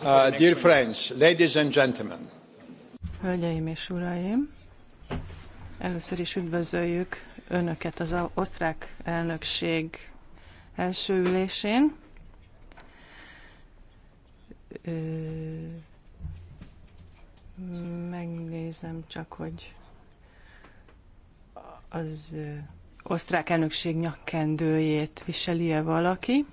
Uh, dear friends, ladies and gentlemen. Hölgyeim és uraim, először is üdvözöljük Önöket az osztrák elnökség első ülésén. Megnézem csak, hogy az osztrák elnökség nyakkendőjét viseli-e valaki.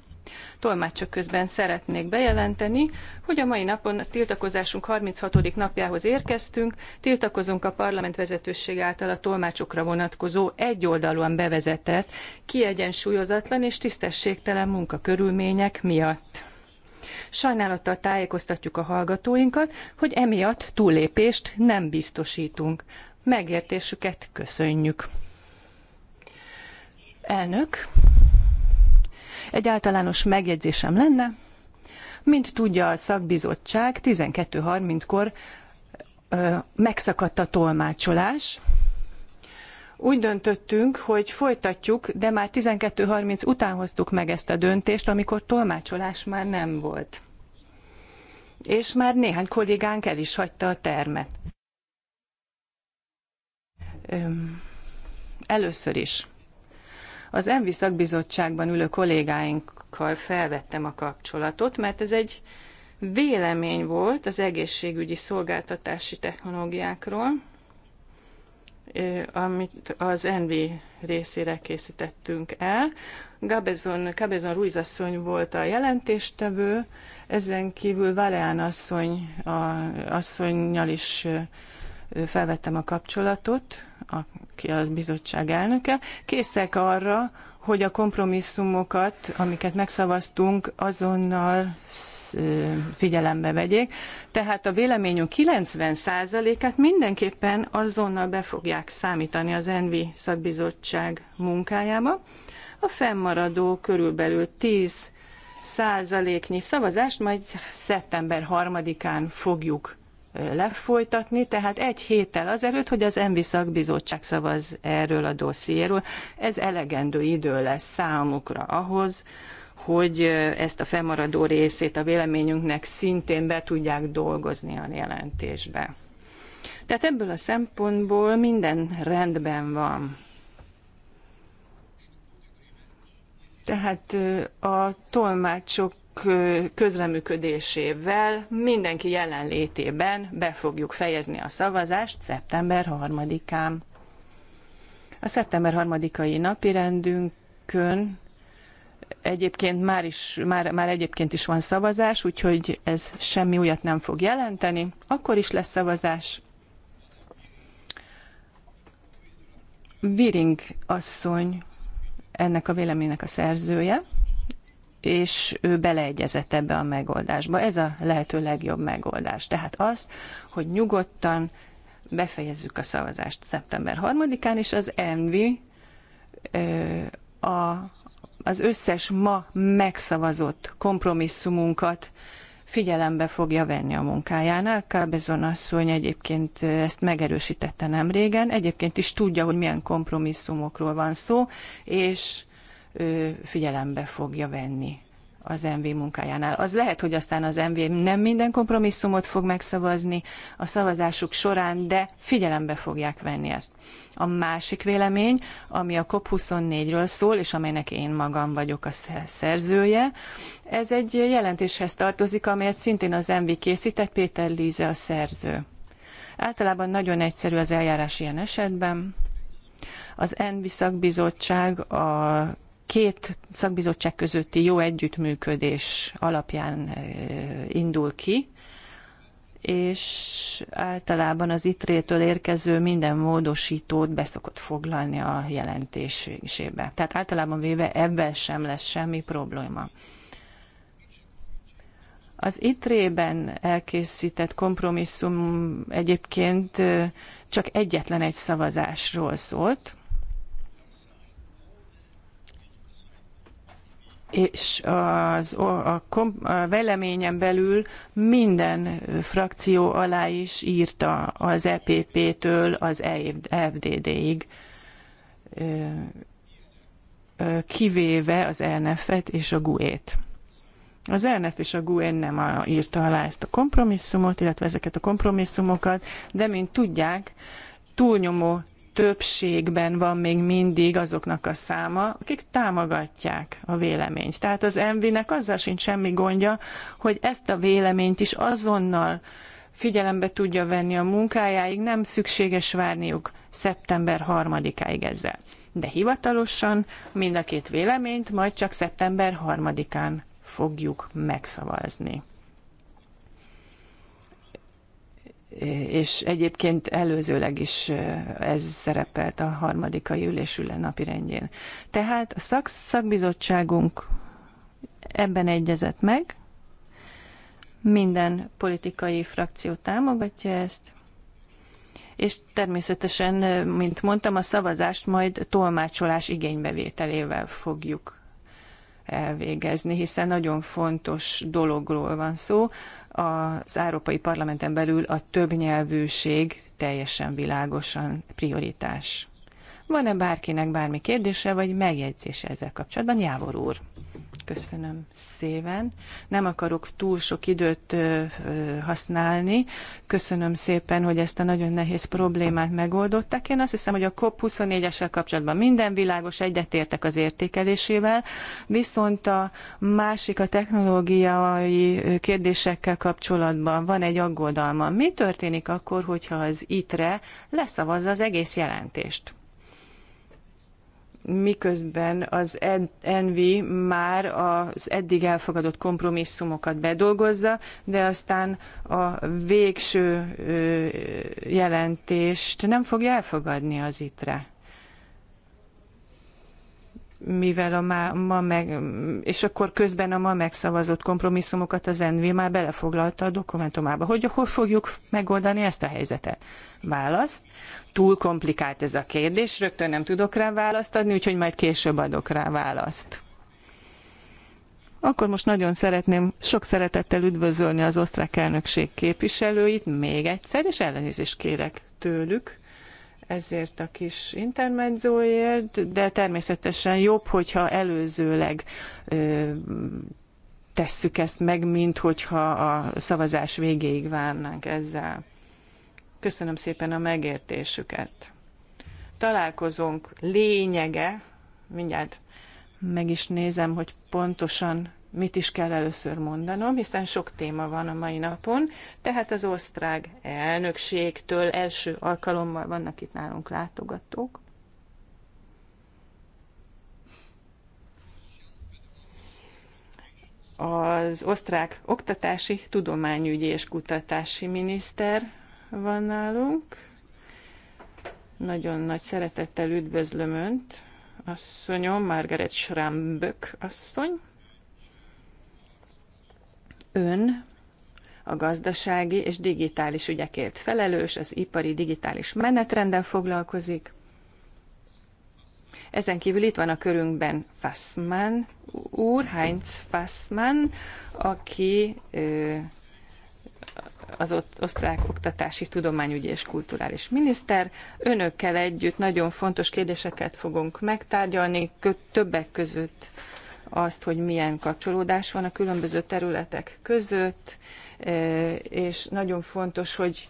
Tolmácsok közben szeretnék bejelenteni, hogy a mai napon a tiltakozásunk 36. napjához érkeztünk, tiltakozunk a parlament vezetőség által a tolmácsokra vonatkozó egyoldalúan bevezetett, kiegyensúlyozatlan és tisztességtelen munkakörülmények miatt. Sajnálattal tájékoztatjuk a hallgatóinkat, hogy emiatt túllépést nem biztosítunk. Megértésüket köszönjük. Elnök, egy általános megjegyzésem lenne. Mint tudja a szakbizottság, 12.30-kor megszakadt a tolmácsolás. Úgy döntöttünk, hogy folytatjuk, de már 12.30 után hoztuk meg ezt a döntést, amikor tolmácsolás már nem volt. És már néhány kollégánk el is hagyta a termet. Először is az ENVI szakbizottságban ülő kollégáinkkal felvettem a kapcsolatot, mert ez egy vélemény volt az egészségügyi szolgáltatási technológiákról, amit az Envi részére készítettünk el. Gabezon, Gabezon Ruiz asszony volt a jelentéstevő, ezen kívül Valeán asszony, a, asszonynal is felvettem a kapcsolatot, aki a bizottság elnöke, készek arra, hogy a kompromisszumokat, amiket megszavaztunk, azonnal figyelembe vegyék. Tehát a véleményünk 90%-át mindenképpen azonnal be fogják számítani az ENVI szakbizottság munkájába. A fennmaradó körülbelül 10 százaléknyi szavazást majd szeptember 3-án fogjuk lefolytatni, tehát egy héttel azelőtt, hogy az ENVI szakbizottság szavaz erről a dossziéről. Ez elegendő idő lesz számukra ahhoz, hogy ezt a fennmaradó részét a véleményünknek szintén be tudják dolgozni a jelentésbe. Tehát ebből a szempontból minden rendben van. Tehát a tolmácsok közreműködésével mindenki jelenlétében be fogjuk fejezni a szavazást szeptember 3-án. A szeptember 3-ai napi rendünkön egyébként már, is, már, már egyébként is van szavazás, úgyhogy ez semmi újat nem fog jelenteni. Akkor is lesz szavazás. Viring asszony ennek a véleménynek a szerzője, és ő beleegyezett ebbe a megoldásba. Ez a lehető legjobb megoldás. Tehát az, hogy nyugodtan befejezzük a szavazást szeptember 3-án, és az ENVI a, az összes ma megszavazott kompromisszumunkat figyelembe fogja venni a munkájánál. Kábezon asszony egyébként ezt megerősítette nem régen, egyébként is tudja, hogy milyen kompromisszumokról van szó, és figyelembe fogja venni az MV munkájánál. Az lehet, hogy aztán az MV nem minden kompromisszumot fog megszavazni a szavazásuk során, de figyelembe fogják venni ezt. A másik vélemény, ami a COP24-ről szól, és amelynek én magam vagyok a szerzője, ez egy jelentéshez tartozik, amelyet szintén az MV készített, Péter Líze a szerző. Általában nagyon egyszerű az eljárás ilyen esetben. Az NV szakbizottság a két szakbizottság közötti jó együttműködés alapján indul ki, és általában az ITRÉ-től érkező minden módosítót beszokott foglalni a jelentésébe. Tehát általában véve ebben sem lesz semmi probléma. Az ITRÉ-ben elkészített kompromisszum egyébként csak egyetlen egy szavazásról szólt, és az, a, a, a veleményen belül minden frakció alá is írta az EPP-től az e FDD-ig, e kivéve az enf et és a GUE-t. Az ENF és a GUE nem írta alá ezt a kompromisszumot, illetve ezeket a kompromisszumokat, de mint tudják, túlnyomó többségben van még mindig azoknak a száma, akik támogatják a véleményt. Tehát az MV-nek azzal sincs semmi gondja, hogy ezt a véleményt is azonnal figyelembe tudja venni a munkájáig, nem szükséges várniuk szeptember harmadikáig áig ezzel. De hivatalosan mind a két véleményt majd csak szeptember harmadikán án fogjuk megszavazni. és egyébként előzőleg is ez szerepelt a harmadikai ülésüle napirendjén. Tehát a szak, szakbizottságunk ebben egyezett meg, minden politikai frakció támogatja ezt, és természetesen, mint mondtam, a szavazást majd tolmácsolás igénybevételével fogjuk elvégezni, hiszen nagyon fontos dologról van szó. Az Európai Parlamenten belül a többnyelvűség teljesen világosan prioritás. Van-e bárkinek bármi kérdése vagy megjegyzése ezzel kapcsolatban? Jávor úr. Köszönöm szépen. Nem akarok túl sok időt ö, ö, használni. Köszönöm szépen, hogy ezt a nagyon nehéz problémát megoldották. Én azt hiszem, hogy a COP24-essel kapcsolatban minden világos, egyetértek az értékelésével, viszont a másik, a technológiai kérdésekkel kapcsolatban van egy aggodalma. Mi történik akkor, hogyha az ITRE leszavazza az egész jelentést? miközben az Envi már az eddig elfogadott kompromisszumokat bedolgozza, de aztán a végső jelentést nem fogja elfogadni az ITRE mivel a ma meg, és akkor közben a ma megszavazott kompromisszumokat az NV már belefoglalta a dokumentumába. Hogy hogy fogjuk megoldani ezt a helyzetet? Válasz. Túl komplikált ez a kérdés, rögtön nem tudok rá választ adni, úgyhogy majd később adok rá választ. Akkor most nagyon szeretném sok szeretettel üdvözölni az osztrák elnökség képviselőit még egyszer, és ellenőrzést kérek tőlük ezért a kis intermedzóért, de természetesen jobb, hogyha előzőleg ö, tesszük ezt meg, mint hogyha a szavazás végéig várnánk ezzel. Köszönöm szépen a megértésüket. Találkozónk lényege, mindjárt meg is nézem, hogy pontosan mit is kell először mondanom, hiszen sok téma van a mai napon, tehát az osztrák elnökségtől első alkalommal vannak itt nálunk látogatók. Az osztrák oktatási, tudományügyi és kutatási miniszter van nálunk. Nagyon nagy szeretettel üdvözlöm Önt, asszonyom, Margaret Schramböck asszony. Ön a gazdasági és digitális ügyekért felelős, az ipari digitális menetrenden foglalkozik. Ezen kívül itt van a körünkben Fassmann úr, Heinz Fassmann, aki az osztrák oktatási, tudományügyi és kulturális miniszter. Önökkel együtt nagyon fontos kérdéseket fogunk megtárgyalni, többek között azt, hogy milyen kapcsolódás van a különböző területek között, e, és nagyon fontos, hogy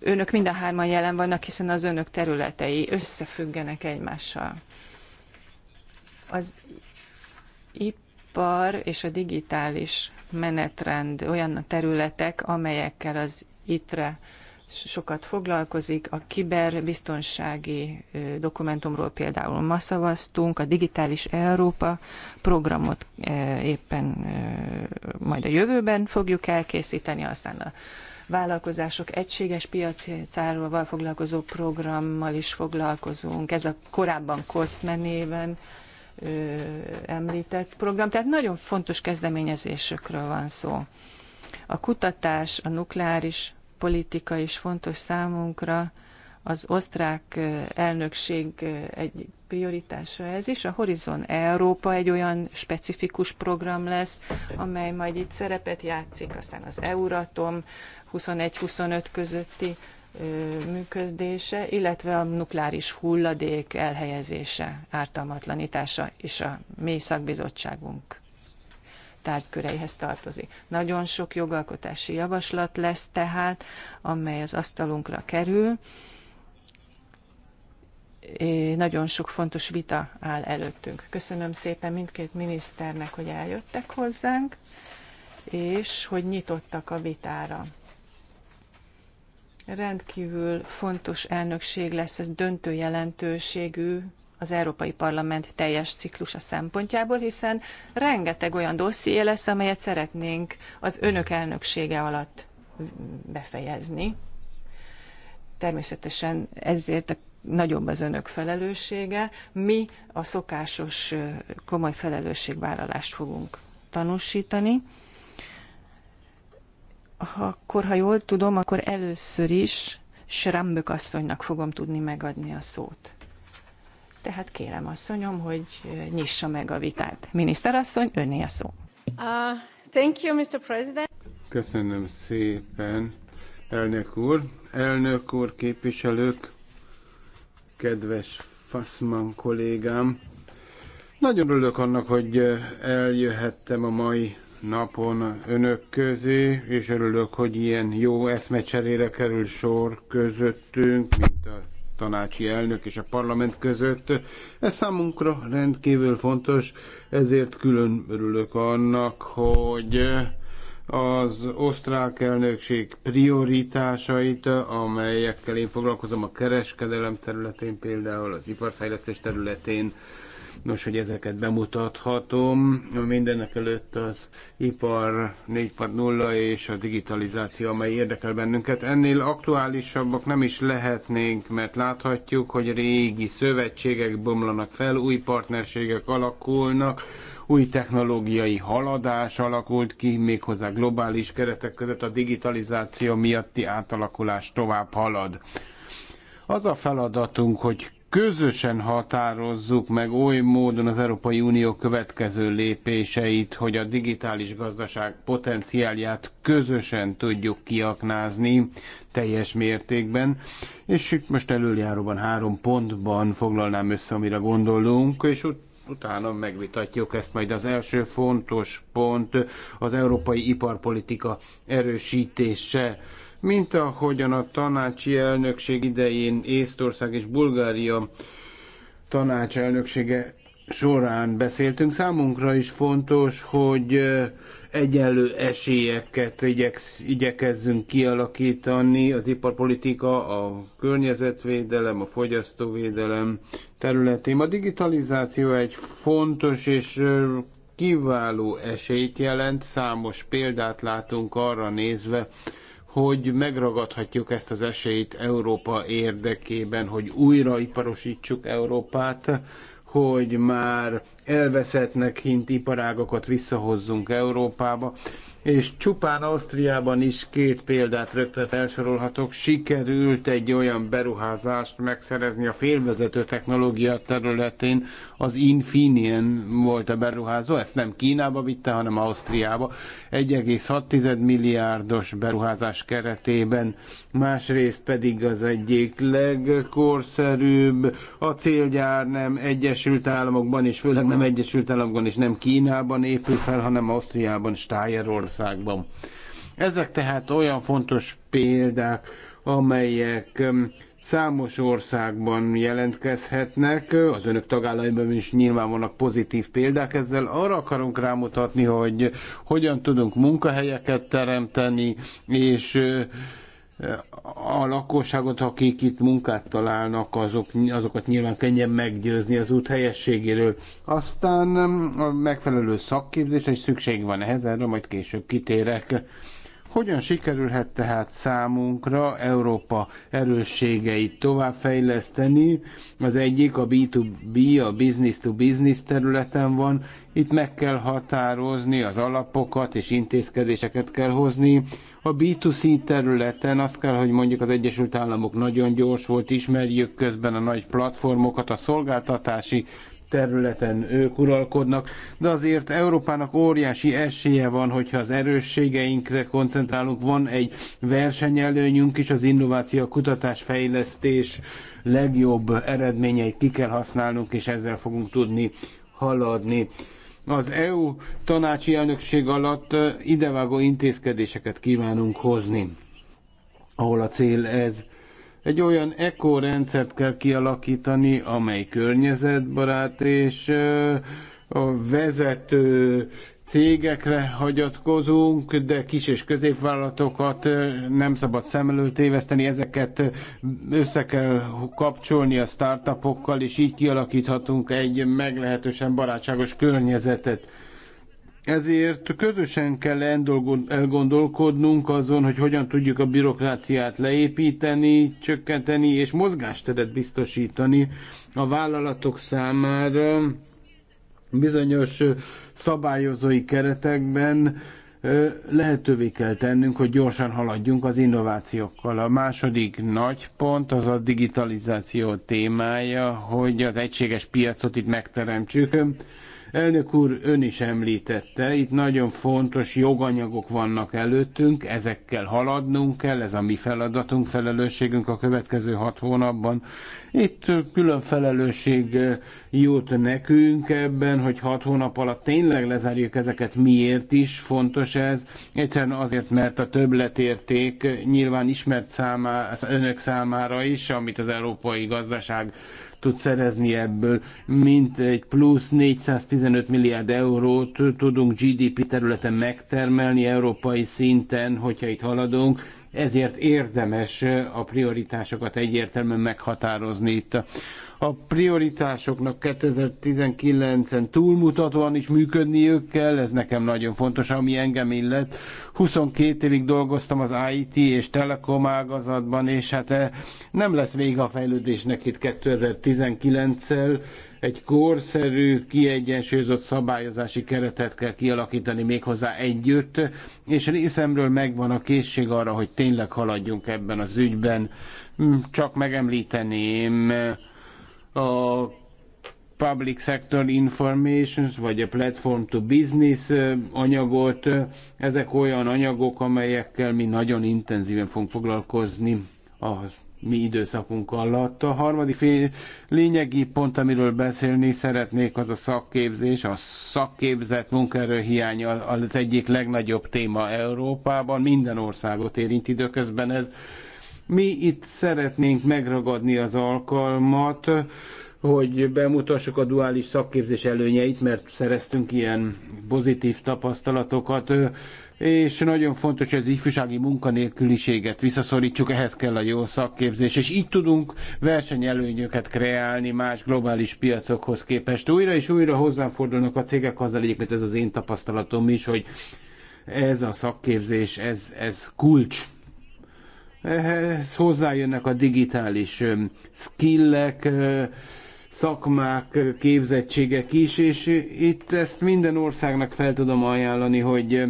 önök mind a hárman jelen vannak, hiszen az önök területei összefüggenek egymással. Az ipar és a digitális menetrend olyan területek, amelyekkel az ITRE sokat foglalkozik. A kiberbiztonsági dokumentumról például ma szavaztunk, a Digitális Európa programot éppen majd a jövőben fogjuk elkészíteni, aztán a vállalkozások egységes piaci cárval foglalkozó programmal is foglalkozunk. Ez a korábban COSME néven említett program. Tehát nagyon fontos kezdeményezésekről van szó. A kutatás, a nukleáris politika is fontos számunkra, az osztrák elnökség egy prioritása ez is. A Horizon Európa egy olyan specifikus program lesz, amely majd itt szerepet játszik, aztán az Euratom 21-25 közötti működése, illetve a nukleáris hulladék elhelyezése, ártalmatlanítása is a mi szakbizottságunk tárgyköreihez tartozik. Nagyon sok jogalkotási javaslat lesz tehát, amely az asztalunkra kerül. Nagyon sok fontos vita áll előttünk. Köszönöm szépen mindkét miniszternek, hogy eljöttek hozzánk, és hogy nyitottak a vitára rendkívül fontos elnökség lesz, ez döntő jelentőségű az Európai Parlament teljes ciklusa szempontjából, hiszen rengeteg olyan dosszié lesz, amelyet szeretnénk az önök elnöksége alatt befejezni. Természetesen ezért a nagyobb az önök felelőssége. Mi a szokásos komoly felelősségvállalást fogunk tanúsítani. Akkor, ha jól tudom, akkor először is Srambök asszonynak fogom tudni megadni a szót. Tehát kérem asszonyom, hogy nyissa meg a vitát. Miniszterasszony, önné a szó. Uh, thank you, Mr. President. Köszönöm szépen, elnök úr. Elnök úr, képviselők, kedves Faszman kollégám. Nagyon örülök annak, hogy eljöhettem a mai napon önök közé, és örülök, hogy ilyen jó eszmecserére kerül sor közöttünk, mint a tanácsi elnök és a parlament között. Ez számunkra rendkívül fontos, ezért külön örülök annak, hogy az osztrák elnökség prioritásait, amelyekkel én foglalkozom a kereskedelem területén, például az iparfejlesztés területén, Nos, hogy ezeket bemutathatom. Mindenek előtt az ipar 4.0 és a digitalizáció, amely érdekel bennünket. Ennél aktuálisabbak nem is lehetnénk, mert láthatjuk, hogy régi szövetségek bomlanak fel, új partnerségek alakulnak, új technológiai haladás alakult ki, méghozzá globális keretek között a digitalizáció miatti átalakulás tovább halad. Az a feladatunk, hogy közösen határozzuk meg oly módon az Európai Unió következő lépéseit, hogy a digitális gazdaság potenciálját közösen tudjuk kiaknázni teljes mértékben. És itt most előjáróban három pontban foglalnám össze, amire gondolunk, és ott utána megvitatjuk ezt majd. Az első fontos pont az európai iparpolitika erősítése mint ahogyan a tanácsi elnökség idején Észtország és Bulgária tanács elnöksége során beszéltünk. Számunkra is fontos, hogy egyenlő esélyeket igyeksz, igyekezzünk kialakítani az iparpolitika, a környezetvédelem, a fogyasztóvédelem területén. A digitalizáció egy fontos és kiváló esélyt jelent, számos példát látunk arra nézve, hogy megragadhatjuk ezt az esélyt Európa érdekében, hogy újraiparosítsuk Európát, hogy már elveszettnek hint iparágokat visszahozzunk Európába, és csupán Ausztriában is két példát rögtön felsorolhatok. Sikerült egy olyan beruházást megszerezni a félvezető technológia területén, az Infineon volt a beruházó, ezt nem Kínába vitte, hanem Ausztriába. 1,6 milliárdos beruházás keretében, másrészt pedig az egyik legkorszerűbb célgyár nem Egyesült Államokban, és főleg nem Egyesült Államokban, és nem Kínában épül fel, hanem Ausztriában, Stájerországban országban. Ezek tehát olyan fontos példák, amelyek um, számos országban jelentkezhetnek, az önök tagállamiban is nyilván vannak pozitív példák, ezzel arra akarunk rámutatni, hogy hogyan tudunk munkahelyeket teremteni, és a lakosságot, akik itt munkát találnak, azok, azokat nyilván könnyen meggyőzni az út helyességéről. Aztán mm, a megfelelő szakképzés, és szükség van ehhez, erről majd később kitérek. Hogyan sikerülhet tehát számunkra Európa erősségeit továbbfejleszteni? Az egyik a B2B, a business to business területen van. Itt meg kell határozni az alapokat és intézkedéseket kell hozni. A B2C területen azt kell, hogy mondjuk az Egyesült Államok nagyon gyors volt, ismerjük közben a nagy platformokat, a szolgáltatási területen ők uralkodnak, de azért Európának óriási esélye van, hogyha az erősségeinkre koncentrálunk, van egy versenyelőnyünk is, az innováció, a kutatás, fejlesztés legjobb eredményeit ki kell használnunk, és ezzel fogunk tudni haladni. Az EU tanácsi elnökség alatt eh, idevágó intézkedéseket kívánunk hozni, ahol a cél ez, egy olyan ekorendszert kell kialakítani, amely környezetbarát és a vezető cégekre hagyatkozunk, de kis és középvállalatokat nem szabad szem előtt téveszteni, ezeket össze kell kapcsolni a startupokkal, és így kialakíthatunk egy meglehetősen barátságos környezetet. Ezért közösen kell elgondolkodnunk azon, hogy hogyan tudjuk a bürokráciát leépíteni, csökkenteni és mozgásteret biztosítani a vállalatok számára bizonyos szabályozói keretekben lehetővé kell tennünk, hogy gyorsan haladjunk az innovációkkal. A második nagy pont az a digitalizáció témája, hogy az egységes piacot itt megteremtsük Elnök úr, ön is említette, itt nagyon fontos joganyagok vannak előttünk, ezekkel haladnunk kell, ez a mi feladatunk, felelősségünk a következő hat hónapban. Itt külön felelősség jut nekünk ebben, hogy hat hónap alatt tényleg lezárjuk ezeket, miért is fontos ez. Egyszerűen azért, mert a többletérték nyilván ismert számá, önök számára is, amit az európai gazdaság tud szerezni ebből, mint egy plusz 415 milliárd eurót tudunk GDP területen megtermelni európai szinten, hogyha itt haladunk, ezért érdemes a prioritásokat egyértelműen meghatározni itt a prioritásoknak 2019-en túlmutatóan is működniük kell, ez nekem nagyon fontos, ami engem illet. 22 évig dolgoztam az IT és telekom ágazatban, és hát eh, nem lesz vége a fejlődésnek itt 2019 el Egy korszerű, kiegyensúlyozott szabályozási keretet kell kialakítani méghozzá együtt, és részemről megvan a készség arra, hogy tényleg haladjunk ebben az ügyben. Hm, csak megemlíteném a Public Sector Information, vagy a Platform to Business anyagot. Ezek olyan anyagok, amelyekkel mi nagyon intenzíven fogunk foglalkozni a mi időszakunk alatt. A harmadik fél, lényegi pont, amiről beszélni szeretnék, az a szakképzés, a szakképzett munkaerő hiánya az egyik legnagyobb téma Európában, minden országot érint időközben ez. Mi itt szeretnénk megragadni az alkalmat, hogy bemutassuk a duális szakképzés előnyeit, mert szereztünk ilyen pozitív tapasztalatokat, és nagyon fontos, hogy az ifjúsági munkanélküliséget visszaszorítsuk, ehhez kell a jó szakképzés, és így tudunk versenyelőnyöket kreálni más globális piacokhoz képest. Újra és újra fordulnak a cégek, azzal egyébként ez az én tapasztalatom is, hogy ez a szakképzés, ez, ez kulcs ehhez hozzájönnek a digitális skillek, szakmák, képzettségek is, és itt ezt minden országnak fel tudom ajánlani, hogy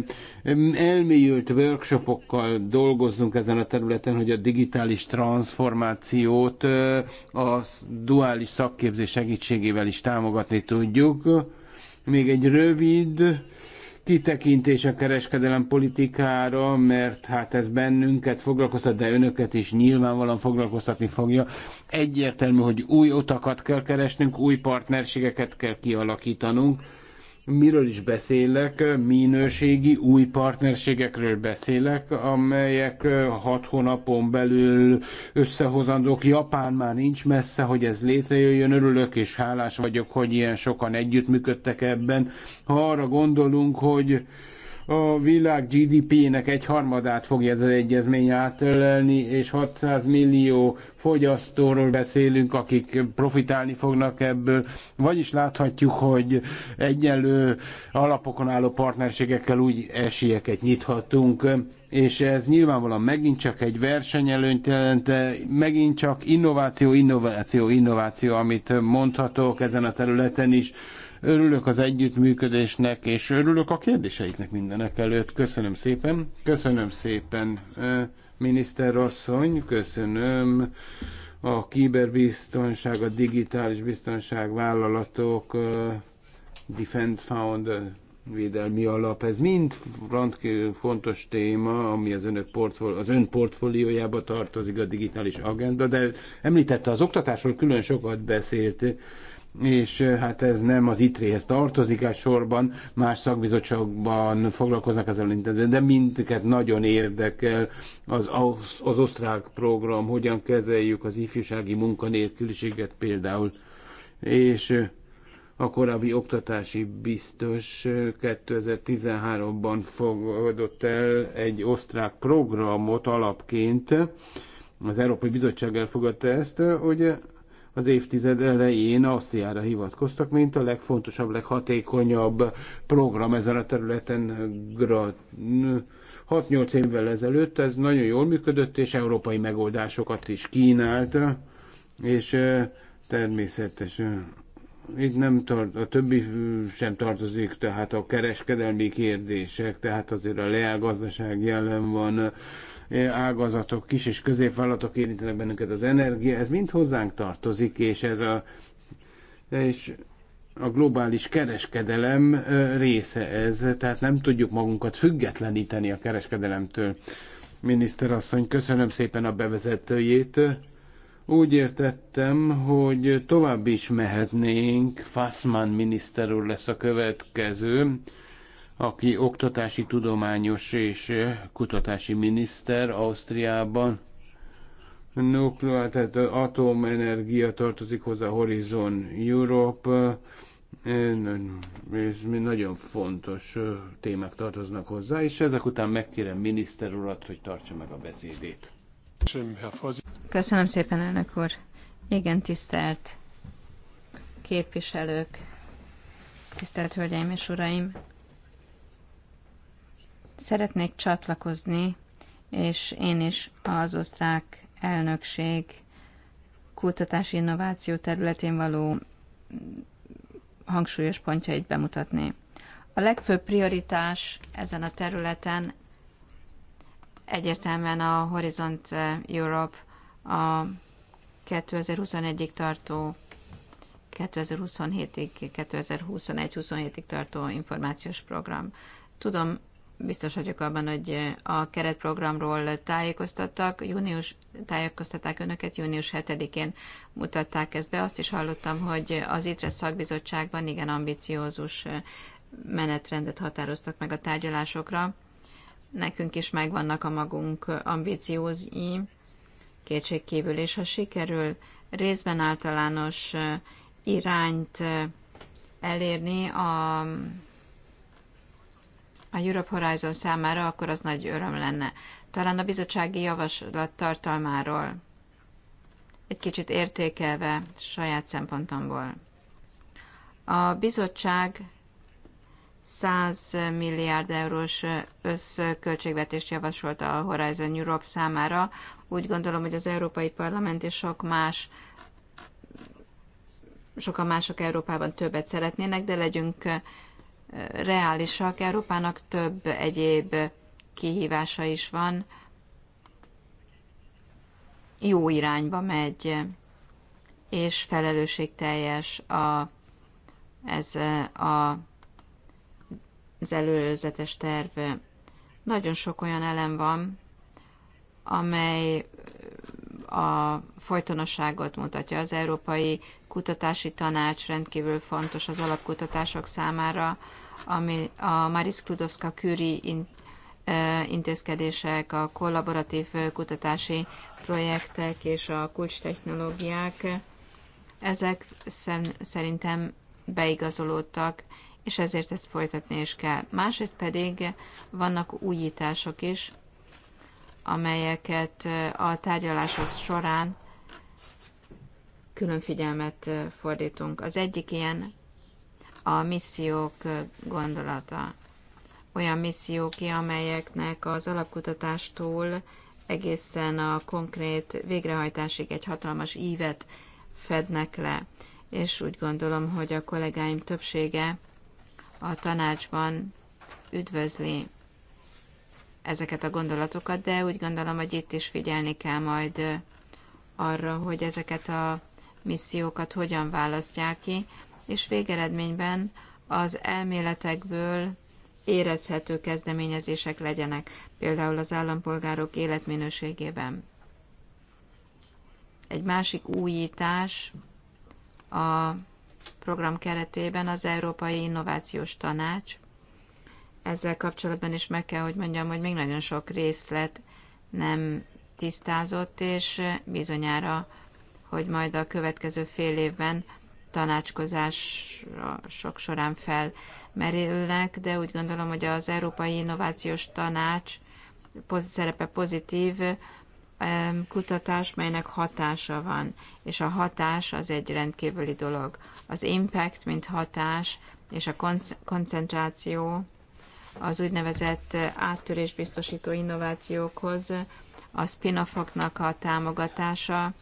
elmélyült workshopokkal dolgozzunk ezen a területen, hogy a digitális transformációt a duális szakképzés segítségével is támogatni tudjuk. Még egy rövid kitekintés a kereskedelem politikára, mert hát ez bennünket foglalkoztat, de önöket is nyilvánvalóan foglalkoztatni fogja. Egyértelmű, hogy új utakat kell keresnünk, új partnerségeket kell kialakítanunk miről is beszélek, minőségi új partnerségekről beszélek, amelyek hat hónapon belül összehozandók. Japán már nincs messze, hogy ez létrejöjjön. Örülök és hálás vagyok, hogy ilyen sokan együttműködtek ebben. Ha arra gondolunk, hogy a világ GDP-nek egy harmadát fogja ez az egyezmény átölelni, és 600 millió fogyasztóról beszélünk, akik profitálni fognak ebből. Vagyis láthatjuk, hogy egyenlő alapokon álló partnerségekkel úgy esélyeket nyithatunk és ez nyilvánvalóan megint csak egy versenyelőnyt jelent, megint csak innováció, innováció, innováció, amit mondhatok ezen a területen is. Örülök az együttműködésnek, és örülök a kérdéseiknek mindenek előtt. Köszönöm szépen. Köszönöm szépen, miniszter asszony, Köszönöm a kiberbiztonság, a digitális biztonság vállalatok, Defend Found védelmi alap, ez mind rendkívül fontos téma, ami az, önök portfóli- az ön portfóliójába tartozik a digitális agenda, de említette az oktatásról, külön sokat beszélt és hát ez nem az ITRÉ-hez tartozik, sorban más szakbizottságban foglalkoznak ezzel, de mindket nagyon érdekel az, az osztrák program, hogyan kezeljük az ifjúsági munkanélküliséget például, és a korábbi oktatási biztos 2013-ban fogadott el egy osztrák programot alapként, az Európai Bizottság elfogadta ezt, hogy az évtized elején Ausztriára hivatkoztak, mint a legfontosabb, leghatékonyabb program ezen a területen 6-8 évvel ezelőtt. Ez nagyon jól működött, és európai megoldásokat is kínált, és természetesen itt nem tart, a többi sem tartozik, tehát a kereskedelmi kérdések, tehát azért a leálgazdaság jelen van, ágazatok, kis és középvállalatok érintenek bennünket az energia, ez mind hozzánk tartozik, és ez a és a globális kereskedelem része ez, tehát nem tudjuk magunkat függetleníteni a kereskedelemtől. miniszter asszony köszönöm szépen a bevezetőjét. Úgy értettem, hogy tovább is mehetnénk. Fassman miniszter úr lesz a következő aki oktatási, tudományos és eh, kutatási miniszter Ausztriában. Nukleár, tehát eh, atomenergia tartozik hozzá Horizon Europe, ez eh, nagyon fontos témák tartoznak hozzá, és ezek után megkérem miniszter urat, hogy tartsa meg a beszédét. Köszönöm szépen, elnök úr. Igen, tisztelt képviselők, tisztelt hölgyeim és uraim, Szeretnék csatlakozni, és én is az osztrák elnökség kutatási innováció területén való hangsúlyos pontjait bemutatni. A legfőbb prioritás ezen a területen egyértelműen a Horizont Europe a 2021-ig tartó 2027-ig, 2021-27-ig tartó információs program. Tudom, biztos vagyok abban, hogy a keretprogramról tájékoztattak, június, tájékoztatták önöket, június 7-én mutatták ezt be. Azt is hallottam, hogy az ITRE szakbizottságban igen ambiciózus menetrendet határoztak meg a tárgyalásokra. Nekünk is megvannak a magunk ambiciózi kétségkívül, és ha sikerül részben általános irányt elérni a a Europe Horizon számára, akkor az nagy öröm lenne. Talán a bizottsági javaslat tartalmáról egy kicsit értékelve saját szempontomból. A bizottság 100 milliárd eurós összköltségvetést javasolta a Horizon Europe számára. Úgy gondolom, hogy az Európai Parlament és sok más sokan mások Európában többet szeretnének, de legyünk reálisak. Európának több egyéb kihívása is van. Jó irányba megy, és felelősségteljes a, ez a, az előzetes terv. Nagyon sok olyan elem van, amely a folytonosságot mutatja. Az Európai Kutatási Tanács rendkívül fontos az alapkutatások számára, ami a Maris Kludovska Curie intézkedések, a kollaboratív kutatási projektek és a kulcstechnológiák, ezek szerintem beigazolódtak, és ezért ezt folytatni is kell. Másrészt pedig vannak újítások is, amelyeket a tárgyalások során külön figyelmet fordítunk. Az egyik ilyen a missziók gondolata. Olyan missziók, amelyeknek az alapkutatástól egészen a konkrét végrehajtásig egy hatalmas ívet fednek le. És úgy gondolom, hogy a kollégáim többsége a tanácsban üdvözli ezeket a gondolatokat, de úgy gondolom, hogy itt is figyelni kell majd arra, hogy ezeket a missziókat hogyan választják ki, és végeredményben az elméletekből érezhető kezdeményezések legyenek, például az állampolgárok életminőségében. Egy másik újítás a program keretében az Európai Innovációs Tanács. Ezzel kapcsolatban is meg kell, hogy mondjam, hogy még nagyon sok részlet nem tisztázott, és bizonyára, hogy majd a következő fél évben tanácskozások során felmerülnek, de úgy gondolom, hogy az Európai Innovációs Tanács szerepe pozitív kutatás, melynek hatása van, és a hatás az egy rendkívüli dolog. Az impact, mint hatás, és a koncentráció az úgynevezett áttörés biztosító innovációkhoz, a spin a támogatása,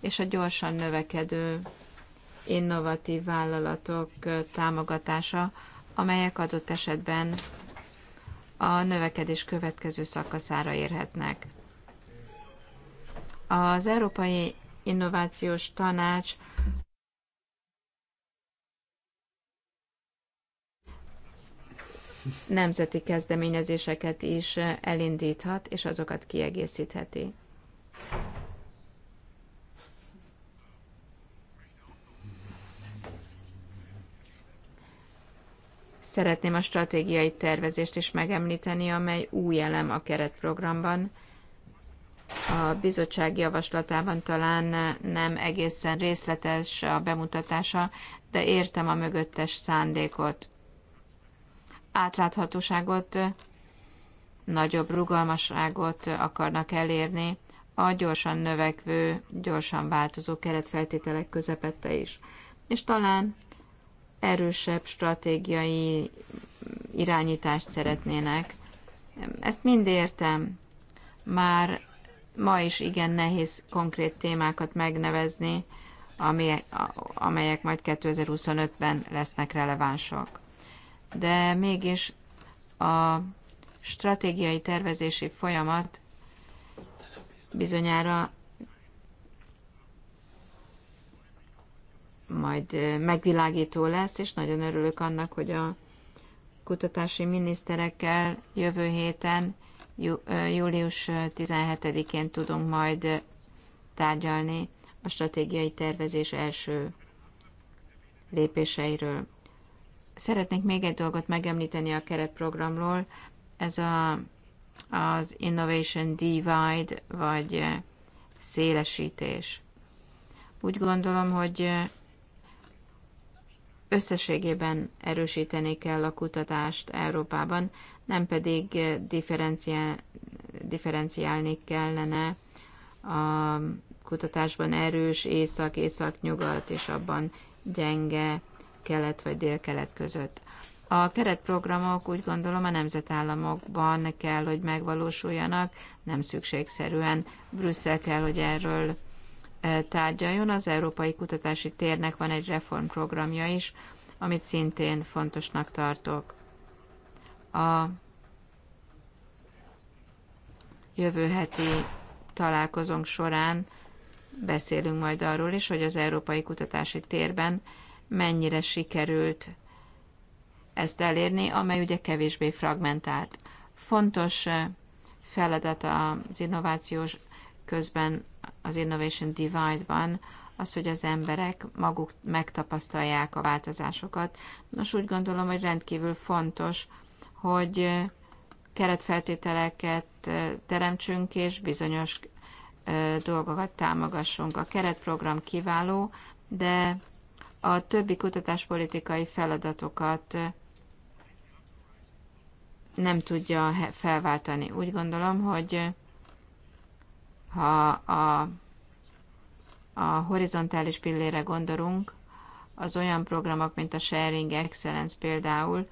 és a gyorsan növekedő innovatív vállalatok támogatása, amelyek adott esetben a növekedés következő szakaszára érhetnek. Az Európai Innovációs Tanács nemzeti kezdeményezéseket is elindíthat, és azokat kiegészítheti. Szeretném a stratégiai tervezést is megemlíteni, amely új elem a keretprogramban. A bizottság javaslatában talán nem egészen részletes a bemutatása, de értem a mögöttes szándékot. Átláthatóságot, nagyobb rugalmasságot akarnak elérni a gyorsan növekvő, gyorsan változó keretfeltételek közepette is. És talán erősebb stratégiai irányítást szeretnének. Ezt mind értem. Már ma is igen nehéz konkrét témákat megnevezni, amelyek, amelyek majd 2025-ben lesznek relevánsak. De mégis a stratégiai tervezési folyamat bizonyára majd megvilágító lesz, és nagyon örülök annak, hogy a kutatási miniszterekkel jövő héten, július 17-én tudunk majd tárgyalni a stratégiai tervezés első lépéseiről. Szeretnék még egy dolgot megemlíteni a keretprogramról. Ez a, az Innovation Divide, vagy szélesítés. Úgy gondolom, hogy Összességében erősíteni kell a kutatást Európában, nem pedig differenciál, differenciálni kellene a kutatásban erős észak, észak-nyugat, és abban gyenge kelet vagy dél-kelet között. A keretprogramok úgy gondolom a nemzetállamokban kell, hogy megvalósuljanak, nem szükségszerűen Brüsszel kell, hogy erről tárgyaljon. Az Európai Kutatási Térnek van egy reformprogramja is, amit szintén fontosnak tartok. A jövő heti találkozónk során beszélünk majd arról is, hogy az európai kutatási térben mennyire sikerült ezt elérni, amely ugye kevésbé fragmentált. Fontos feladat az innovációs közben az Innovation Divide-ban, az, hogy az emberek maguk megtapasztalják a változásokat. Nos, úgy gondolom, hogy rendkívül fontos, hogy keretfeltételeket teremtsünk, és bizonyos dolgokat támogassunk. A keretprogram kiváló, de a többi kutatáspolitikai feladatokat nem tudja felváltani. Úgy gondolom, hogy ha a, a horizontális pillére gondolunk, az olyan programok, mint a Sharing Excellence például,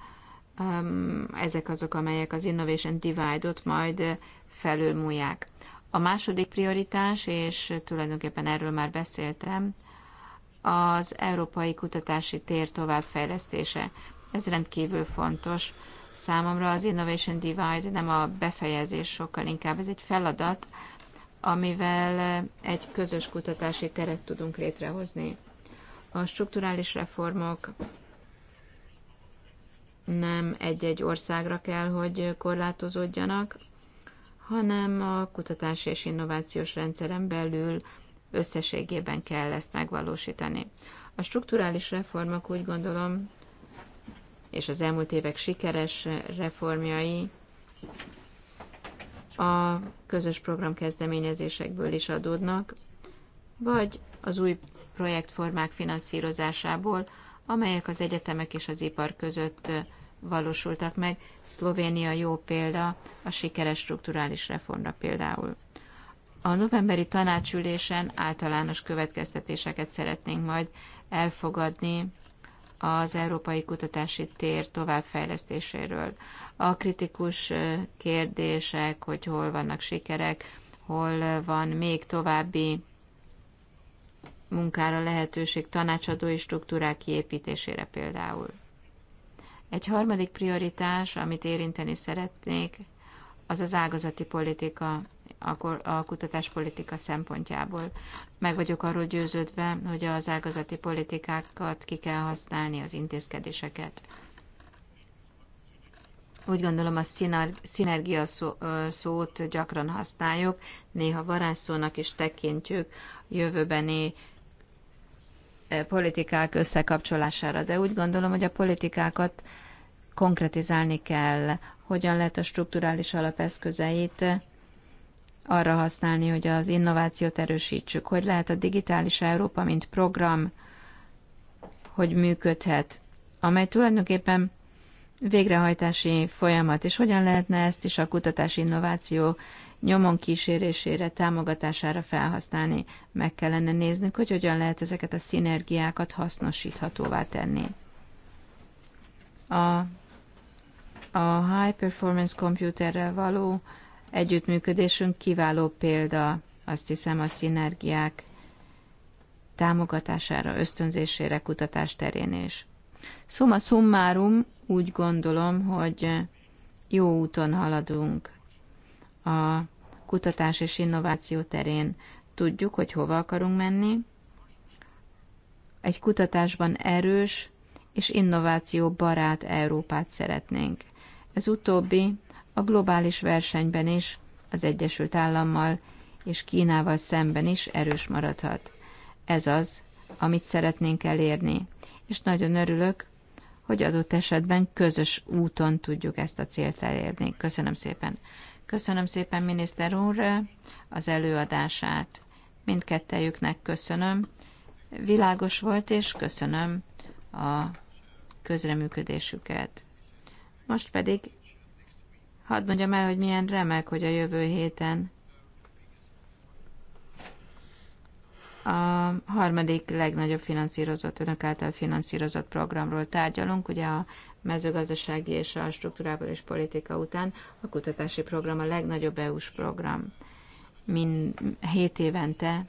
ezek azok, amelyek az Innovation Divide-ot majd felülmúlják. A második prioritás, és tulajdonképpen erről már beszéltem, az európai kutatási tér továbbfejlesztése. Ez rendkívül fontos. Számomra az Innovation Divide nem a befejezés, sokkal inkább ez egy feladat, amivel eh, egy közös kutatási teret tudunk létrehozni. A strukturális reformok nem egy-egy országra kell, hogy korlátozódjanak, hanem a kutatási és innovációs rendszeren belül összességében kell ezt megvalósítani. A strukturális reformok úgy gondolom, és az elmúlt évek sikeres reformjai a közös program kezdeményezésekből is adódnak, vagy az új projektformák finanszírozásából, amelyek az egyetemek és az ipar között valósultak meg. Szlovénia jó példa a sikeres strukturális reformra például. A novemberi tanácsülésen általános következtetéseket szeretnénk majd elfogadni az európai kutatási tér továbbfejlesztéséről. A kritikus kérdések, hogy hol vannak sikerek, hol van még további munkára lehetőség tanácsadói struktúrák kiépítésére például. Egy harmadik prioritás, amit érinteni szeretnék, az az ágazati politika a kutatáspolitika szempontjából. Meg vagyok arról győződve, hogy az ágazati politikákat ki kell használni, az intézkedéseket. Úgy gondolom a szinergia szó, szót gyakran használjuk, néha varázsszónak is tekintjük jövőbeni politikák összekapcsolására, de úgy gondolom, hogy a politikákat konkretizálni kell, hogyan lehet a strukturális alapeszközeit arra használni, hogy az innovációt erősítsük? Hogy lehet a digitális Európa, mint program, hogy működhet, amely tulajdonképpen végrehajtási folyamat, és hogyan lehetne ezt is a kutatási innováció nyomon kísérésére, támogatására felhasználni. Meg kellene néznünk, hogy hogyan lehet ezeket a szinergiákat hasznosíthatóvá tenni. A, a high performance computerrel való Együttműködésünk kiváló példa, azt hiszem, a szinergiák támogatására, ösztönzésére, kutatás terén is. Summa summarum, úgy gondolom, hogy jó úton haladunk a kutatás és innováció terén. Tudjuk, hogy hova akarunk menni. Egy kutatásban erős és innováció barát Európát szeretnénk. Ez utóbbi a globális versenyben is, az Egyesült Állammal és Kínával szemben is erős maradhat. Ez az, amit szeretnénk elérni, és nagyon örülök, hogy adott esetben közös úton tudjuk ezt a célt elérni. Köszönöm szépen. Köszönöm szépen miniszter úr az előadását. Mindkettejüknek köszönöm. Világos volt, és köszönöm a közreműködésüket. Most pedig Hadd mondjam el, hogy milyen remek, hogy a jövő héten a harmadik legnagyobb finanszírozott, önök által finanszírozott programról tárgyalunk, ugye a mezőgazdasági és a és politika után a kutatási program a legnagyobb EU-s program. Min 7 évente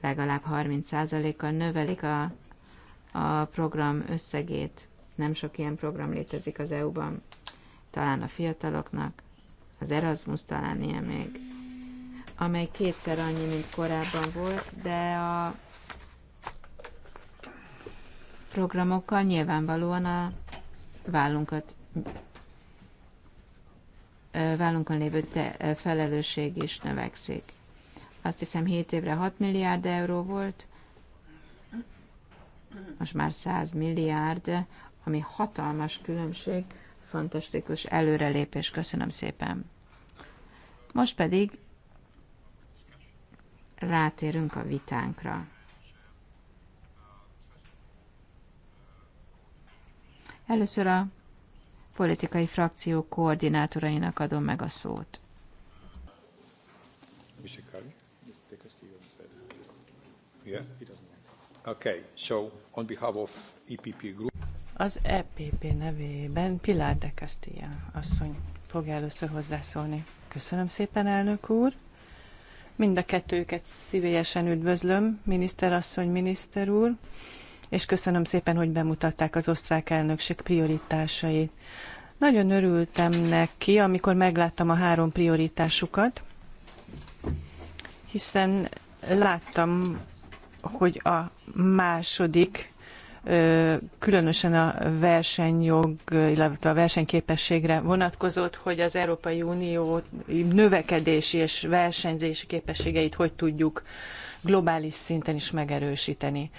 legalább 30%-kal növelik a, a program összegét. Nem sok ilyen program létezik az EU-ban talán a fiataloknak, az Erasmus talán ilyen még, amely kétszer annyi, mint korábban volt, de a programokkal nyilvánvalóan a vállunkat vállunkon lévő te, felelősség is növekszik. Azt hiszem 7 évre 6 milliárd euró volt, most már 100 milliárd, ami hatalmas különbség fantasztikus előrelépés. Köszönöm szépen. Most pedig rátérünk a vitánkra. Először a politikai frakció koordinátorainak adom meg a szót. Okay, so on behalf of EPP group. Az EPP nevében Pilar de Castilla asszony fog először hozzászólni. Köszönöm szépen, elnök úr! Mind a kettőket szívélyesen üdvözlöm, asszony, miniszter úr, és köszönöm szépen, hogy bemutatták az osztrák elnökség prioritásait. Nagyon örültem neki, amikor megláttam a három prioritásukat, hiszen láttam, hogy a második különösen a versenyjog, illetve a versenyképességre vonatkozott, hogy az Európai Unió növekedési és versenyzési képességeit hogy tudjuk globális szinten is megerősíteni.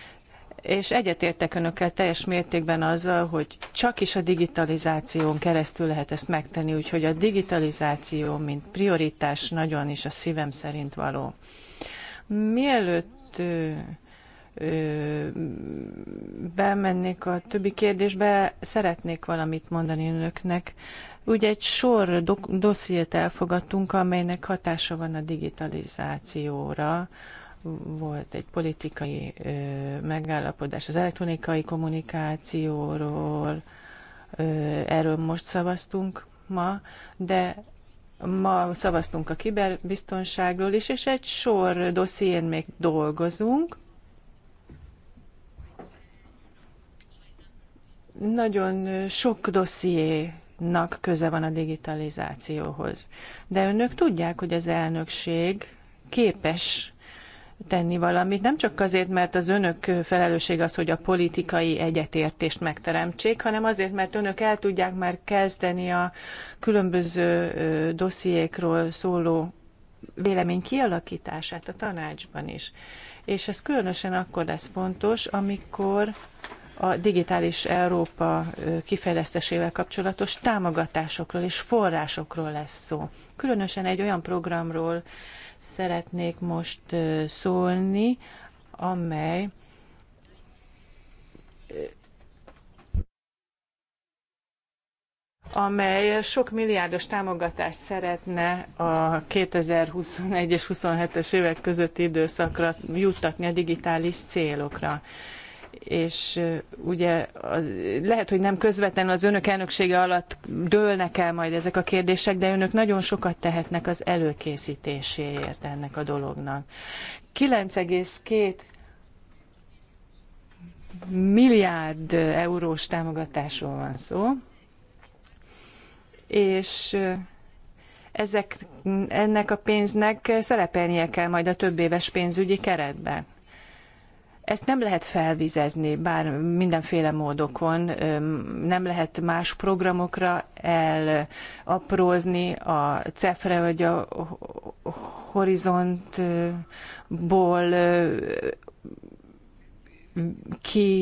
És egyetértek önökkel teljes mértékben azzal, hogy csak is a digitalizáción keresztül lehet ezt megtenni, úgyhogy a digitalizáció, mint prioritás nagyon is a szívem szerint való. Mielőtt bemennék a többi kérdésbe, szeretnék valamit mondani önöknek. Ugye egy sor dossziét elfogadtunk, amelynek hatása van a digitalizációra. Volt egy politikai ö, megállapodás az elektronikai kommunikációról, ö, erről most szavaztunk ma, de ma szavaztunk a kiberbiztonságról is, és egy sor dosszién még dolgozunk nagyon sok dossziénak köze van a digitalizációhoz. De önök tudják, hogy az elnökség képes tenni valamit, nem csak azért, mert az önök felelősség az, hogy a politikai egyetértést megteremtsék, hanem azért, mert önök el tudják már kezdeni a különböző dossziékról szóló vélemény kialakítását a tanácsban is. És ez különösen akkor lesz fontos, amikor a digitális Európa kifejlesztésével kapcsolatos támogatásokról és forrásokról lesz szó. Különösen egy olyan programról szeretnék most szólni, amely amely sok milliárdos támogatást szeretne a 2021 és 27-es évek közötti időszakra juttatni a digitális célokra és ugye az, lehet, hogy nem közvetlenül az önök elnöksége alatt dőlnek el majd ezek a kérdések, de önök nagyon sokat tehetnek az előkészítéséért ennek a dolognak. 9,2 milliárd eurós támogatásról van szó, és ezek, ennek a pénznek szerepelnie kell majd a több éves pénzügyi keretben. Ezt nem lehet felvizezni, bár mindenféle módokon, nem lehet más programokra elaprózni a CEF-re vagy a horizontból ki,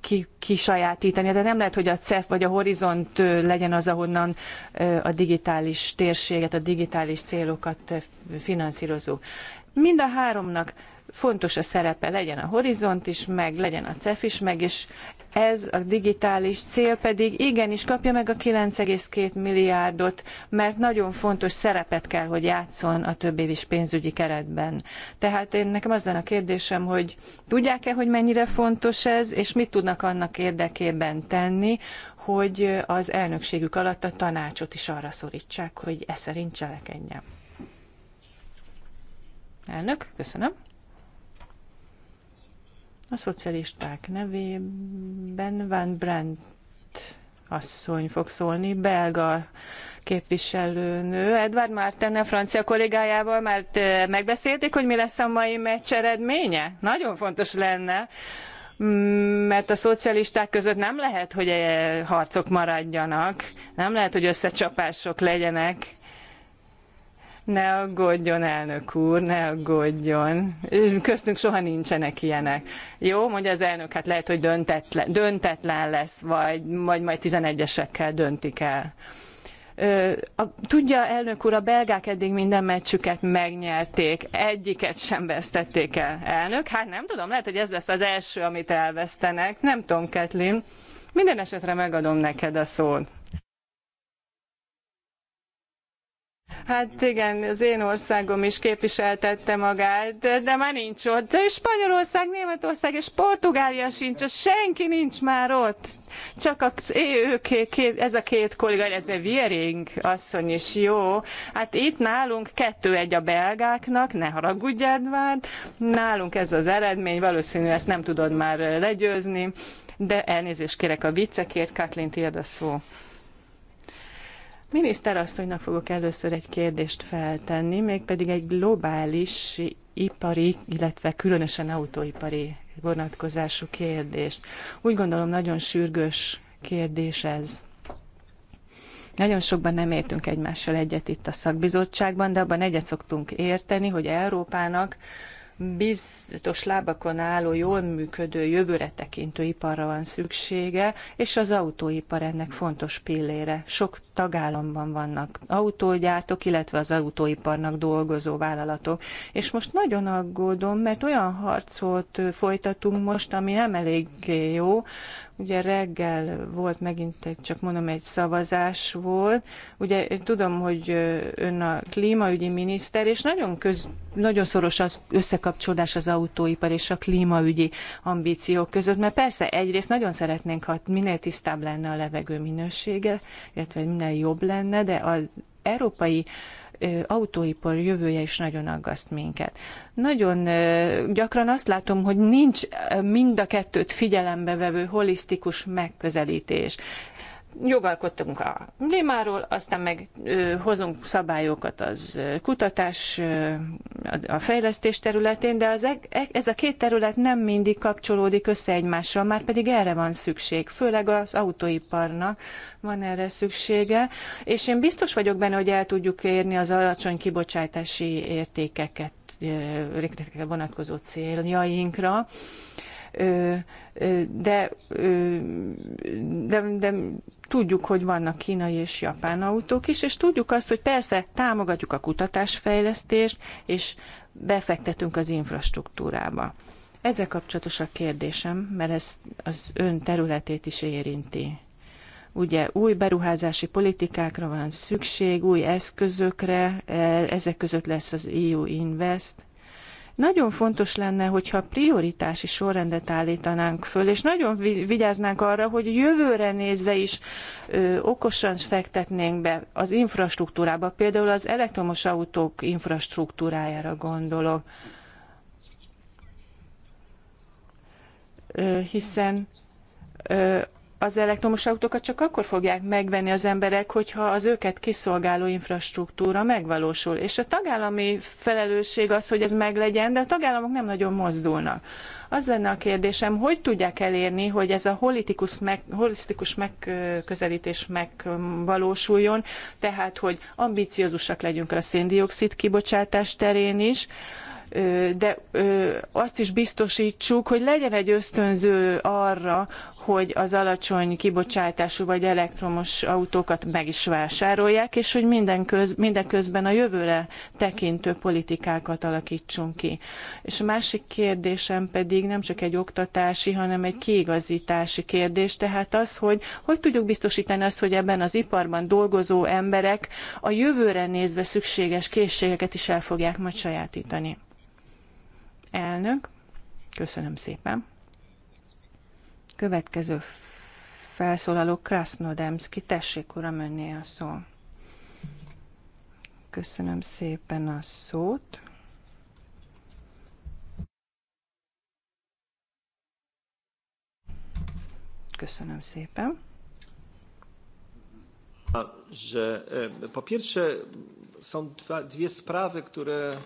ki, kisajátítani. De nem lehet, hogy a CEF vagy a Horizont legyen az, ahonnan a digitális térséget, a digitális célokat finanszírozunk. Mind a háromnak fontos a szerepe, legyen a Horizont is meg, legyen a CEF is meg, és ez a digitális cél pedig igenis kapja meg a 9,2 milliárdot, mert nagyon fontos szerepet kell, hogy játszon a többévis pénzügyi keretben. Tehát én nekem az a kérdésem, hogy tudják-e, hogy mennyire fontos ez, és mit tudnak annak érdekében tenni, hogy az elnökségük alatt a tanácsot is arra szorítsák, hogy e szerint cselekedjen. Elnök, köszönöm. A szocialisták nevében Van Brandt asszony fog szólni, belga képviselőnő. Edward a francia kollégájával, mert eh, megbeszélték, hogy mi lesz a mai meccs eredménye? Nagyon fontos lenne, mm, mert a szocialisták között nem lehet, hogy eh, harcok maradjanak, nem lehet, hogy összecsapások legyenek. Ne aggódjon, elnök úr, ne aggódjon. Köztünk soha nincsenek ilyenek. Jó, mondja az elnök, hát lehet, hogy döntetlen, döntetlen lesz, vagy, vagy majd 11-esekkel döntik el. A, tudja, elnök úr, a belgák eddig minden meccsüket megnyerték, egyiket sem vesztették el. Elnök, hát nem tudom, lehet, hogy ez lesz az első, amit elvesztenek. Nem tudom, Ketlin. Minden esetre megadom neked a szót. Hát igen, az én országom is képviseltette magát, de, de már nincs ott. És Spanyolország, Németország és Portugália sincs, senki nincs már ott. Csak a, ők, két, ez a két kolléga, illetve Viering asszony is jó. Hát itt nálunk kettő-egy a belgáknak, ne haragudjál már, nálunk ez az eredmény, valószínű ezt nem tudod már legyőzni, de elnézést kérek a viccekért, Kathleen, tiéd a szó. Miniszterasszonynak fogok először egy kérdést feltenni, mégpedig egy globális ipari, illetve különösen autóipari vonatkozású kérdést. Úgy gondolom, nagyon sürgős kérdés ez. Nagyon sokban nem értünk egymással egyet itt a szakbizottságban, de abban egyet szoktunk érteni, hogy Európának biztos lábakon álló, jól működő, jövőre tekintő iparra van szüksége, és az autóipar ennek fontos pillére. Sok tagállamban vannak autógyártók, illetve az autóiparnak dolgozó vállalatok. És most nagyon aggódom, mert olyan harcot folytatunk most, ami nem elég jó, Ugye reggel volt megint egy, csak mondom, egy szavazás volt. Ugye én tudom, hogy ön a klímaügyi miniszter, és nagyon, köz, nagyon szoros az összekapcsolódás az autóipar és a klímaügyi ambíciók között, mert persze egyrészt nagyon szeretnénk, ha minél tisztább lenne a levegő minősége, illetve minél jobb lenne, de az európai uh, autóipar jövője is nagyon aggaszt minket. Nagyon gyakran azt látom, hogy nincs mind a kettőt figyelembe vevő holisztikus megközelítés jogalkottunk a lémáról, aztán meg ö, hozunk szabályokat az kutatás, ö, a, a fejlesztés területén, de az, e, e, ez a két terület nem mindig kapcsolódik össze egymással, már pedig erre van szükség, főleg az autóiparnak van erre szüksége, és én biztos vagyok benne, hogy el tudjuk érni az alacsony kibocsátási értékeket, értékekre vonatkozó céljainkra de, de, de Tudjuk, hogy vannak kínai és japán autók is, és tudjuk azt, hogy persze támogatjuk a kutatásfejlesztést, és befektetünk az infrastruktúrába. Ezzel kapcsolatos a kérdésem, mert ez az ön területét is érinti. Ugye új beruházási politikákra van szükség, új eszközökre, e, ezek között lesz az EU Invest, nagyon fontos lenne, hogyha prioritási sorrendet állítanánk föl, és nagyon vigyáznánk arra, hogy jövőre nézve is ö, okosan fektetnénk be az infrastruktúrába, például az elektromos autók infrastruktúrájára gondolok. Ö, hiszen ö, az elektromos autókat csak akkor fogják megvenni az emberek, hogyha az őket kiszolgáló infrastruktúra megvalósul. És a tagállami felelősség az, hogy ez meglegyen, de a tagállamok nem nagyon mozdulnak. Az lenne a kérdésem, hogy tudják elérni, hogy ez a meg, holisztikus megközelítés megvalósuljon, tehát hogy ambiciózusak legyünk a széndiokszid kibocsátás terén is, de azt is biztosítsuk, hogy legyen egy ösztönző arra, hogy az alacsony kibocsátású vagy elektromos autókat meg is vásárolják, és hogy minden köz, mindeközben a jövőre tekintő politikákat alakítsunk ki. És a másik kérdésem pedig nem csak egy oktatási, hanem egy kiigazítási kérdés, tehát az, hogy hogy tudjuk biztosítani azt, hogy ebben az iparban dolgozó emberek a jövőre nézve szükséges készségeket is el fogják majd sajátítani. Elnök, köszönöm szépen. Következő felszólaló Krasnodemski, tessék uram önné a szó. Köszönöm szépen a szót. Köszönöm szépen. Że e, po pierwsze są dwie sprawy, które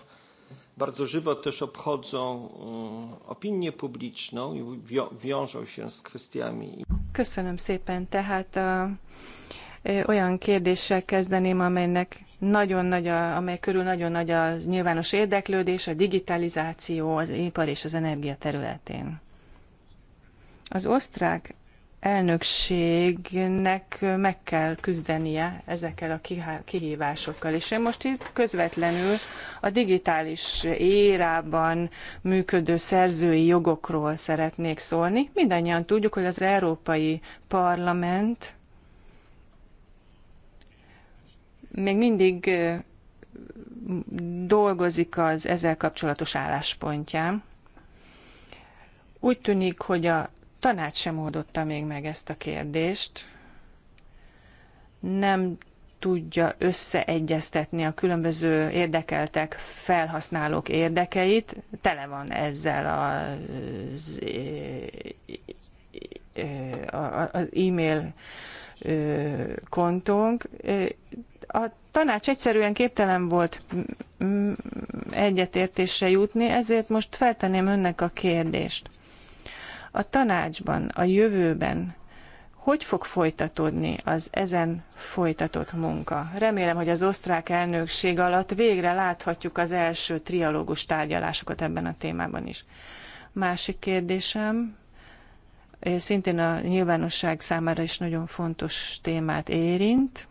bardzo żywo też obchodzą e, opinię publiczną i wiążą się z kwestiami. Köszönöm szépen. Tehát a, e, e, olyan kérdéssel kezdeném, amelynek nagyon nagy a, amely körül nagyon nagy a nyilvános érdeklődés, a digitalizáció az ipar és az energia területén. Az osztrák elnökségnek meg kell küzdenie ezekkel a kihívásokkal. És én most itt közvetlenül a digitális érában működő szerzői jogokról szeretnék szólni. Mindannyian tudjuk, hogy az Európai Parlament még mindig dolgozik az ezzel kapcsolatos álláspontján. Úgy tűnik, hogy a tanács sem oldotta még meg ezt a kérdést. Nem tudja összeegyeztetni a különböző érdekeltek, felhasználók érdekeit. Tele van ezzel az, e, e, az e-mail e, kontónk. A tanács egyszerűen képtelen volt egyetértésre jutni, ezért most feltenném önnek a kérdést a tanácsban, a jövőben hogy fog folytatódni az ezen folytatott munka? Remélem, hogy az osztrák elnökség alatt végre láthatjuk az első trialógus tárgyalásokat ebben a témában is. Másik kérdésem, szintén a nyilvánosság számára is nagyon fontos témát érint,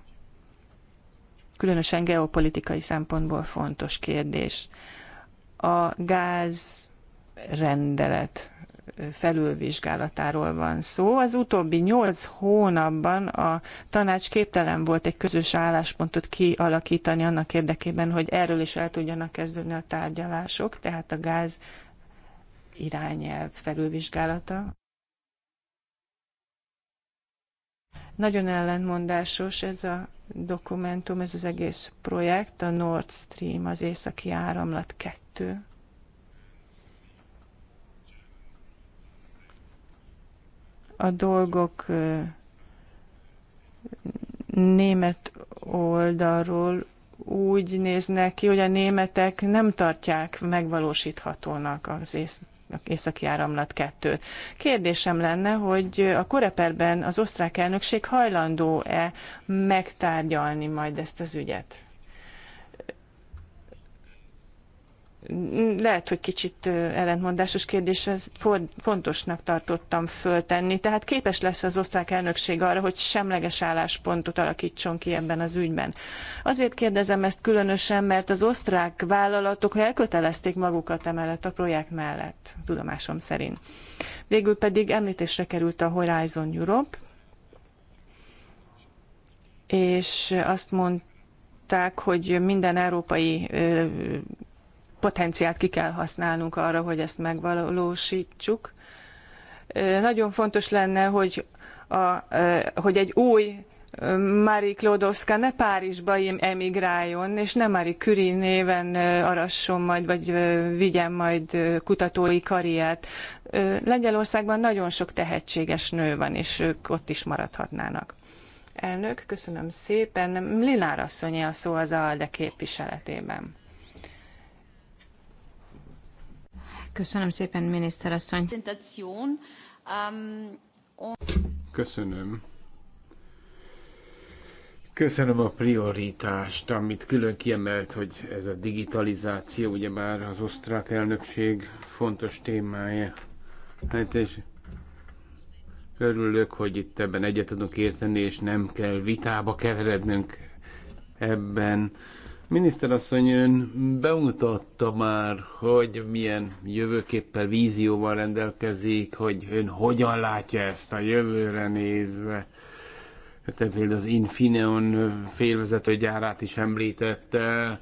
különösen geopolitikai szempontból fontos kérdés. A gáz rendelet felülvizsgálatáról van szó. Az utóbbi nyolc hónapban a tanács képtelen volt egy közös álláspontot kialakítani annak érdekében, hogy erről is el tudjanak kezdődni a tárgyalások, tehát a gáz irányelv felülvizsgálata. Nagyon ellentmondásos ez a dokumentum, ez az egész projekt, a Nord Stream, az északi áramlat 2 a dolgok német oldalról úgy néznek ki, hogy a németek nem tartják megvalósíthatónak az ész északi áramlat kettő. Kérdésem lenne, hogy a koreperben az osztrák elnökség hajlandó-e megtárgyalni majd ezt az ügyet? lehet, hogy kicsit ellentmondásos kérdés, fontosnak tartottam föltenni. Tehát képes lesz az osztrák elnökség arra, hogy semleges álláspontot alakítson ki ebben az ügyben. Azért kérdezem ezt különösen, mert az osztrák vállalatok elkötelezték magukat emellett a projekt mellett, tudomásom szerint. Végül pedig említésre került a Horizon Europe, és azt mondták, hogy minden európai potenciált ki kell használnunk arra, hogy ezt megvalósítsuk. Nagyon fontos lenne, hogy, a, hogy egy új Marie Klodowska ne Párizsba emigráljon, és ne Marie Curie néven arasson majd, vagy vigyen majd kutatói karriert. Lengyelországban nagyon sok tehetséges nő van, és ők ott is maradhatnának. Elnök, köszönöm szépen. Linár asszonyi a szó az ALDE képviseletében. Köszönöm szépen, miniszterasszony. Um, Köszönöm. Köszönöm a prioritást, amit külön kiemelt, hogy ez a digitalizáció, ugyebár az osztrák elnökség fontos témája. Hát és örülök, hogy itt ebben egyet tudunk érteni, és nem kell vitába keverednünk ebben. Miniszterasszony, ön bemutatta már, hogy milyen jövőképpel, vízióval rendelkezik, hogy ön hogyan látja ezt a jövőre nézve. Hát te például az Infineon félvezetőgyárát is említette,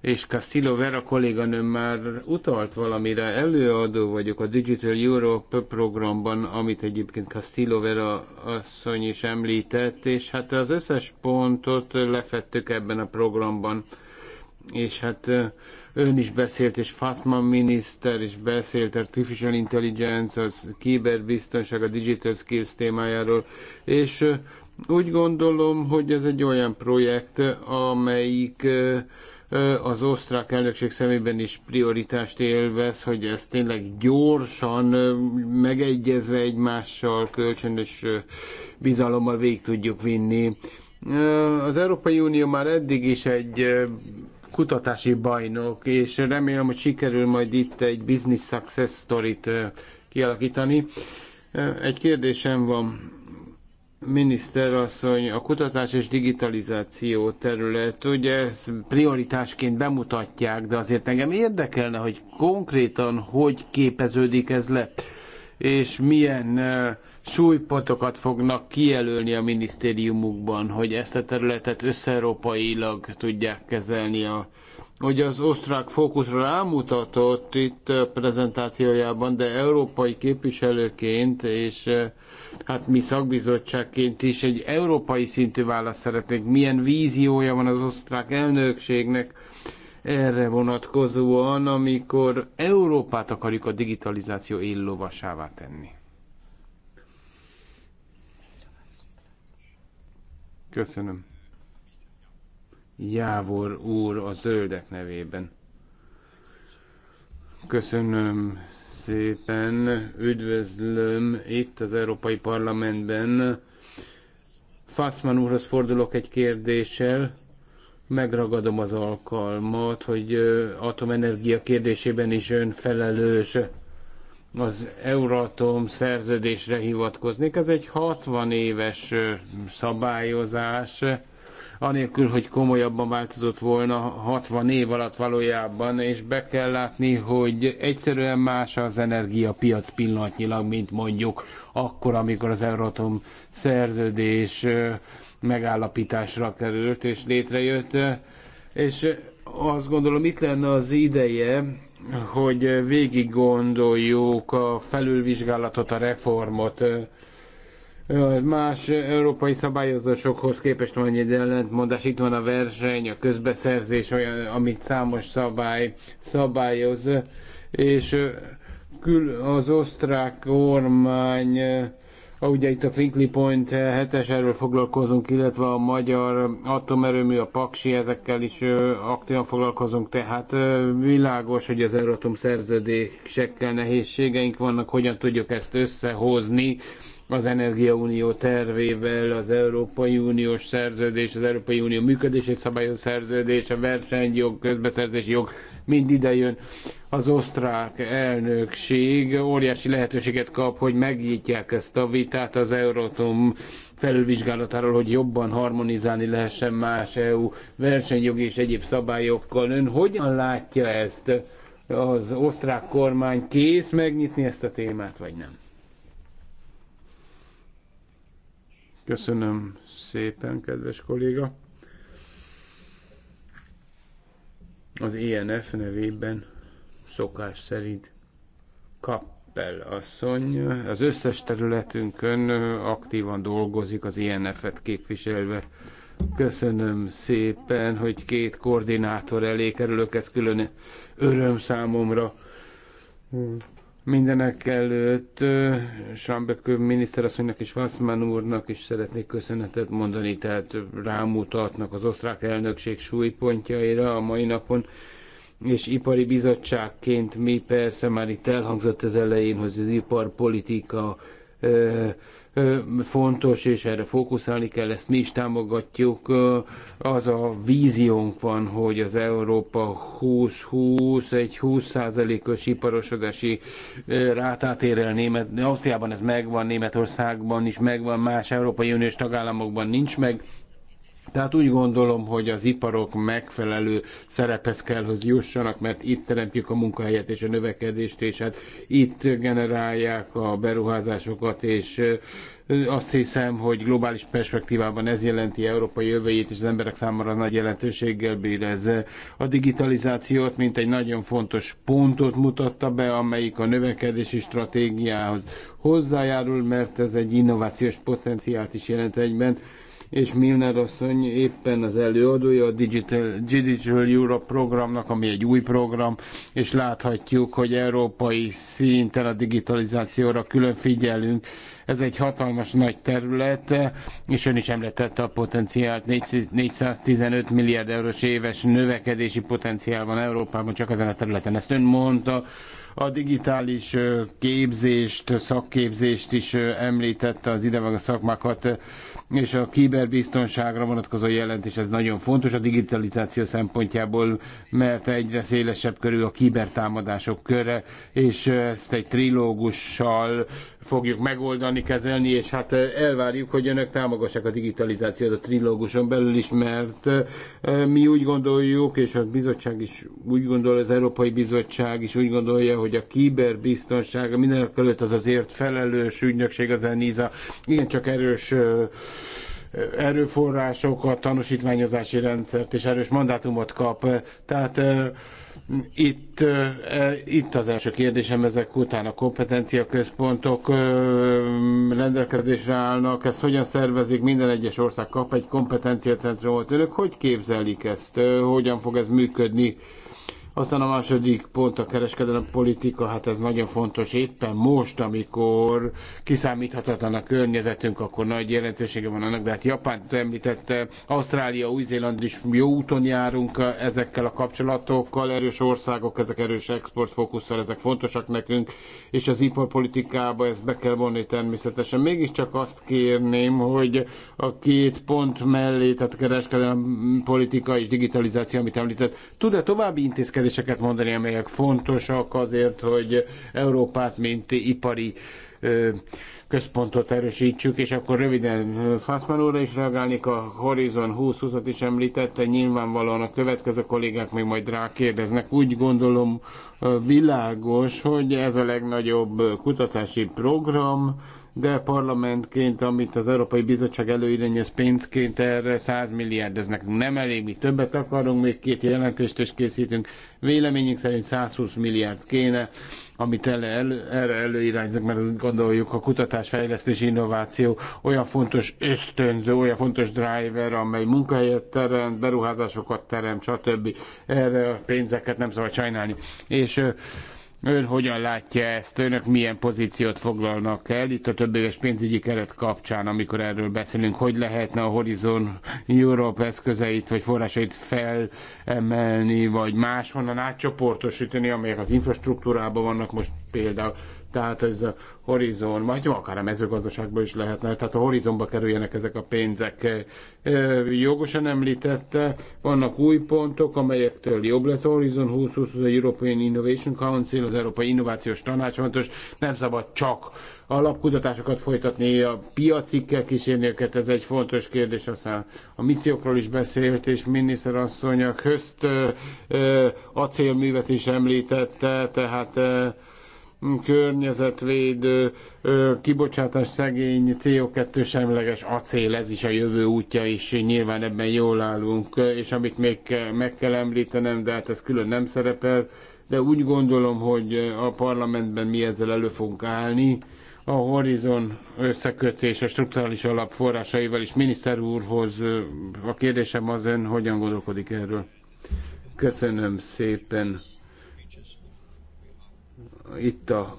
és Castillo Vera kolléganőm már utalt valamire, előadó vagyok a Digital Europe programban, amit egyébként Castillo Vera asszony is említett, és hát az összes pontot lefettük ebben a programban és hát ön is beszélt, és Fassman miniszter is beszélt Artificial Intelligence, az kiberbiztonság, a Digital Skills témájáról, és úgy gondolom, hogy ez egy olyan projekt, amelyik az osztrák elnökség szemében is prioritást élvez, hogy ezt tényleg gyorsan, megegyezve egymással, kölcsönös bizalommal végig tudjuk vinni. Az Európai Unió már eddig is egy kutatási bajnok, és remélem, hogy sikerül majd itt egy business success story-t kialakítani. Egy kérdésem van, miniszter, asszony, a kutatás és digitalizáció terület, ugye ezt prioritásként bemutatják, de azért engem érdekelne, hogy konkrétan hogy képeződik ez le, és milyen uh, súlypontokat fognak kijelölni a minisztériumukban, hogy ezt a területet összeurópailag tudják kezelni. A, hogy az osztrák fókuszra rámutatott itt a prezentációjában, de európai képviselőként, és eh, hát mi szakbizottságként is egy európai szintű választ szeretnénk. Milyen víziója van az osztrák elnökségnek erre vonatkozóan, amikor Európát akarjuk a digitalizáció illovasává tenni? Köszönöm. Jávor úr a zöldek nevében. Köszönöm szépen, üdvözlöm itt az Európai Parlamentben. Fassman úrhoz fordulok egy kérdéssel. Megragadom az alkalmat, hogy atomenergia kérdésében is ön felelős az Euratom szerződésre hivatkoznék. Ez egy 60 éves szabályozás, anélkül, hogy komolyabban változott volna 60 év alatt valójában, és be kell látni, hogy egyszerűen más az energiapiac pillanatnyilag, mint mondjuk akkor, amikor az Euratom szerződés megállapításra került és létrejött. És azt gondolom, itt lenne az ideje, hogy végig gondoljuk a felülvizsgálatot, a reformot, más európai szabályozásokhoz képest van egy ellentmondás, itt van a verseny, a közbeszerzés, olyan, amit számos szabály szabályoz, és kül az osztrák kormány Ugye itt a Finkley Point 7-es, erről foglalkozunk, illetve a magyar atomerőmű, a Paksi, ezekkel is aktívan foglalkozunk, tehát világos, hogy az Euratom szerződésekkel nehézségeink vannak, hogyan tudjuk ezt összehozni az Energiaunió tervével, az Európai Uniós szerződés, az Európai Unió működését szabályozó szerződés, a versenyjog, közbeszerzési jog mind ide jön az osztrák elnökség óriási lehetőséget kap, hogy megnyitják ezt a vitát az Euratom felülvizsgálatáról, hogy jobban harmonizálni lehessen más EU versenyjogi és egyéb szabályokkal. Ön hogyan látja ezt? Az osztrák kormány kész megnyitni ezt a témát, vagy nem? Köszönöm szépen, kedves kolléga. Az INF e nevében szokás szerint Kappel asszony az összes területünkön aktívan dolgozik az INF-et képviselve. Köszönöm szépen, hogy két koordinátor elé kerülök, ez külön öröm számomra. Mindenek előtt Sambek miniszterasszonynak és Vassman úrnak is szeretnék köszönetet mondani, tehát rámutatnak az osztrák elnökség súlypontjaira a mai napon és ipari bizottságként mi persze már itt elhangzott az elején, hogy az iparpolitika ö, ö, fontos, és erre fókuszálni kell, ezt mi is támogatjuk. Az a víziónk van, hogy az Európa 20-20, egy 20%-os iparosodási rátát ér el Német, Ausztriában ez megvan, Németországban is megvan, más Európai Uniós tagállamokban nincs meg, tehát úgy gondolom, hogy az iparok megfelelő szerephez kell, hogy jussanak, mert itt teremtjük a munkahelyet és a növekedést, és hát itt generálják a beruházásokat, és azt hiszem, hogy globális perspektívában ez jelenti európai jövőjét, és az emberek számára nagy jelentőséggel bír ez. A digitalizációt, mint egy nagyon fontos pontot mutatta be, amelyik a növekedési stratégiához hozzájárul, mert ez egy innovációs potenciált is jelent egyben és Milner asszony éppen az előadója a Digital, Digital Europe programnak, ami egy új program, és láthatjuk, hogy európai szinten a digitalizációra külön figyelünk. Ez egy hatalmas nagy terület, és ön is említette a potenciált 415 milliárd eurós éves növekedési potenciál van Európában csak ezen a területen. Ezt ön mondta, a digitális képzést, szakképzést is említette az idevag a szakmákat és a kiberbiztonságra vonatkozó jelentés, ez nagyon fontos a digitalizáció szempontjából, mert egyre szélesebb körül a kibertámadások köre, és ezt egy trilógussal fogjuk megoldani, kezelni, és hát elvárjuk, hogy önök támogassák a digitalizációt a trilóguson belül is, mert mi úgy gondoljuk, és a bizottság is úgy gondol, az Európai Bizottság is úgy gondolja, hogy a kiberbiztonság, mindenek előtt az azért felelős ügynökség, az ENISA, igen csak erős erőforrásokat, tanúsítványozási rendszert és erős mandátumot kap. Tehát itt, e, itt az első kérdésem ezek után a kompetenciaközpontok rendelkezésre állnak, ezt hogyan szervezik, minden egyes ország kap egy kompetenciacentrumot. Önök hogy képzelik ezt, hogyan fog ez működni? Aztán a második pont a kereskedelem politika, hát ez nagyon fontos éppen most, amikor kiszámíthatatlan a környezetünk, akkor nagy jelentősége van annak, de hát Japán említette, Ausztrália, Új-Zéland is jó úton járunk ezekkel a kapcsolatokkal, erős országok, ezek erős exportfókusszal, ezek fontosak nekünk, és az iparpolitikába ezt be kell vonni természetesen. Mégiscsak azt kérném, hogy a két pont mellé, tehát a kereskedelem politika és digitalizáció, amit említett, tud-e további intézkedni intézkedéseket mondani, amelyek fontosak azért, hogy Európát, mint ipari központot erősítsük, és akkor röviden Fászman úrra is reagálnék, a Horizon 2020-at is említette, nyilvánvalóan a következő kollégák még majd rákérdeznek. Úgy gondolom világos, hogy ez a legnagyobb kutatási program, de parlamentként, amit az Európai Bizottság előirányoz pénzként, erre 100 milliárd, ez nekünk nem elég, mi többet akarunk, még két jelentést is készítünk. Véleményünk szerint 120 milliárd kéne, amit el, el, erre előirányzunk, mert azt gondoljuk a kutatás, fejlesztés, innováció olyan fontos ösztönző, olyan fontos driver, amely munkahelyet teremt, beruházásokat teremt, stb. Erre a pénzeket nem szabad sajnálni. És Ön hogyan látja ezt? Önök milyen pozíciót foglalnak el itt a többéves pénzügyi keret kapcsán, amikor erről beszélünk? Hogy lehetne a Horizon Europe eszközeit vagy forrásait felemelni, vagy máshonnan átcsoportosítani, amelyek az infrastruktúrában vannak most például? Tehát ez a horizon, jó, akár a mezőgazdaságban is lehetne, tehát a horizonba kerüljenek ezek a pénzek. E, jogosan említette, vannak új pontok, amelyektől jobb lesz a Horizon 2020, az European Innovation Council, az Európai Innovációs Tanács, fontos, nem szabad csak alapkutatásokat folytatni, a piacikkel kísérni őket, ez egy fontos kérdés, aztán a missziókról is beszélt, és miniszterasszony a közt acélművet is említette, tehát környezetvédő, kibocsátás szegény, CO2 semleges acél, ez is a jövő útja, és nyilván ebben jól állunk, és amit még meg kell említenem, de hát ez külön nem szerepel, de úgy gondolom, hogy a parlamentben mi ezzel elő fogunk állni, a Horizon összekötés a strukturális alap forrásaival is. Miniszter úrhoz a kérdésem az ön, hogyan gondolkodik erről? Köszönöm szépen itt a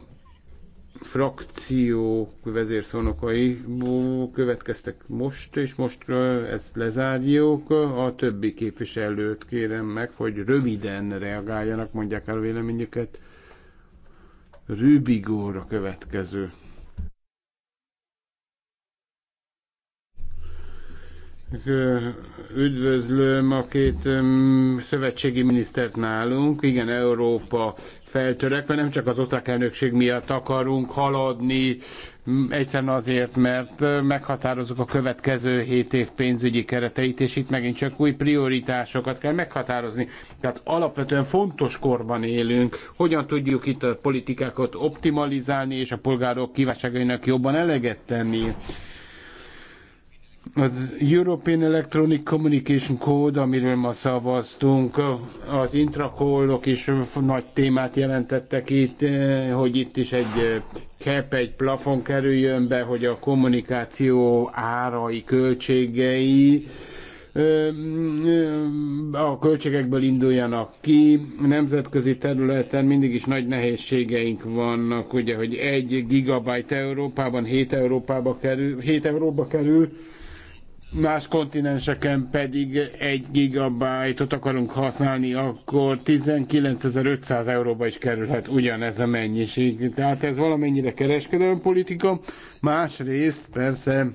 frakciók vezérszónokai következtek most, és most ezt lezárjuk. A többi képviselőt kérem meg, hogy röviden reagáljanak, mondják el véleményüket. Rübigóra a következő. Üdvözlöm a két szövetségi minisztert nálunk. Igen, Európa feltörekve, nem csak az osztrák elnökség miatt akarunk haladni, egyszerűen azért, mert meghatározunk a következő 7 év pénzügyi kereteit, és itt megint csak új prioritásokat kell meghatározni. Tehát alapvetően fontos korban élünk, hogyan tudjuk itt a politikákat optimalizálni, és a polgárok kívánságainak jobban eleget tenni az European Electronic Communication Code, amiről ma szavaztunk, az intrakollok is nagy témát jelentettek itt, eh, hogy itt is egy kép eh, egy plafon kerüljön be, hogy a kommunikáció árai, költségei, eh, a költségekből induljanak ki. Nemzetközi területen mindig is nagy nehézségeink vannak, ugye, hogy egy gigabyte Európában 7 Európába kerül, 7 euróba kerül, más kontinenseken pedig 1 gigabájtot akarunk használni, akkor 19.500 euróba is kerülhet ugyanez a mennyiség. Tehát ez valamennyire kereskedelmi politika, másrészt persze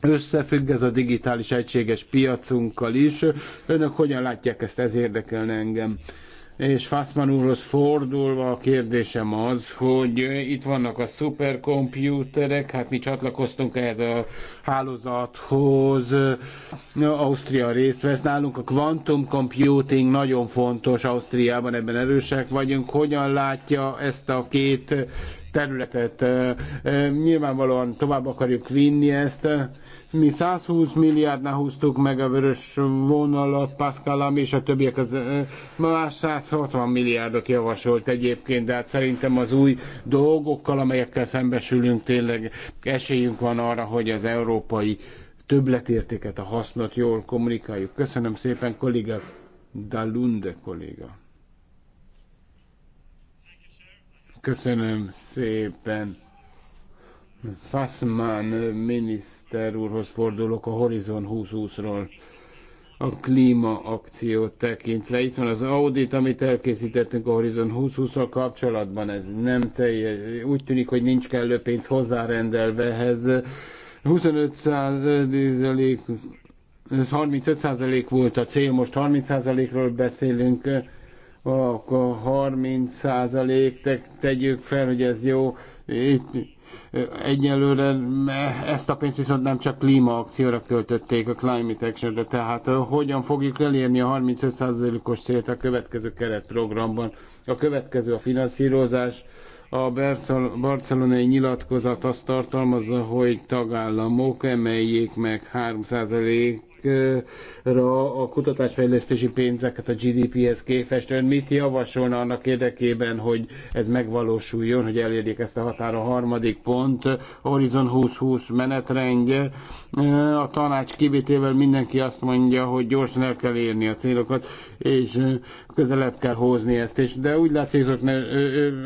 összefügg ez a digitális egységes piacunkkal is. Önök hogyan látják ezt? Ez érdekelne engem. És Fassman úrhoz fordulva a kérdésem az, hogy itt vannak a szuperkompjúterek, hát mi csatlakoztunk ehhez a hálózathoz, Ausztria részt vesz nálunk, a quantum computing nagyon fontos Ausztriában, ebben erősek vagyunk. Hogyan látja ezt a két területet? Nyilvánvalóan tovább akarjuk vinni ezt, mi 120 milliárdnál húztuk meg a vörös vonalat, Pascal és a többiek az más 160 milliárdot javasolt egyébként, de hát szerintem az új dolgokkal, amelyekkel szembesülünk, tényleg esélyünk van arra, hogy az európai többletértéket, a hasznot jól kommunikáljuk. Köszönöm szépen, kolléga Dalunde kolléga. Köszönöm szépen. Fassmann miniszter úrhoz fordulok a Horizon 2020-ról a klímaakciót tekintve. Itt van az audit, amit elkészítettünk a Horizon 2020-al kapcsolatban, ez nem teljes, úgy tűnik, hogy nincs kellő pénz hozzárendelve ehhez. 25 százalék, 35 százalék volt a cél, most 30 százalékról beszélünk, akkor 30 százalék, tegyük fel, hogy ez jó, itt Egyelőre ezt a pénzt viszont nem csak klímaakcióra költötték, a Climate Action-re, tehát hogyan fogjuk elérni a 35%-os célt a következő keretprogramban. A következő a finanszírozás, a barcelonai nyilatkozat azt tartalmazza, hogy tagállamok emeljék meg a kutatásfejlesztési pénzeket a GDP-hez képest. Ön mit javasolna annak érdekében, hogy ez megvalósuljon, hogy elérjék ezt a határa? A harmadik pont, Horizon 2020 menetrendje. A tanács kivétével mindenki azt mondja, hogy gyorsan el kell érni a célokat, és közelebb kell hozni ezt. És, de úgy látszik, hogy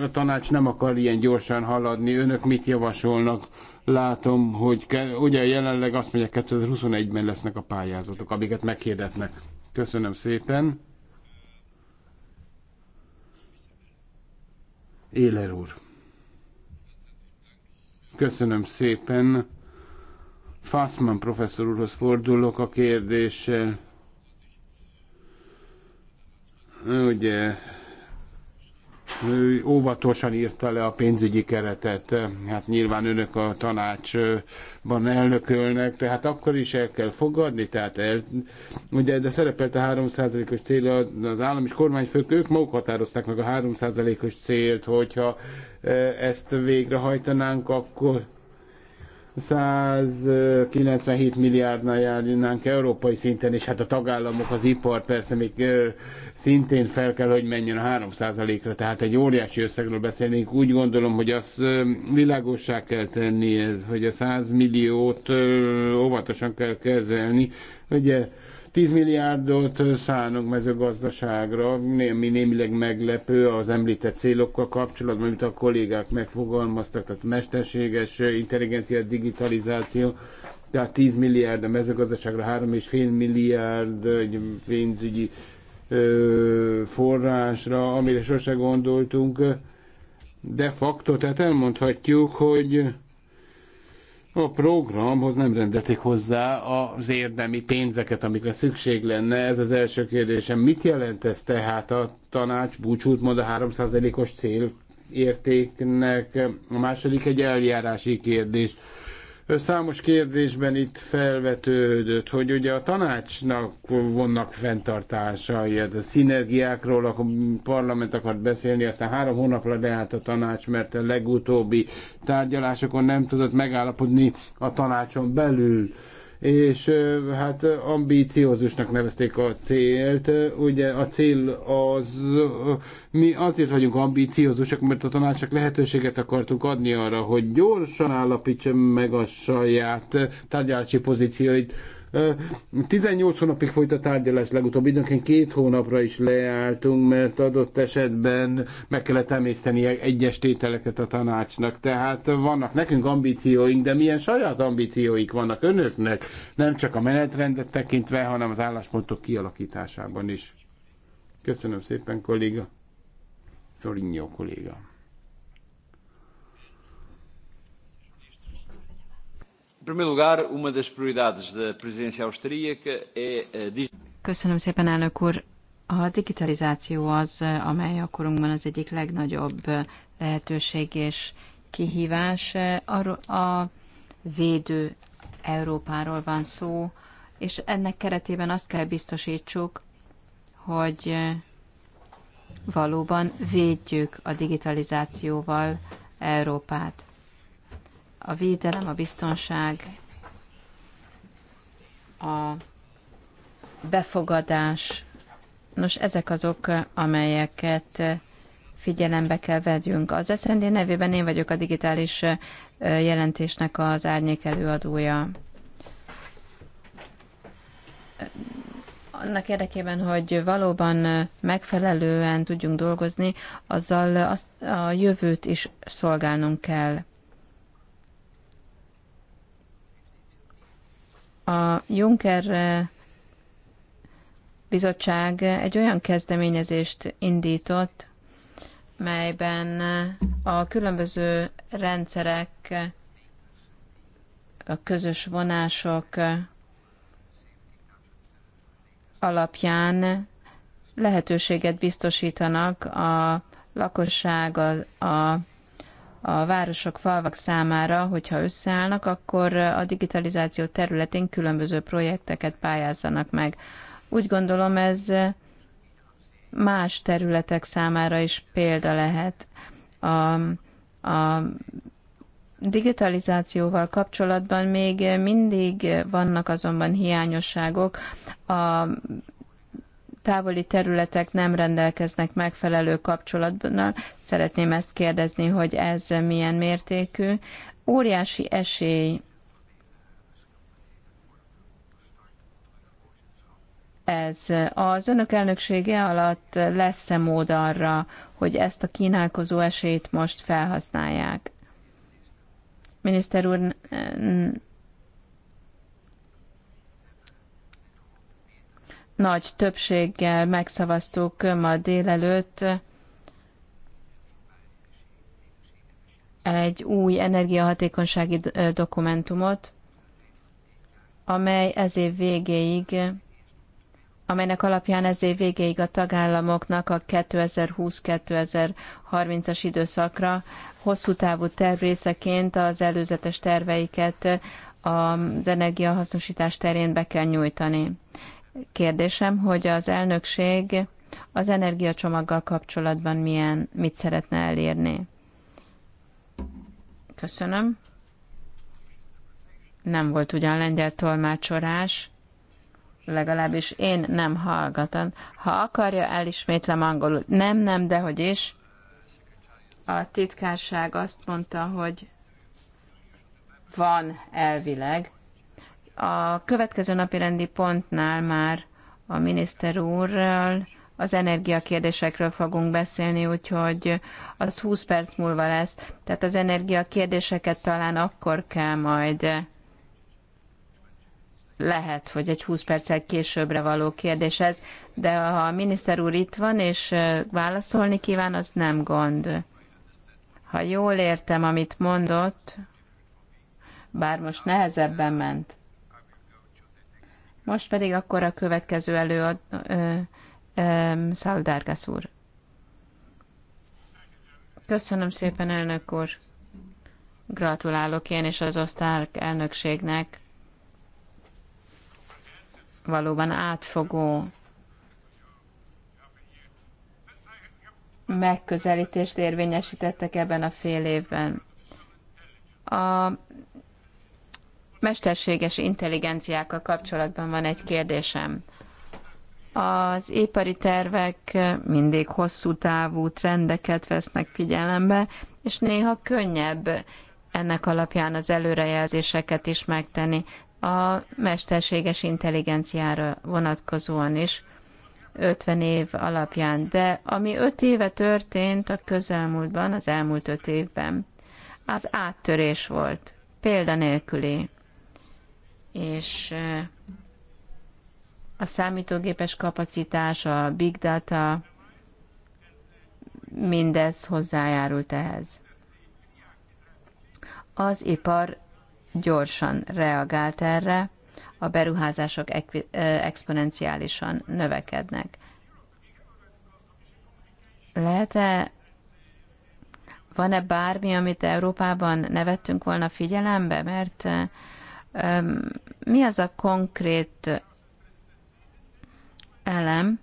a tanács nem akar ilyen gyorsan haladni. Önök mit javasolnak? látom, hogy ke- ugye jelenleg azt mondják, 2021-ben lesznek a pályázatok, amiket meghirdetnek. Köszönöm szépen. Éler úr. Köszönöm szépen. Fassman professzor úrhoz fordulok a kérdéssel. Ugye ő óvatosan írta le a pénzügyi keretet. Hát nyilván önök a tanácsban elnökölnek, tehát akkor is el kell fogadni, tehát el, ugye, de szerepelt a 3%-os cél, az állam és kormányfők, ők maguk határozták meg a 3%-os célt, hogyha ezt végrehajtanánk, akkor 197 milliárdnál járnánk európai szinten, és hát a tagállamok, az ipar persze még szintén fel kell, hogy menjen a 3%-ra, tehát egy óriási összegről beszélnénk. Úgy gondolom, hogy az világossá kell tenni ez, hogy a 100 milliót óvatosan kell kezelni. Ugye 10 milliárdot szánunk mezőgazdaságra, ami némileg meglepő az említett célokkal kapcsolatban, amit a kollégák megfogalmaztak, tehát mesterséges intelligencia, digitalizáció, tehát 10 milliárd a mezőgazdaságra, 3,5 milliárd egy pénzügyi ö, forrásra, amire sose gondoltunk. De facto, tehát elmondhatjuk, hogy a programhoz nem rendetik hozzá az érdemi pénzeket, amikre szükség lenne. Ez az első kérdésem. Mit jelent ez tehát a tanács búcsút mond a 3%-os célértéknek? A második egy eljárási kérdés. Számos kérdésben itt felvetődött, hogy ugye a tanácsnak vannak fenntartásai, ez hát a szinergiákról a parlament akart beszélni, aztán három hónapra leállt a tanács, mert a legutóbbi tárgyalásokon nem tudott megállapodni a tanácson belül és hát ambíciózusnak nevezték a célt. Ugye a cél az, mi azért vagyunk ambíciózusak, mert a csak lehetőséget akartunk adni arra, hogy gyorsan állapítsa meg a saját tárgyalási pozícióit 18 hónapig folyt a tárgyalás legutóbb, időnként két hónapra is leálltunk, mert adott esetben meg kellett emészteni egyes tételeket a tanácsnak. Tehát vannak nekünk ambícióink, de milyen saját ambícióik vannak önöknek, nem csak a menetrendet tekintve, hanem az álláspontok kialakításában is. Köszönöm szépen, kolléga. Szorinnyó kolléga. Köszönöm szépen, elnök úr. A digitalizáció az, amely a korunkban az egyik legnagyobb lehetőség és kihívás. A, a védő Európáról van szó, és ennek keretében azt kell biztosítsuk, hogy valóban védjük a digitalizációval Európát a védelem, a biztonság, a befogadás. Nos, ezek azok, amelyeket figyelembe kell vegyünk. Az SZND nevében én vagyok a digitális jelentésnek az árnyék előadója. Annak érdekében, hogy valóban megfelelően tudjunk dolgozni, azzal azt a jövőt is szolgálnunk kell. a Juncker bizottság egy olyan kezdeményezést indított, melyben a különböző rendszerek, a közös vonások alapján lehetőséget biztosítanak a lakosság, a, a a városok, falvak számára, hogyha összeállnak, akkor a digitalizáció területén különböző projekteket pályázzanak meg. Úgy gondolom ez más területek számára is példa lehet. A, a digitalizációval kapcsolatban még mindig vannak azonban hiányosságok a távoli területek nem rendelkeznek megfelelő kapcsolatban. Szeretném ezt kérdezni, hogy ez milyen mértékű. Óriási esély ez. Az önök elnöksége alatt lesz-e mód arra, hogy ezt a kínálkozó esélyt most felhasználják? Miniszter úr, nagy többséggel megszavaztuk ma délelőtt egy új energiahatékonysági dokumentumot, amely ez év végéig, amelynek alapján ez év végéig a tagállamoknak a 2020-2030-as időszakra hosszú távú részeként az előzetes terveiket az energiahasznosítás terén be kell nyújtani kérdésem, hogy az elnökség az energiacsomaggal kapcsolatban milyen, mit szeretne elérni. Köszönöm. Nem volt ugyan lengyel tolmácsorás, legalábbis én nem hallgatom. Ha akarja, elismétlem angolul. Nem, nem, de hogy is. A titkárság azt mondta, hogy van elvileg a következő napi rendi pontnál már a miniszter úrral az energiakérdésekről fogunk beszélni, úgyhogy az 20 perc múlva lesz. Tehát az energiakérdéseket talán akkor kell majd lehet, hogy egy 20 perccel későbbre való kérdés ez, de ha a miniszter úr itt van és válaszolni kíván, az nem gond. Ha jól értem, amit mondott, bár most nehezebben ment. Most pedig akkor a következő előad, ö, Szaldárgász úr. Köszönöm szépen, elnök úr. Gratulálok én és az osztályk elnökségnek. Valóban átfogó megközelítést érvényesítettek ebben a fél évben. A mesterséges intelligenciákkal kapcsolatban van egy kérdésem. Az ipari tervek mindig hosszú távú trendeket vesznek figyelembe, és néha könnyebb ennek alapján az előrejelzéseket is megtenni a mesterséges intelligenciára vonatkozóan is 50 év alapján. De ami 5 éve történt a közelmúltban, az elmúlt 5 évben, az áttörés volt, példanélküli és a számítógépes kapacitás, a big data, mindez hozzájárult ehhez. Az ipar gyorsan reagált erre, a beruházások exponenciálisan növekednek. Lehet-e, van-e bármi, amit Európában ne vettünk volna figyelembe, mert mi az a konkrét elem,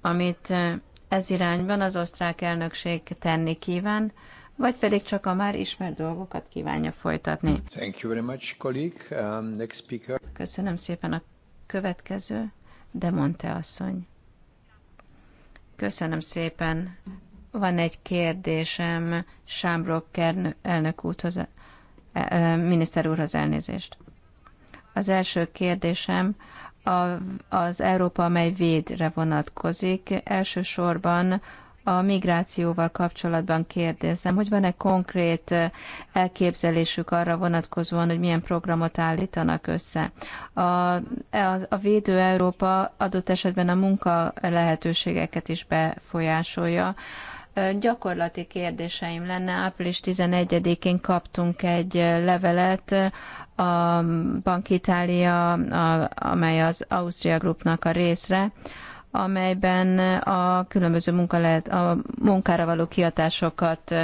amit eh, ez irányban az osztrák elnökség tenni kíván, vagy pedig csak a már ismert dolgokat kívánja folytatni. Thank you very much, colleague. Um, next speaker. Köszönöm szépen a következő, de Monte asszony. Köszönöm szépen. Van egy kérdésem Sámbrok elnök úthoz, eh, eh, miniszter úrhoz elnézést. Az első kérdésem a, az Európa, amely védre vonatkozik. Elsősorban a migrációval kapcsolatban kérdezem, hogy van-e konkrét eh, elképzelésük arra vonatkozóan, hogy milyen programot állítanak össze. A, a, a Védő Európa adott esetben a munka lehetőségeket is befolyásolja. Gyakorlati kérdéseim lenne. Április 11-én kaptunk egy levelet a Bank Itália, amely az Ausztria Groupnak a részre, amelyben a különböző munka lehet, a munkára való kiadásokat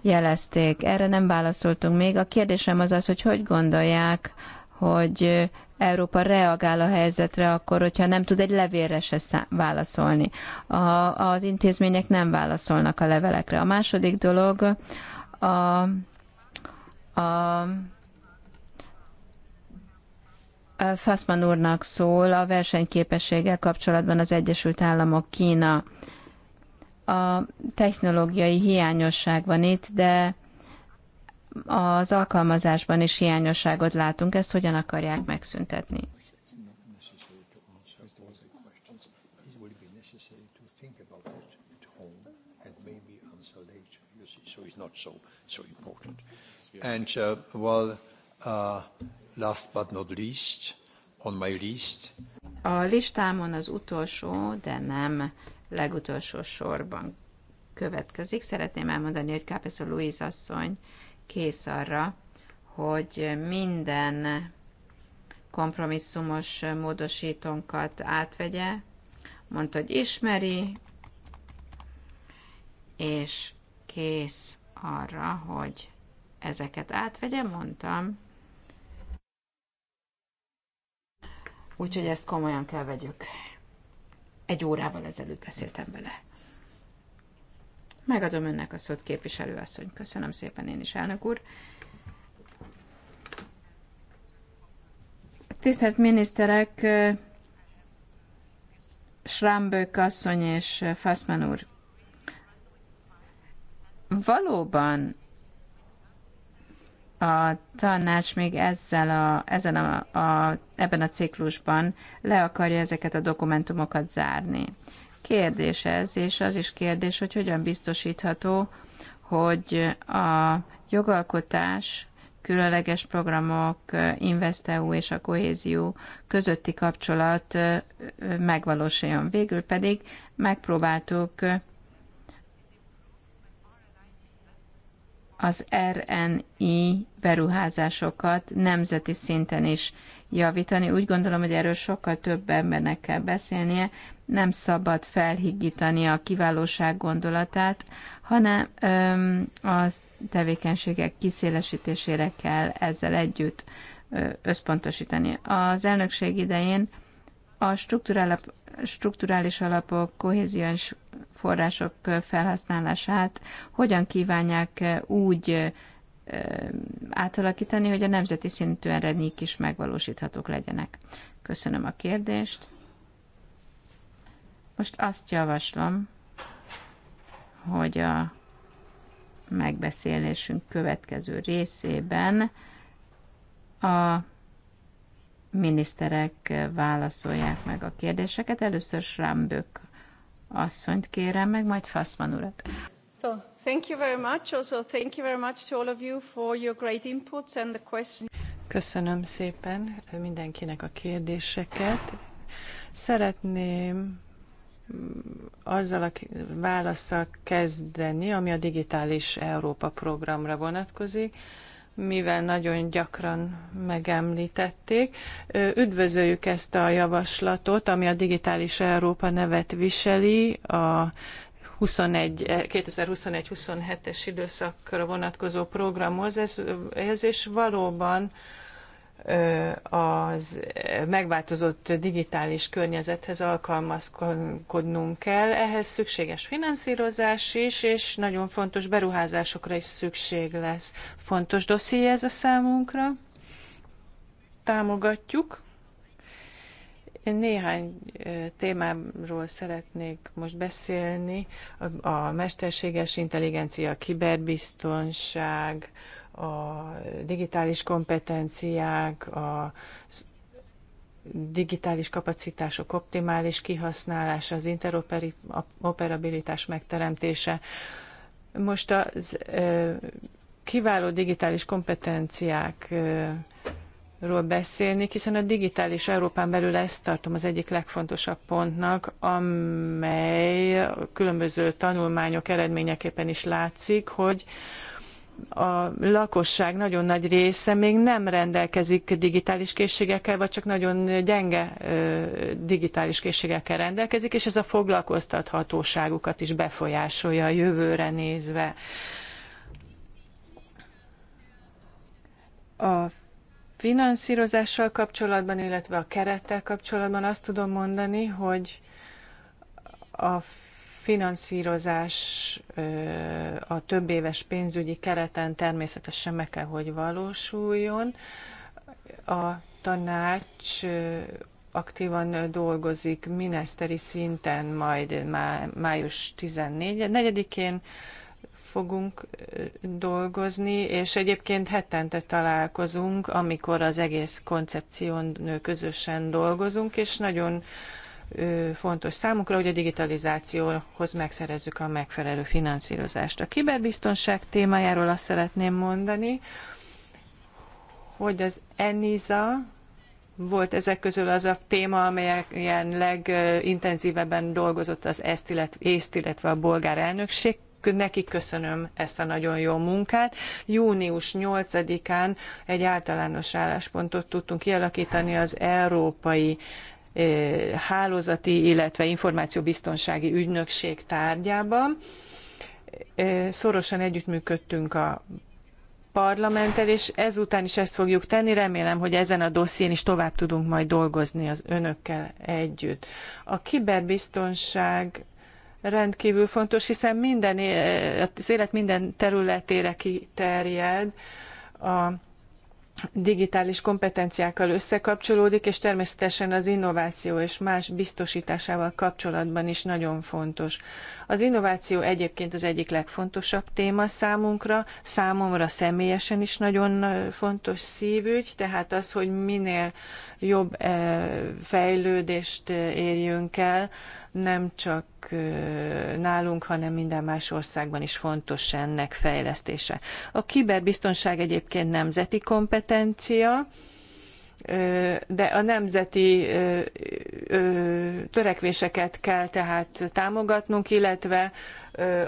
jelezték. Erre nem válaszoltunk még. A kérdésem az az, hogy hogy gondolják, hogy Európa reagál a helyzetre akkor, hogyha nem tud egy levélre se válaszolni. A, az intézmények nem válaszolnak a levelekre. A második dolog a, a Fassman úrnak szól a versenyképességgel kapcsolatban az Egyesült Államok Kína. A technológiai hiányosság van itt, de az alkalmazásban is hiányosságot látunk. Ezt hogyan akarják megszüntetni? And uh, well, uh, last but not least, on my list. A listámon az utolsó, de nem legutolsó sorban következik. Szeretném elmondani, hogy Kápeszó Louise asszony kész arra, hogy minden kompromisszumos módosítónkat átvegye, mondta, hogy ismeri, és kész arra, hogy ezeket átvegye, mondtam. Úgyhogy ezt komolyan kell vegyük. Egy órával ezelőtt beszéltem vele. Megadom önnek a szót, képviselőasszony. Köszönöm szépen én is, elnök úr. Tisztelt miniszterek, Srámbők asszony és Faszman úr. Valóban a tanács még ezzel a, ezen a, a, ebben a ciklusban le akarja ezeket a dokumentumokat zárni. Kérdés ez, és az is kérdés, hogy hogyan biztosítható, hogy a jogalkotás, különleges programok, InvestEU és a kohézió közötti kapcsolat megvalósuljon. Végül pedig megpróbáltuk az RNI beruházásokat nemzeti szinten is javítani. Úgy gondolom, hogy erről sokkal több embernek kell beszélnie. Nem szabad felhiggítani a kiválóság gondolatát, hanem öm, a tevékenységek kiszélesítésére kell ezzel együtt összpontosítani. Az elnökség idején a strukturális alapok, kohéziós források felhasználását hogyan kívánják úgy átalakítani, hogy a nemzeti szintű eredmények is megvalósíthatók legyenek. Köszönöm a kérdést. Most azt javaslom, hogy a megbeszélésünk következő részében a miniszterek válaszolják meg a kérdéseket. Először Srambök asszonyt kérem meg, majd Faszman urat. Szóval. Thank you very much. Also, thank you very much to all of you for your great inputs and the questions. Köszönöm szépen mindenkinek a kérdéseket. Szeretném mm, azzal a válaszsal kezdeni, ami a Digitális Európa programra vonatkozik, mivel nagyon gyakran megemlítették. Üdvözöljük ezt a javaslatot, ami a Digitális Európa nevet viseli, a 2021-27-es eh, időszakra vonatkozó programhoz, ez, ez és valóban az megváltozott digitális környezethez alkalmazkodnunk kell. Ehhez szükséges finanszírozás is, és nagyon fontos beruházásokra is szükség lesz. Fontos dosszié ez a számunkra. Támogatjuk én néhány témáról szeretnék most beszélni. A, mesterséges intelligencia, a kiberbiztonság, a digitális kompetenciák, a digitális kapacitások optimális kihasználása, az interoperabilitás megteremtése. Most az kiváló digitális kompetenciák ról beszélnék, hiszen a digitális Európán belül ezt tartom az egyik legfontosabb pontnak, amely különböző tanulmányok eredményeképpen is látszik, hogy a lakosság nagyon nagy része még nem rendelkezik digitális készségekkel, vagy csak nagyon gyenge digitális készségekkel rendelkezik, és ez a foglalkoztathatóságukat is befolyásolja a jövőre nézve. A finanszírozással kapcsolatban, illetve a kerettel kapcsolatban azt tudom mondani, hogy a finanszírozás a több éves pénzügyi kereten természetesen meg kell, hogy valósuljon. A tanács aktívan dolgozik miniszteri szinten, majd május 14-én fogunk dolgozni, és egyébként hetente találkozunk, amikor az egész koncepción közösen dolgozunk, és nagyon fontos számunkra, hogy a digitalizációhoz megszerezzük a megfelelő finanszírozást. A kiberbiztonság témájáról azt szeretném mondani, hogy az ENISA volt ezek közül az a téma, amelyen legintenzívebben dolgozott az ESZT, illetve a bolgár elnökség nekik köszönöm ezt a nagyon jó munkát. Június 8-án egy általános álláspontot tudtunk kialakítani az európai eh, hálózati, illetve információbiztonsági ügynökség tárgyában. Eh, szorosan együttműködtünk a parlamenttel, és ezután is ezt fogjuk tenni. Remélem, hogy ezen a dosszién is tovább tudunk majd dolgozni az önökkel együtt. A kiberbiztonság rendkívül fontos, hiszen minden, az élet minden területére kiterjed, a digitális kompetenciákkal összekapcsolódik, és természetesen az innováció és más biztosításával kapcsolatban is nagyon fontos. Az innováció egyébként az egyik legfontosabb téma számunkra, számomra személyesen is nagyon fontos szívügy, tehát az, hogy minél jobb fejlődést érjünk el, nem csak nálunk, hanem minden más országban is fontos ennek fejlesztése. A kiberbiztonság egyébként nemzeti kompetencia, de a nemzeti törekvéseket kell tehát támogatnunk, illetve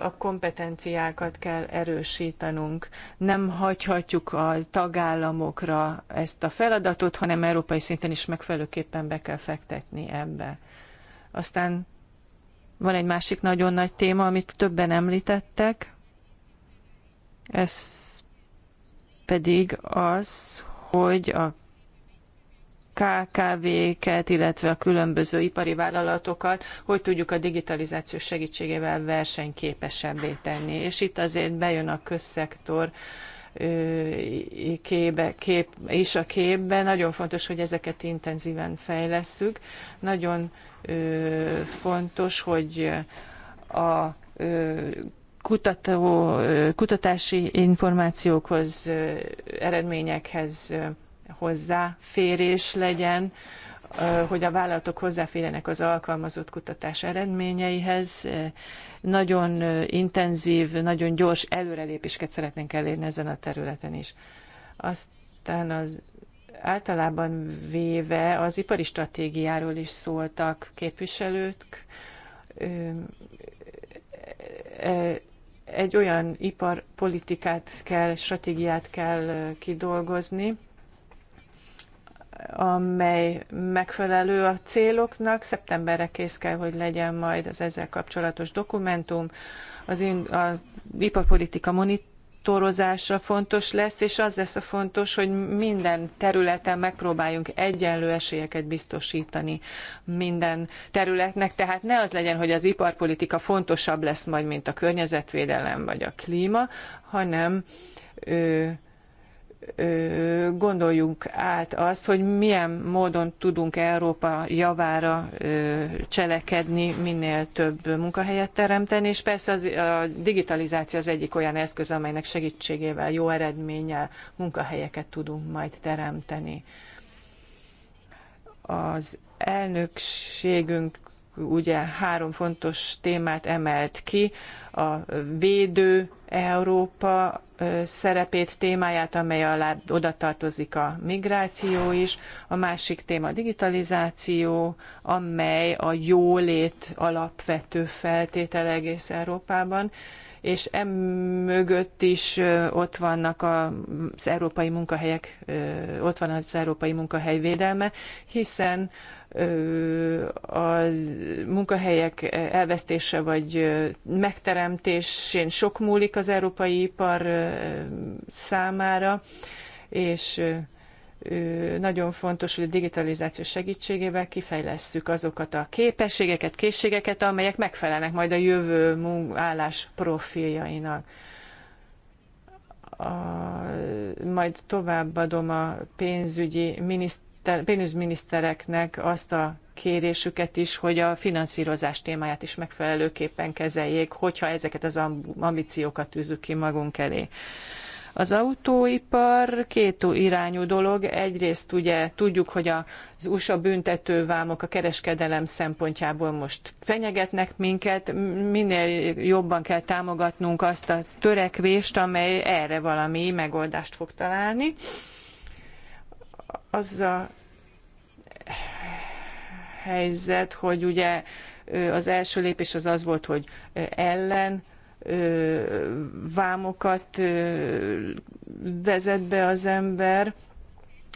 a kompetenciákat kell erősítenünk. Nem hagyhatjuk a tagállamokra ezt a feladatot, hanem európai szinten is megfelelőképpen be kell fektetni ebbe. Aztán van egy másik nagyon nagy téma, amit többen említettek, ez pedig az, hogy a KKV-ket, illetve a különböző ipari vállalatokat, hogy tudjuk a digitalizáció segítségével versenyképesebbé tenni. És itt azért bejön a közszektor képe, kép, is a képbe. Nagyon fontos, hogy ezeket intenzíven fejlesszük. Nagyon fontos, hogy a kutató, kutatási információkhoz, eredményekhez hozzáférés legyen, hogy a vállalatok hozzáférjenek az alkalmazott kutatás eredményeihez. Nagyon intenzív, nagyon gyors előrelépéseket szeretnénk elérni ezen a területen is. Aztán az általában véve az ipari stratégiáról is szóltak képviselők. Egy olyan iparpolitikát kell, stratégiát kell kidolgozni, amely megfelelő a céloknak. Szeptemberre kész kell, hogy legyen majd az ezzel kapcsolatos dokumentum. Az in, a iparpolitika monitorozása fontos lesz, és az lesz a fontos, hogy minden területen megpróbáljunk egyenlő esélyeket biztosítani minden területnek. Tehát ne az legyen, hogy az iparpolitika fontosabb lesz majd, mint a környezetvédelem vagy a klíma, hanem ö, gondoljunk át azt, hogy milyen módon tudunk Európa javára cselekedni, minél több munkahelyet teremteni, és persze az, a digitalizáció az egyik olyan eszköz, amelynek segítségével, jó eredménnyel munkahelyeket tudunk majd teremteni. Az elnökségünk ugye három fontos témát emelt ki, a védő Európa szerepét, témáját, amely alá oda tartozik a migráció is, a másik téma a digitalizáció, amely a jólét alapvető feltétel egész Európában, és emögött is ott vannak az európai munkahelyek, ott van az európai munkahely védelme, hiszen a munkahelyek elvesztése vagy megteremtésén sok múlik az európai ipar számára, és nagyon fontos, hogy a digitalizáció segítségével kifejlesszük azokat a képességeket, készségeket, amelyek megfelelnek majd a jövő állás profiljainak. A, majd továbbadom a pénzügyi miniszt, pénzügyminisztereknek azt a kérésüket is, hogy a finanszírozás témáját is megfelelőképpen kezeljék, hogyha ezeket az ambíciókat tűzzük ki magunk elé. Az autóipar két irányú dolog. Egyrészt ugye tudjuk, hogy az USA büntetővámok a kereskedelem szempontjából most fenyegetnek minket. Minél jobban kell támogatnunk azt a törekvést, amely erre valami megoldást fog találni az a helyzet, hogy ugye az első lépés az az volt, hogy ellen vámokat vezet be az ember.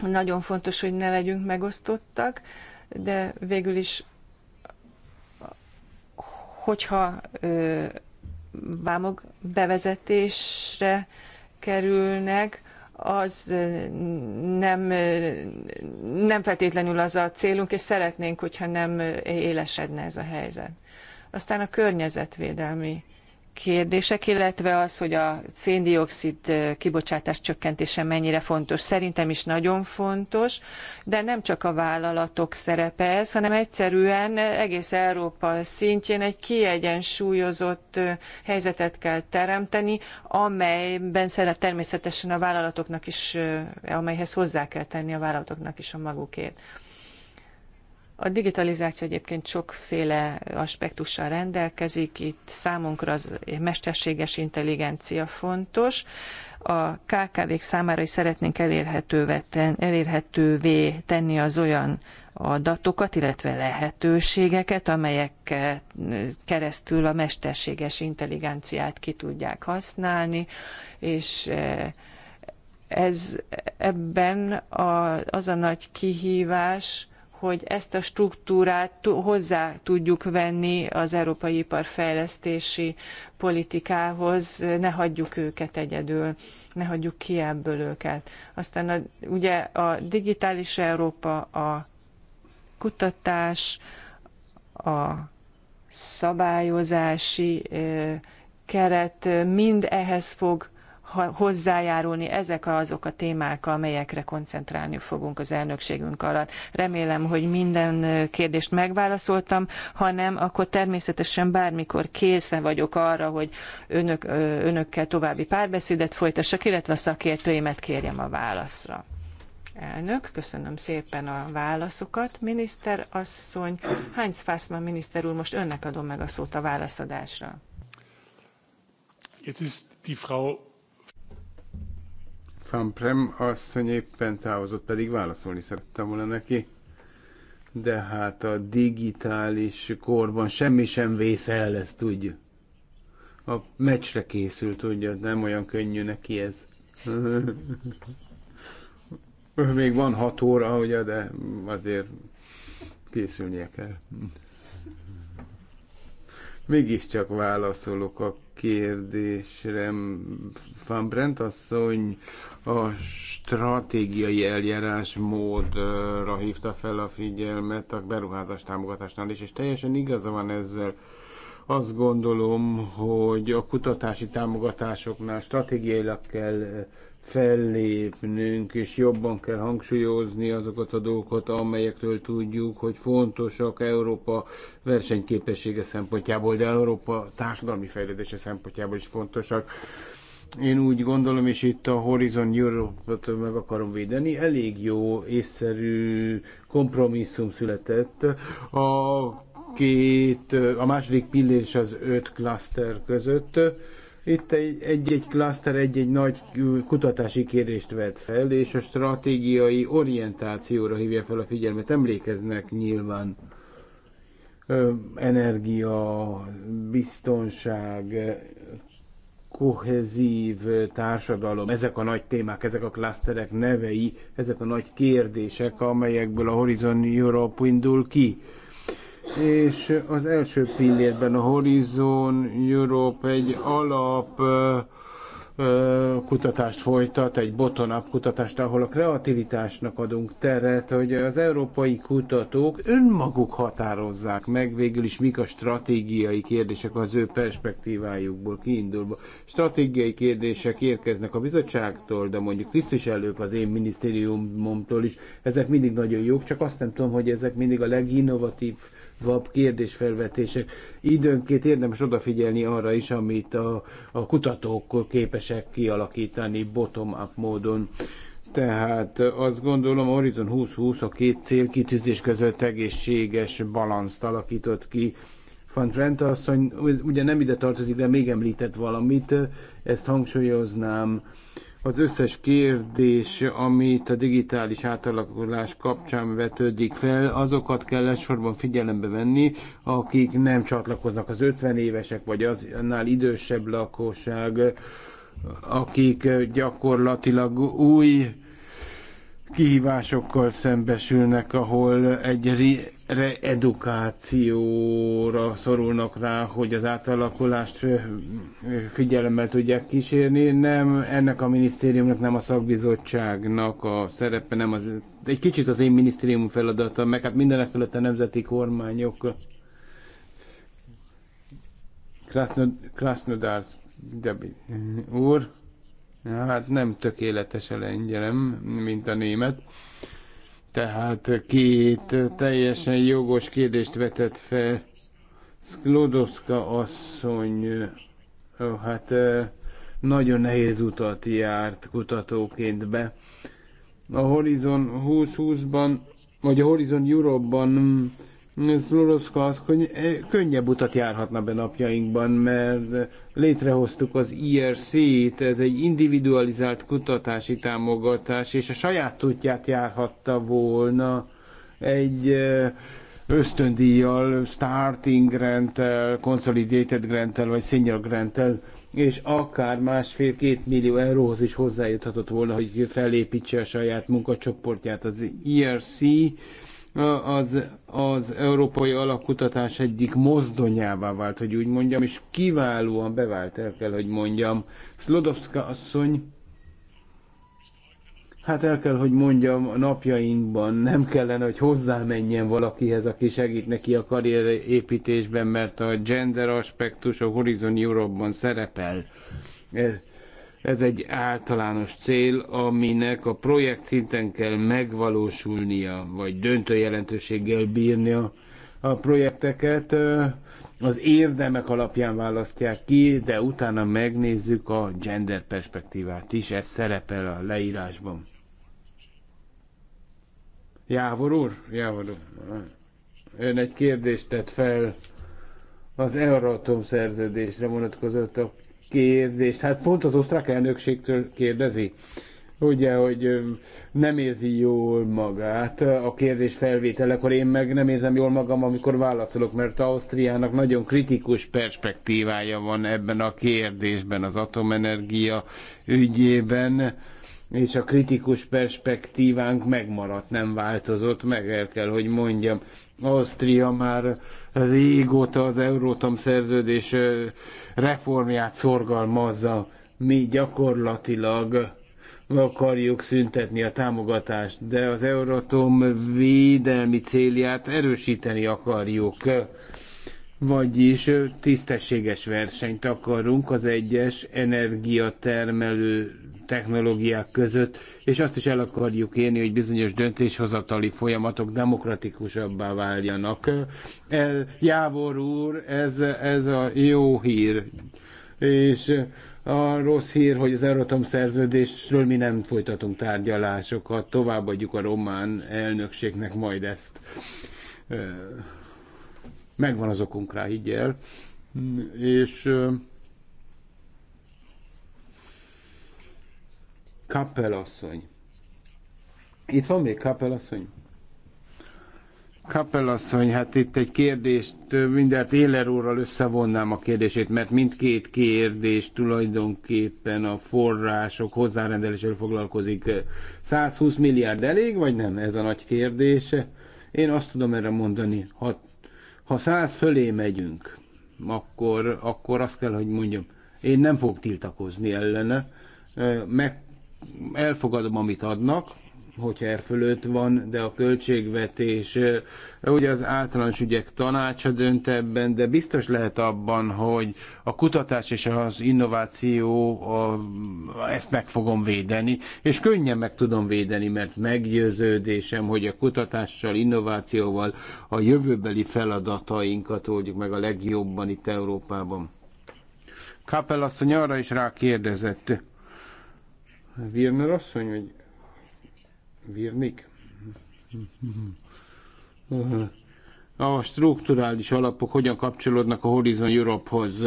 Nagyon fontos, hogy ne legyünk megosztottak, de végül is, hogyha vámok bevezetésre kerülnek, az nem, nem feltétlenül az a célunk, és szeretnénk, hogyha nem élesedne ez a helyzet. Aztán a környezetvédelmi kérdések, illetve az, hogy a széndiokszid kibocsátás csökkentése mennyire fontos. Szerintem is nagyon fontos, de nem csak a vállalatok szerepe ez, hanem egyszerűen egész Európa szintjén egy kiegyensúlyozott helyzetet kell teremteni, amelyben szerep természetesen a vállalatoknak is, amelyhez hozzá kell tenni a vállalatoknak is a magukét. A digitalizáció egyébként sokféle aspektussal rendelkezik, itt számunkra az mesterséges intelligencia fontos. A KKV-k számára is szeretnénk elérhetővé tenni az olyan adatokat, illetve lehetőségeket, amelyek keresztül a mesterséges intelligenciát ki tudják használni, és e, ez ebben a, az a nagy kihívás, hogy ezt a struktúrát hozzá tudjuk venni az európai iparfejlesztési politikához, ne hagyjuk őket egyedül, ne hagyjuk ki ebből őket. Aztán a, ugye a digitális Európa, a kutatás, a szabályozási keret mind ehhez fog hozzájárulni. Ezek azok a témák, amelyekre koncentrálni fogunk az elnökségünk alatt. Remélem, hogy minden kérdést megválaszoltam, ha nem, akkor természetesen bármikor készen vagyok arra, hogy önök, önökkel további párbeszédet folytassak, illetve a szakértőimet kérjem a válaszra. Elnök, köszönöm szépen a válaszokat. Miniszter asszony, Heinz Fassmann miniszter úr, most önnek adom meg a szót a válaszadásra. Jetzt ist die Frau Famprem asszony éppen távozott, pedig válaszolni szerettem volna neki. De hát a digitális korban semmi sem vész el, ezt tudjuk. A meccsre készült, tudja, nem olyan könnyű neki ez. Még van hat óra, ugye, de azért készülnie kell. Mégiscsak válaszolok a kérdésre. Van Brent asszony a stratégiai eljárásmódra hívta fel a figyelmet a beruházás támogatásnál is, és teljesen igaza van ezzel. Azt gondolom, hogy a kutatási támogatásoknál stratégiailag kell fellépnünk, és jobban kell hangsúlyozni azokat a dolgokat, amelyektől tudjuk, hogy fontosak Európa versenyképessége szempontjából, de Európa társadalmi fejlődése szempontjából is fontosak. Én úgy gondolom, és itt a Horizon Europe-ot meg akarom védeni, elég jó, észszerű kompromisszum született. A két, a második pillér és az öt klaszter között itt egy-egy klaszter egy-egy nagy kutatási kérdést vet fel, és a stratégiai orientációra hívja fel a figyelmet. Emlékeznek nyilván energia, biztonság, kohezív társadalom, ezek a nagy témák, ezek a klaszterek nevei, ezek a nagy kérdések, amelyekből a Horizon Europe indul ki és az első pillérben a Horizon Europe egy alap kutatást folytat, egy botonap kutatást, ahol a kreativitásnak adunk teret, hogy az európai kutatók önmaguk határozzák meg végül is, mik a stratégiai kérdések az ő perspektívájukból kiindulva. Stratégiai kérdések érkeznek a bizottságtól, de mondjuk tisztviselők az én minisztériumomtól is, ezek mindig nagyon jók, csak azt nem tudom, hogy ezek mindig a leginnovatív vap kérdésfelvetések. Időnként érdemes odafigyelni arra is, amit a, a kutatók képesek kialakítani bottom-up módon. Tehát azt gondolom, a Horizon 2020 a két célkitűzés között egészséges balanszt alakított ki. Van Trent asszony ugye nem ide tartozik, de még említett valamit, ezt hangsúlyoznám az összes kérdés, amit a digitális átalakulás kapcsán vetődik fel, azokat kell elsősorban figyelembe venni, akik nem csatlakoznak az 50 évesek, vagy az annál idősebb lakosság, akik gyakorlatilag új kihívásokkal szembesülnek, ahol egy reedukációra szorulnak rá, hogy az átalakulást figyelemmel tudják kísérni. Nem ennek a minisztériumnak, nem a szakbizottságnak a szerepe, nem az, egy kicsit az én minisztérium feladata, meg hát mindenek fölött a nemzeti kormányok. Krasnodars Debi úr, hát nem tökéletes a lengyelem, mint a német. Tehát két teljesen jogos kérdést vetett fel Sklodowska asszony. Hát nagyon nehéz utat járt kutatóként be. A Horizon 2020-ban, vagy a Horizon Europe-ban az asszony eh, könnyebb utat járhatna be napjainkban, mert létrehoztuk az IRC-t, ez egy individualizált kutatási támogatás, és a saját útját járhatta volna egy eh, ösztöndíjjal, starting granttel, consolidated granttel, vagy senior granttel, és akár másfél-két millió euróhoz is hozzájuthatott volna, hogy felépítse a saját munkacsoportját. Az IRC az, az európai alapkutatás egyik mozdonyává vált, hogy úgy mondjam, és kiválóan bevált, el kell, hogy mondjam. Szlodowska asszony, hát el kell, hogy mondjam, a napjainkban nem kellene, hogy hozzámenjen valakihez, aki segít neki a karrier építésben, mert a gender aspektus a Horizon Europe-ban szerepel. Ez, ez egy általános cél, aminek a projekt szinten kell megvalósulnia, vagy döntő jelentőséggel bírnia a projekteket. Az érdemek alapján választják ki, de utána megnézzük a gender perspektívát is, ez szerepel a leírásban. Jávor úr? Jávor úr. Ön egy kérdést tett fel az Euratom szerződésre vonatkozott a kérdést. Hát pont az osztrák elnökségtől kérdezi, ugye, hogy nem érzi jól magát a kérdés felvételekor, én meg nem érzem jól magam, amikor válaszolok, mert Ausztriának nagyon kritikus perspektívája van ebben a kérdésben, az atomenergia ügyében és a kritikus perspektívánk megmaradt, nem változott, meg el kell, hogy mondjam. Ausztria már régóta az Eurótam szerződés reformját szorgalmazza. Mi gyakorlatilag akarjuk szüntetni a támogatást, de az Euratom védelmi célját erősíteni akarjuk. Vagyis tisztességes versenyt akarunk az egyes energiatermelő technológiák között, és azt is el akarjuk érni, hogy bizonyos döntéshozatali folyamatok demokratikusabbá váljanak. El, Jávor úr, ez, ez a jó hír. És a rossz hír, hogy az Euratom szerződésről mi nem folytatunk tárgyalásokat, továbbadjuk a román elnökségnek majd ezt. Megvan az okunk rá, higgy el. És kapelasszony. Itt van még kapelasszony? Kapelasszony, hát itt egy kérdést mindjárt Éler úrral összevonnám a kérdését, mert mindkét kérdés tulajdonképpen a források hozzárendelésről foglalkozik. 120 milliárd elég, vagy nem? Ez a nagy kérdése. Én azt tudom erre mondani, ha ha száz fölé megyünk, akkor, akkor azt kell, hogy mondjam, én nem fogok tiltakozni ellene, meg elfogadom, amit adnak, hogyha e fölött van, de a költségvetés, ugye az általános ügyek tanácsa dönt ebben, de biztos lehet abban, hogy a kutatás és az innováció, a, ezt meg fogom védeni, és könnyen meg tudom védeni, mert meggyőződésem, hogy a kutatással, innovációval a jövőbeli feladatainkat oldjuk meg a legjobban itt Európában. Kapel asszony arra is rákérdezett. Virner asszony, hogy Virnik. A strukturális alapok hogyan kapcsolódnak a Horizon Europe-hoz?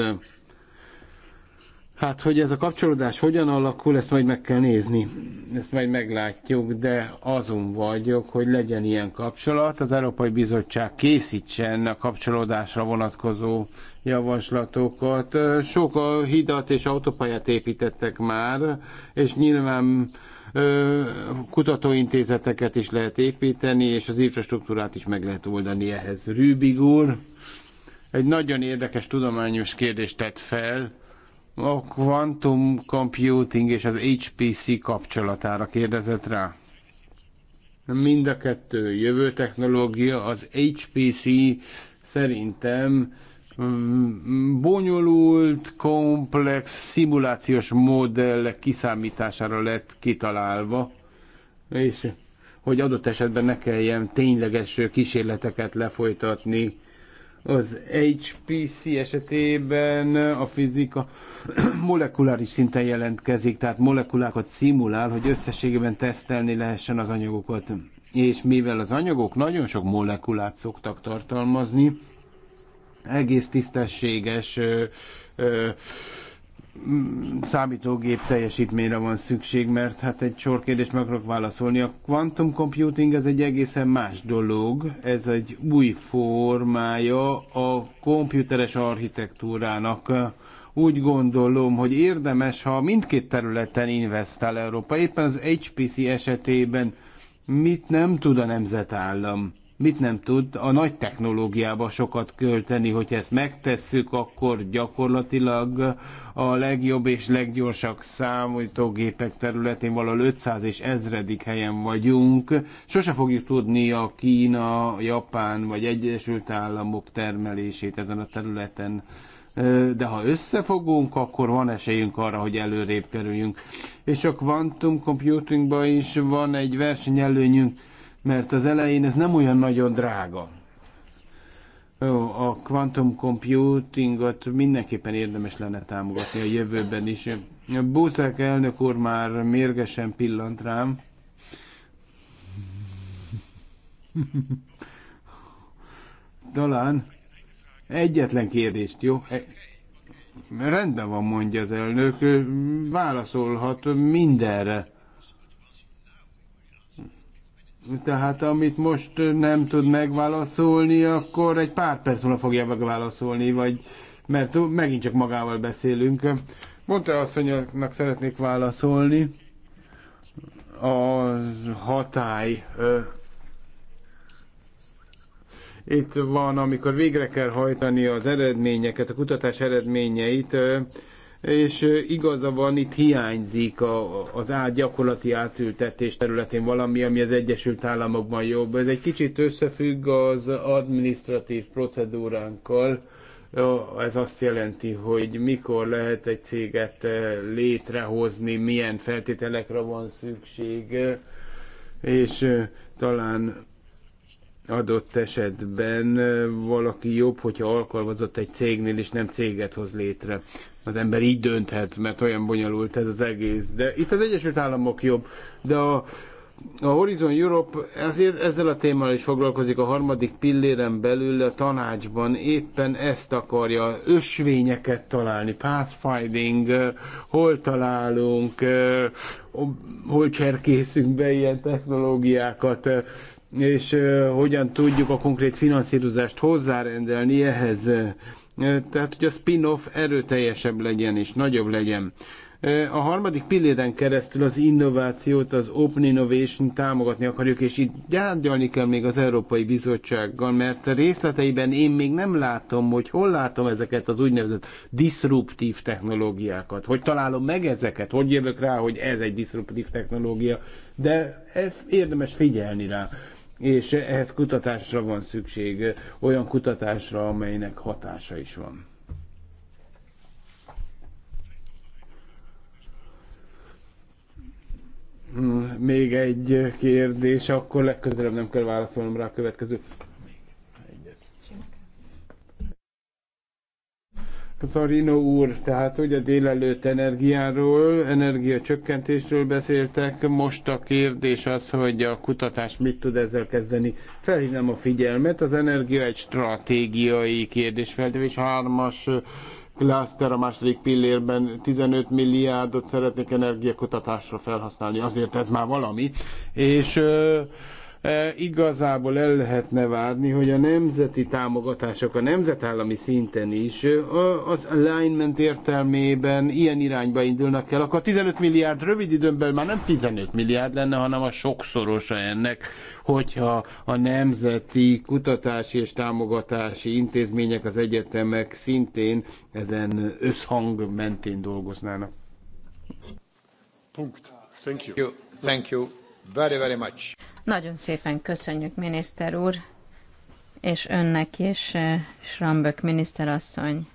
Hát, hogy ez a kapcsolódás hogyan alakul, ezt majd meg kell nézni, ezt majd meglátjuk, de azon vagyok, hogy legyen ilyen kapcsolat. Az Európai Bizottság készítsen a kapcsolódásra vonatkozó javaslatokat. Sok a hidat és autópályát építettek már, és nyilván kutatóintézeteket is lehet építeni, és az infrastruktúrát is meg lehet oldani ehhez. Rübig úr egy nagyon érdekes tudományos kérdést tett fel, a quantum computing és az HPC kapcsolatára kérdezett rá. Mind a kettő jövő technológia, az HPC szerintem Mm, bonyolult, komplex, szimulációs modellek kiszámítására lett kitalálva, és hogy adott esetben ne kelljen tényleges kísérleteket lefolytatni. Az HPC esetében a fizika molekuláris szinten jelentkezik, tehát molekulákat szimulál, hogy összességében tesztelni lehessen az anyagokat. És mivel az anyagok nagyon sok molekulát szoktak tartalmazni, egész tisztességes ö, ö, számítógép teljesítményre van szükség, mert hát egy sor kérdést meg akarok válaszolni. A quantum computing az egy egészen más dolog, ez egy új formája a komputeres architektúrának. Úgy gondolom, hogy érdemes, ha mindkét területen investál Európa. Éppen az HPC esetében mit nem tud a nemzetállam mit nem tud a nagy technológiába sokat költeni, hogy ezt megtesszük, akkor gyakorlatilag a legjobb és leggyorsabb számítógépek területén valahol 500 és ezredik helyen vagyunk. Sose fogjuk tudni a Kína, Japán vagy Egyesült Államok termelését ezen a területen de ha összefogunk, akkor van esélyünk arra, hogy előrébb kerüljünk. És a quantum computingban is van egy versenyelőnyünk mert az elején ez nem olyan nagyon drága. A quantum computingot mindenképpen érdemes lenne támogatni a jövőben is. Búzák elnök úr már mérgesen pillant rám. Talán egyetlen kérdést, jó? E- rendben van, mondja az elnök, válaszolhat mindenre. Tehát amit most nem tud megválaszolni, akkor egy pár perc múlva fogja megválaszolni, vagy mert megint csak magával beszélünk. Mondta azt, hogy aznak szeretnék válaszolni. A hatály. Itt van, amikor végre kell hajtani az eredményeket, a kutatás eredményeit, és igaza van, itt hiányzik a, az át gyakorlati átültetés területén valami, ami az Egyesült Államokban jobb. Ez egy kicsit összefügg az administratív procedúránkkal. Ez azt jelenti, hogy mikor lehet egy céget létrehozni, milyen feltételekre van szükség, és talán adott esetben valaki jobb, hogyha alkalmazott egy cégnél, és nem céget hoz létre. Az ember így dönthet, mert olyan bonyolult ez az egész. De itt az Egyesült Államok jobb, de a, a Horizon Europe ezért ezzel a témával is foglalkozik a harmadik pilléren belül a tanácsban. Éppen ezt akarja ösvényeket találni, pathfinding, hol találunk, hol cserkészünk be ilyen technológiákat és hogyan tudjuk a konkrét finanszírozást hozzárendelni ehhez. Tehát, hogy a spin-off erőteljesebb legyen és nagyobb legyen. A harmadik pilléren keresztül az innovációt, az Open Innovation támogatni akarjuk, és itt gyárgyalni kell még az Európai Bizottsággal, mert részleteiben én még nem látom, hogy hol látom ezeket az úgynevezett diszruptív technológiákat, hogy találom meg ezeket, hogy jövök rá, hogy ez egy diszruptív technológia, de érdemes figyelni rá és ehhez kutatásra van szükség, olyan kutatásra, amelynek hatása is van. Hm, még egy kérdés, akkor legközelebb nem kell válaszolnom rá a következő. Zarino úr, tehát ugye délelőtt energiáról, energiacsökkentésről beszéltek, most a kérdés az, hogy a kutatás mit tud ezzel kezdeni. Felhívnám a figyelmet, az energia egy stratégiai kérdésfeltevés, hármas klaszter a második pillérben 15 milliárdot szeretnék energiakutatásra felhasználni, azért ez már valami, és E, igazából el lehetne várni, hogy a nemzeti támogatások a nemzetállami szinten is e, az alignment értelmében ilyen irányba indulnak el, akkor 15 milliárd rövid időn belül már nem 15 milliárd lenne, hanem a sokszorosa ennek, hogyha a nemzeti kutatási és támogatási intézmények, az egyetemek szintén ezen összhang mentén dolgoznának. Punkt. Thank you. Thank you. Thank you. Very, very much. Nagyon szépen köszönjük, miniszter úr, és önnek is, eh, Srambök miniszterasszony.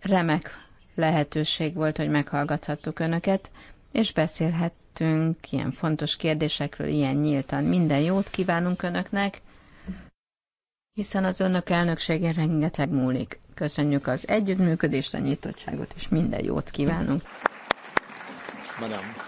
Remek lehetőség volt, hogy meghallgathattuk önöket, és beszélhettünk ilyen fontos kérdésekről, ilyen nyíltan. Minden jót kívánunk önöknek, hiszen az önök elnökségén rengeteg múlik. Köszönjük az együttműködést, a nyitottságot, és minden jót kívánunk. Madame.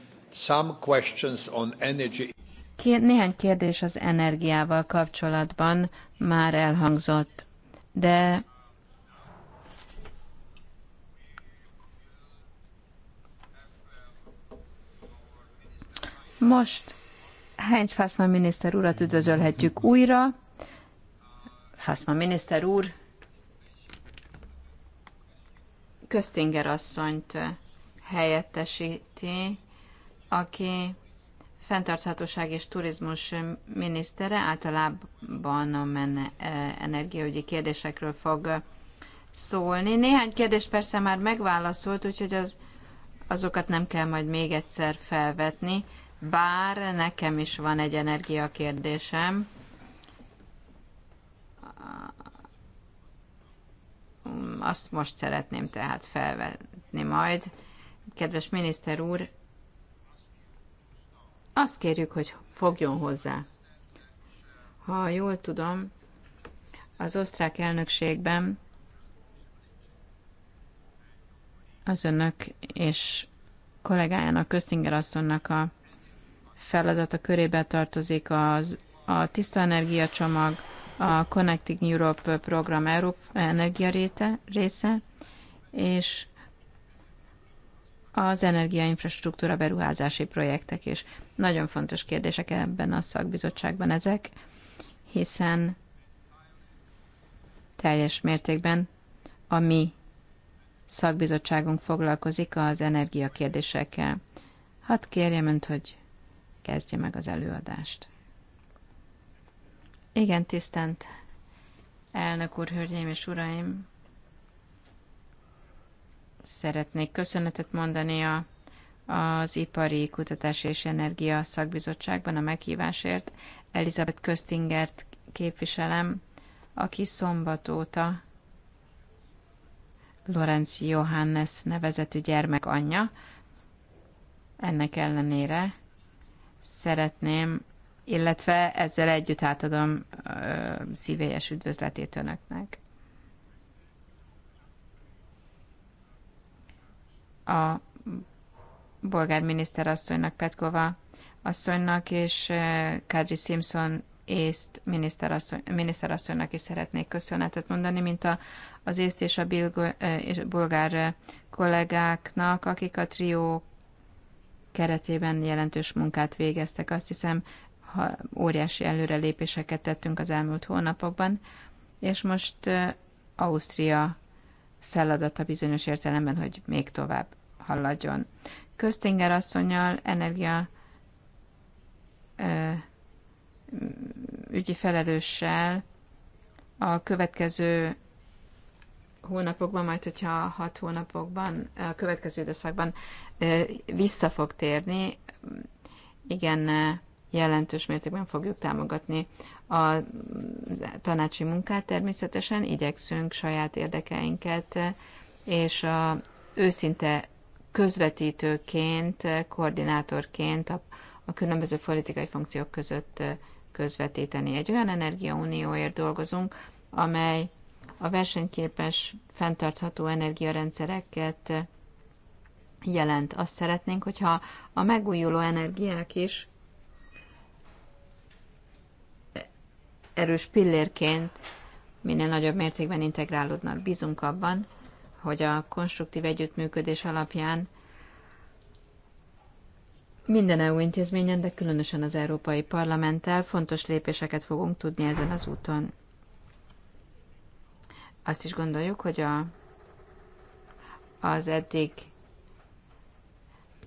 Some questions on energy. Néhány kérdés az energiával kapcsolatban már elhangzott, de most Heinz Fassmann miniszter urat üdvözölhetjük újra. Fassmann miniszter úr, Köztinger asszonyt helyettesíti aki fenntarthatóság és turizmus minisztere, általában a menne e, energiaügyi kérdésekről fog szólni. Néhány kérdés persze már megválaszolt, úgyhogy az, azokat nem kell majd még egyszer felvetni, bár nekem is van egy energia kérdésem, Azt most szeretném tehát felvetni majd. Kedves miniszter úr, azt kérjük, hogy fogjon hozzá. Ha jól tudom, az osztrák elnökségben az önök és kollégájának, Köztinger asszonynak a feladata körébe tartozik az, a tiszta energiacsomag, a Connecting Europe program Európa energia réte, része, és az energiainfrastruktúra beruházási projektek is. Nagyon fontos kérdések ebben a szakbizottságban ezek, hiszen teljes mértékben a mi szakbizottságunk foglalkozik az energiakérdésekkel. Hadd kérjem önt, hogy kezdje meg az előadást. Igen, tisztelt elnök úr, hölgyeim és uraim! Szeretnék köszönetet mondani a, az Ipari kutatás és Energia Szakbizottságban a meghívásért. Elizabeth Köstingert képviselem, aki szombat óta Lorenz Johannes nevezetű gyermek anyja. Ennek ellenére szeretném, illetve ezzel együtt átadom ö, szívélyes üdvözletét önöknek. a bolgárminiszter asszonynak, Petkova asszonynak és Kadri Simpson észt miniszter asszonynak is szeretnék köszönetet mondani, mint a, az észt és a bilgo, és a kollégáknak, akik a trió keretében jelentős munkát végeztek. Azt hiszem, ha óriási előrelépéseket tettünk az elmúlt hónapokban, és most Ausztria feladata bizonyos értelemben, hogy még tovább haladjon. Köztinger asszonyal energia ügyi felelőssel a következő hónapokban, majd hogyha hat hónapokban, a következő időszakban vissza fog térni, igen, jelentős mértékben fogjuk támogatni a tanácsi munkát természetesen, igyekszünk saját érdekeinket és a őszinte közvetítőként, koordinátorként a, a különböző politikai funkciók között közvetíteni. Egy olyan energiaunióért dolgozunk, amely a versenyképes, fenntartható energiarendszereket jelent. Azt szeretnénk, hogyha a megújuló energiák is erős pillérként minél nagyobb mértékben integrálódnak. Bízunk abban, hogy a konstruktív együttműködés alapján minden EU intézményen, de különösen az Európai Parlamenttel fontos lépéseket fogunk tudni ezen az úton. Azt is gondoljuk, hogy a, az eddig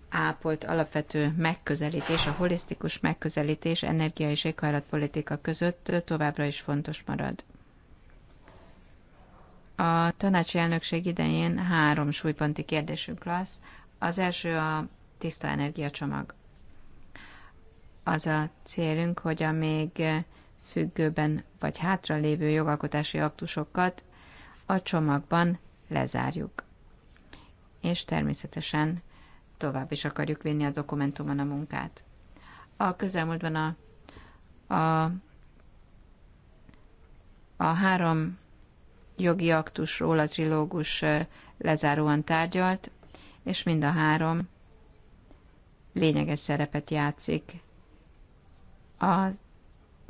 ápolt alapvető megközelítés, a holisztikus megközelítés energia és éghajlatpolitika között továbbra is fontos marad. A tanácsi elnökség idején három súlyponti kérdésünk lesz. Az első a tiszta energiacsomag. Az a célunk, hogy a még függőben vagy hátralévő jogalkotási aktusokat a csomagban lezárjuk. És természetesen tovább is akarjuk vinni a dokumentumon a munkát. A közelmúltban a, a, a három jogi aktusról a trilógus lezáróan tárgyalt, és mind a három lényeges szerepet játszik a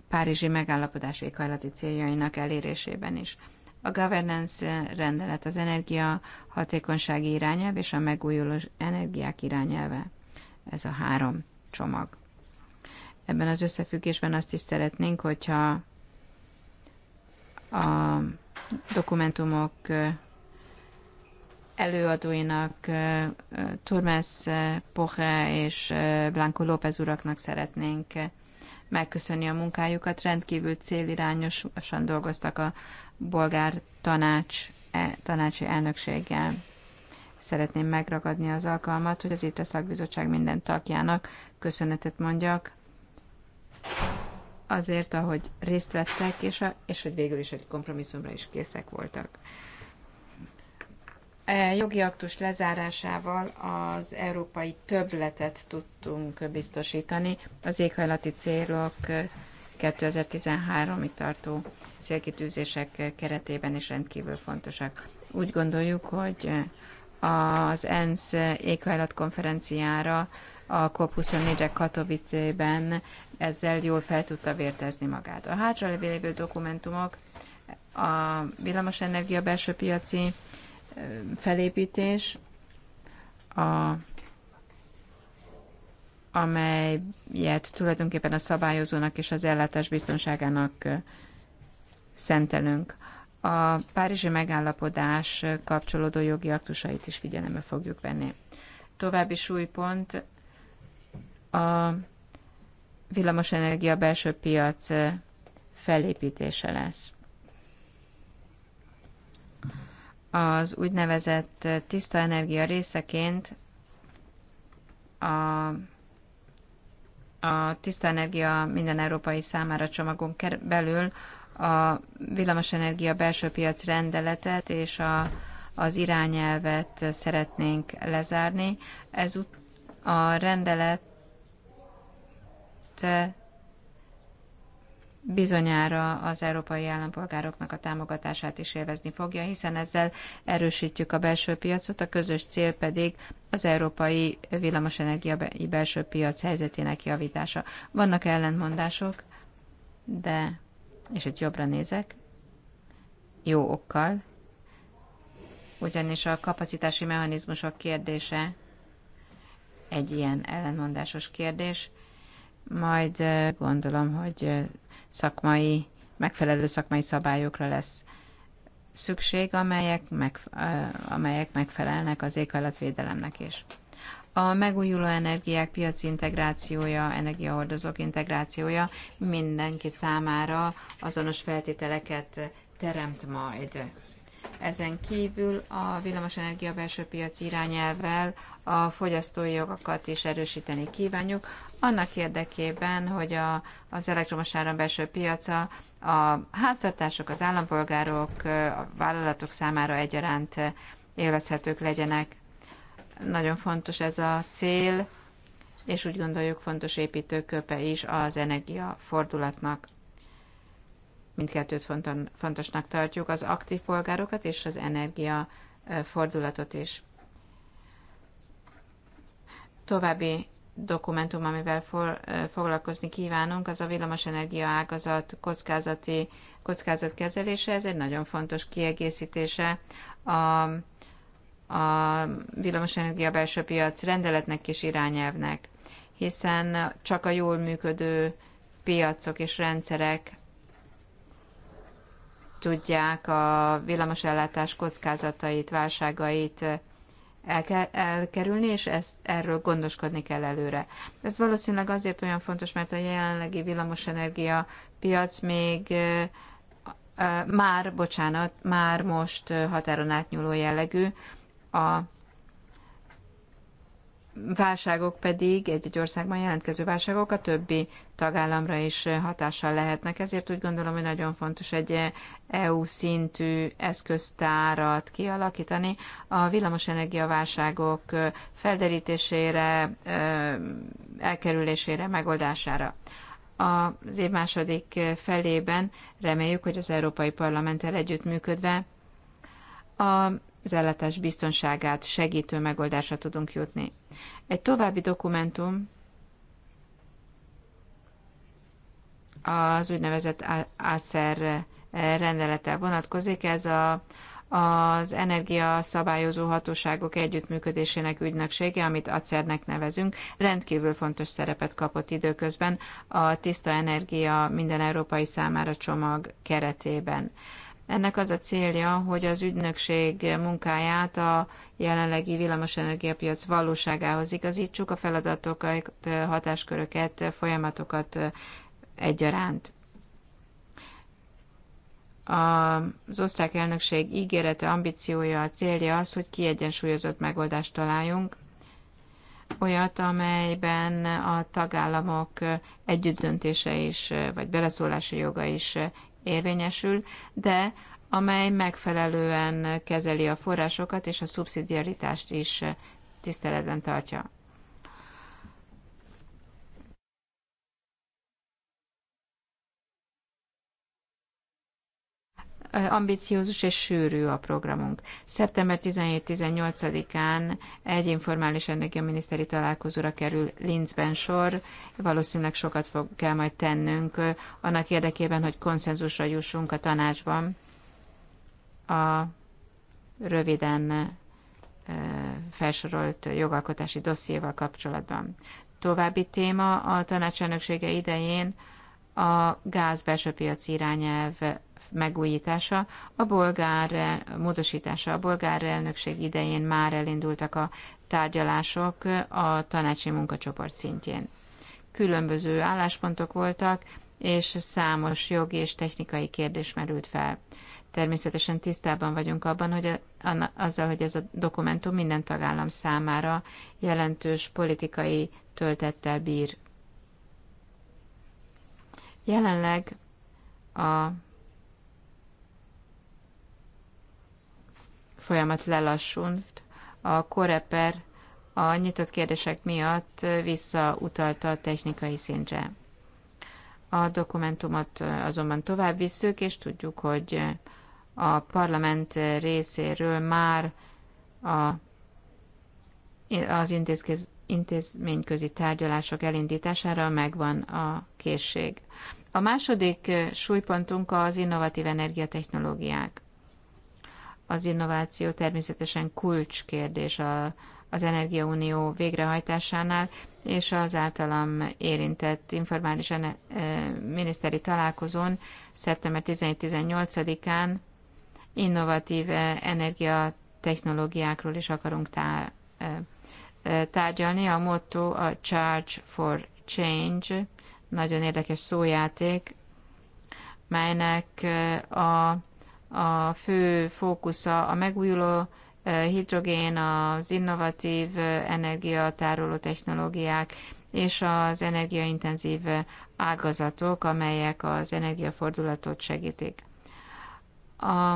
párizsi megállapodás éghajlati céljainak elérésében is. A governance rendelet az energia hatékonysági irányelv és a megújuló energiák irányelve. Ez a három csomag. Ebben az összefüggésben azt is szeretnénk, hogyha a dokumentumok előadóinak, Turmes Poche és Blanco López uraknak szeretnénk megköszönni a munkájukat. Rendkívül célirányosan dolgoztak a bolgár tanács, e, tanácsi elnökséggel. Szeretném megragadni az alkalmat, hogy az itt a szakbizottság minden tagjának köszönetet mondjak azért, ahogy részt vettek, és, a, és hogy végül is egy kompromisszumra is készek voltak. E jogi aktus lezárásával az európai többletet tudtunk biztosítani az éghajlati célok 2013-ig tartó célkitűzések keretében is rendkívül fontosak. Úgy gondoljuk, hogy az ENSZ éghajlatkonferenciára a COP24-re Katowice-ben ezzel jól fel tudta vértezni magát. A hátralévő dokumentumok a villamosenergia belső piaci felépítés, a, amelyet tulajdonképpen a szabályozónak és az ellátás biztonságának szentelünk. A Párizsi megállapodás kapcsolódó jogi aktusait is figyelembe fogjuk venni. További súlypont a villamosenergia belső piac felépítése lesz. Az úgynevezett tiszta energia részeként a, a tiszta energia minden európai számára csomagon belül a villamosenergia belső piac rendeletet és a, az irányelvet szeretnénk lezárni. Ez a rendelet mert bizonyára az európai állampolgároknak a támogatását is élvezni fogja, hiszen ezzel erősítjük a belső piacot, a közös cél pedig az európai villamosenergia belső piac helyzetének javítása. Vannak ellentmondások, de, és itt jobbra nézek, jó okkal, ugyanis a kapacitási mechanizmusok kérdése egy ilyen ellenmondásos kérdés, majd gondolom, hogy szakmai, megfelelő szakmai szabályokra lesz szükség, amelyek, meg, amelyek megfelelnek az éghajlatvédelemnek is. A megújuló energiák piaci integrációja, energiahordozók integrációja mindenki számára azonos feltételeket teremt majd. Ezen kívül a villamosenergia belső piaci irányelvvel a fogyasztói jogokat is erősíteni kívánjuk, annak érdekében, hogy a, az elektromos áram belső piaca a háztartások, az állampolgárok, a vállalatok számára egyaránt élvezhetők legyenek. Nagyon fontos ez a cél, és úgy gondoljuk fontos építőköpe is az energiafordulatnak. Mindkettőt fontosnak tartjuk, az aktív polgárokat és az energiafordulatot is. További dokumentum, amivel for, foglalkozni kívánunk, az a villamosenergia ágazat kockázati, kockázatkezelése. Ez egy nagyon fontos kiegészítése a, a villamosenergia belső piac rendeletnek és irányelvnek, hiszen csak a jól működő piacok és rendszerek tudják a villamosellátás kockázatait, válságait el kell elkerülni, és ezt, erről gondoskodni kell előre. Ez valószínűleg azért olyan fontos, mert a jelenlegi villamosenergia piac még már, bocsánat, már most határon átnyúló jellegű, a válságok pedig, egy-egy országban jelentkező válságok a többi tagállamra is hatással lehetnek. Ezért úgy gondolom, hogy nagyon fontos egy EU szintű eszköztárat kialakítani a villamosenergia válságok felderítésére, elkerülésére, megoldására. Az év második felében reméljük, hogy az Európai Parlamenttel együttműködve a az ellátás biztonságát segítő megoldásra tudunk jutni. Egy további dokumentum az úgynevezett ASZER rendelete vonatkozik. Ez a, az energia szabályozó hatóságok együttműködésének ügynöksége, amit ACER-nek nevezünk, rendkívül fontos szerepet kapott időközben a tiszta energia minden európai számára csomag keretében. Ennek az a célja, hogy az ügynökség munkáját a jelenlegi villamosenergiapiac valóságához igazítsuk, a feladatokat, hatásköröket, folyamatokat egyaránt. Az osztrák elnökség ígérete, ambíciója, a célja az, hogy kiegyensúlyozott megoldást találjunk, olyat, amelyben a tagállamok együttdöntése is, vagy beleszólási joga is érvényesül, de amely megfelelően kezeli a forrásokat és a szubszidiaritást is tiszteletben tartja. ambiciózus és sűrű a programunk. Szeptember 17-18-án egy informális energiaminiszteri találkozóra kerül Linzben sor. Valószínűleg sokat fog, kell majd tennünk annak érdekében, hogy konszenzusra jussunk a tanácsban a röviden felsorolt jogalkotási dossziéval kapcsolatban. További téma a tanácselnöksége idején a gáz belső piaci irányelv megújítása. A bolgár módosítása a bolgár elnökség idején már elindultak a tárgyalások a tanácsi munkacsoport szintjén. Különböző álláspontok voltak, és számos jogi és technikai kérdés merült fel. Természetesen tisztában vagyunk abban, hogy azzal, hogy ez a dokumentum minden tagállam számára jelentős politikai töltettel bír. Jelenleg a folyamat lelassult. A koreper a nyitott kérdések miatt visszautalta a technikai szintre. A dokumentumot azonban tovább visszük, és tudjuk, hogy a parlament részéről már a, az intézkez, intézményközi tárgyalások elindítására megvan a készség. A második súlypontunk az innovatív energiatechnológiák. Az innováció természetesen kulcskérdés a, az Energiaunió végrehajtásánál, és az általam érintett informális miniszteri találkozón szeptember 17-18-án innovatív energiatechnológiákról is akarunk tárgyalni. A motto a Charge for Change, nagyon érdekes szójáték, melynek a a fő fókusza a megújuló eh, hidrogén, az innovatív eh, energiatároló technológiák és az energiaintenzív eh, ágazatok, amelyek az energiafordulatot segítik. A,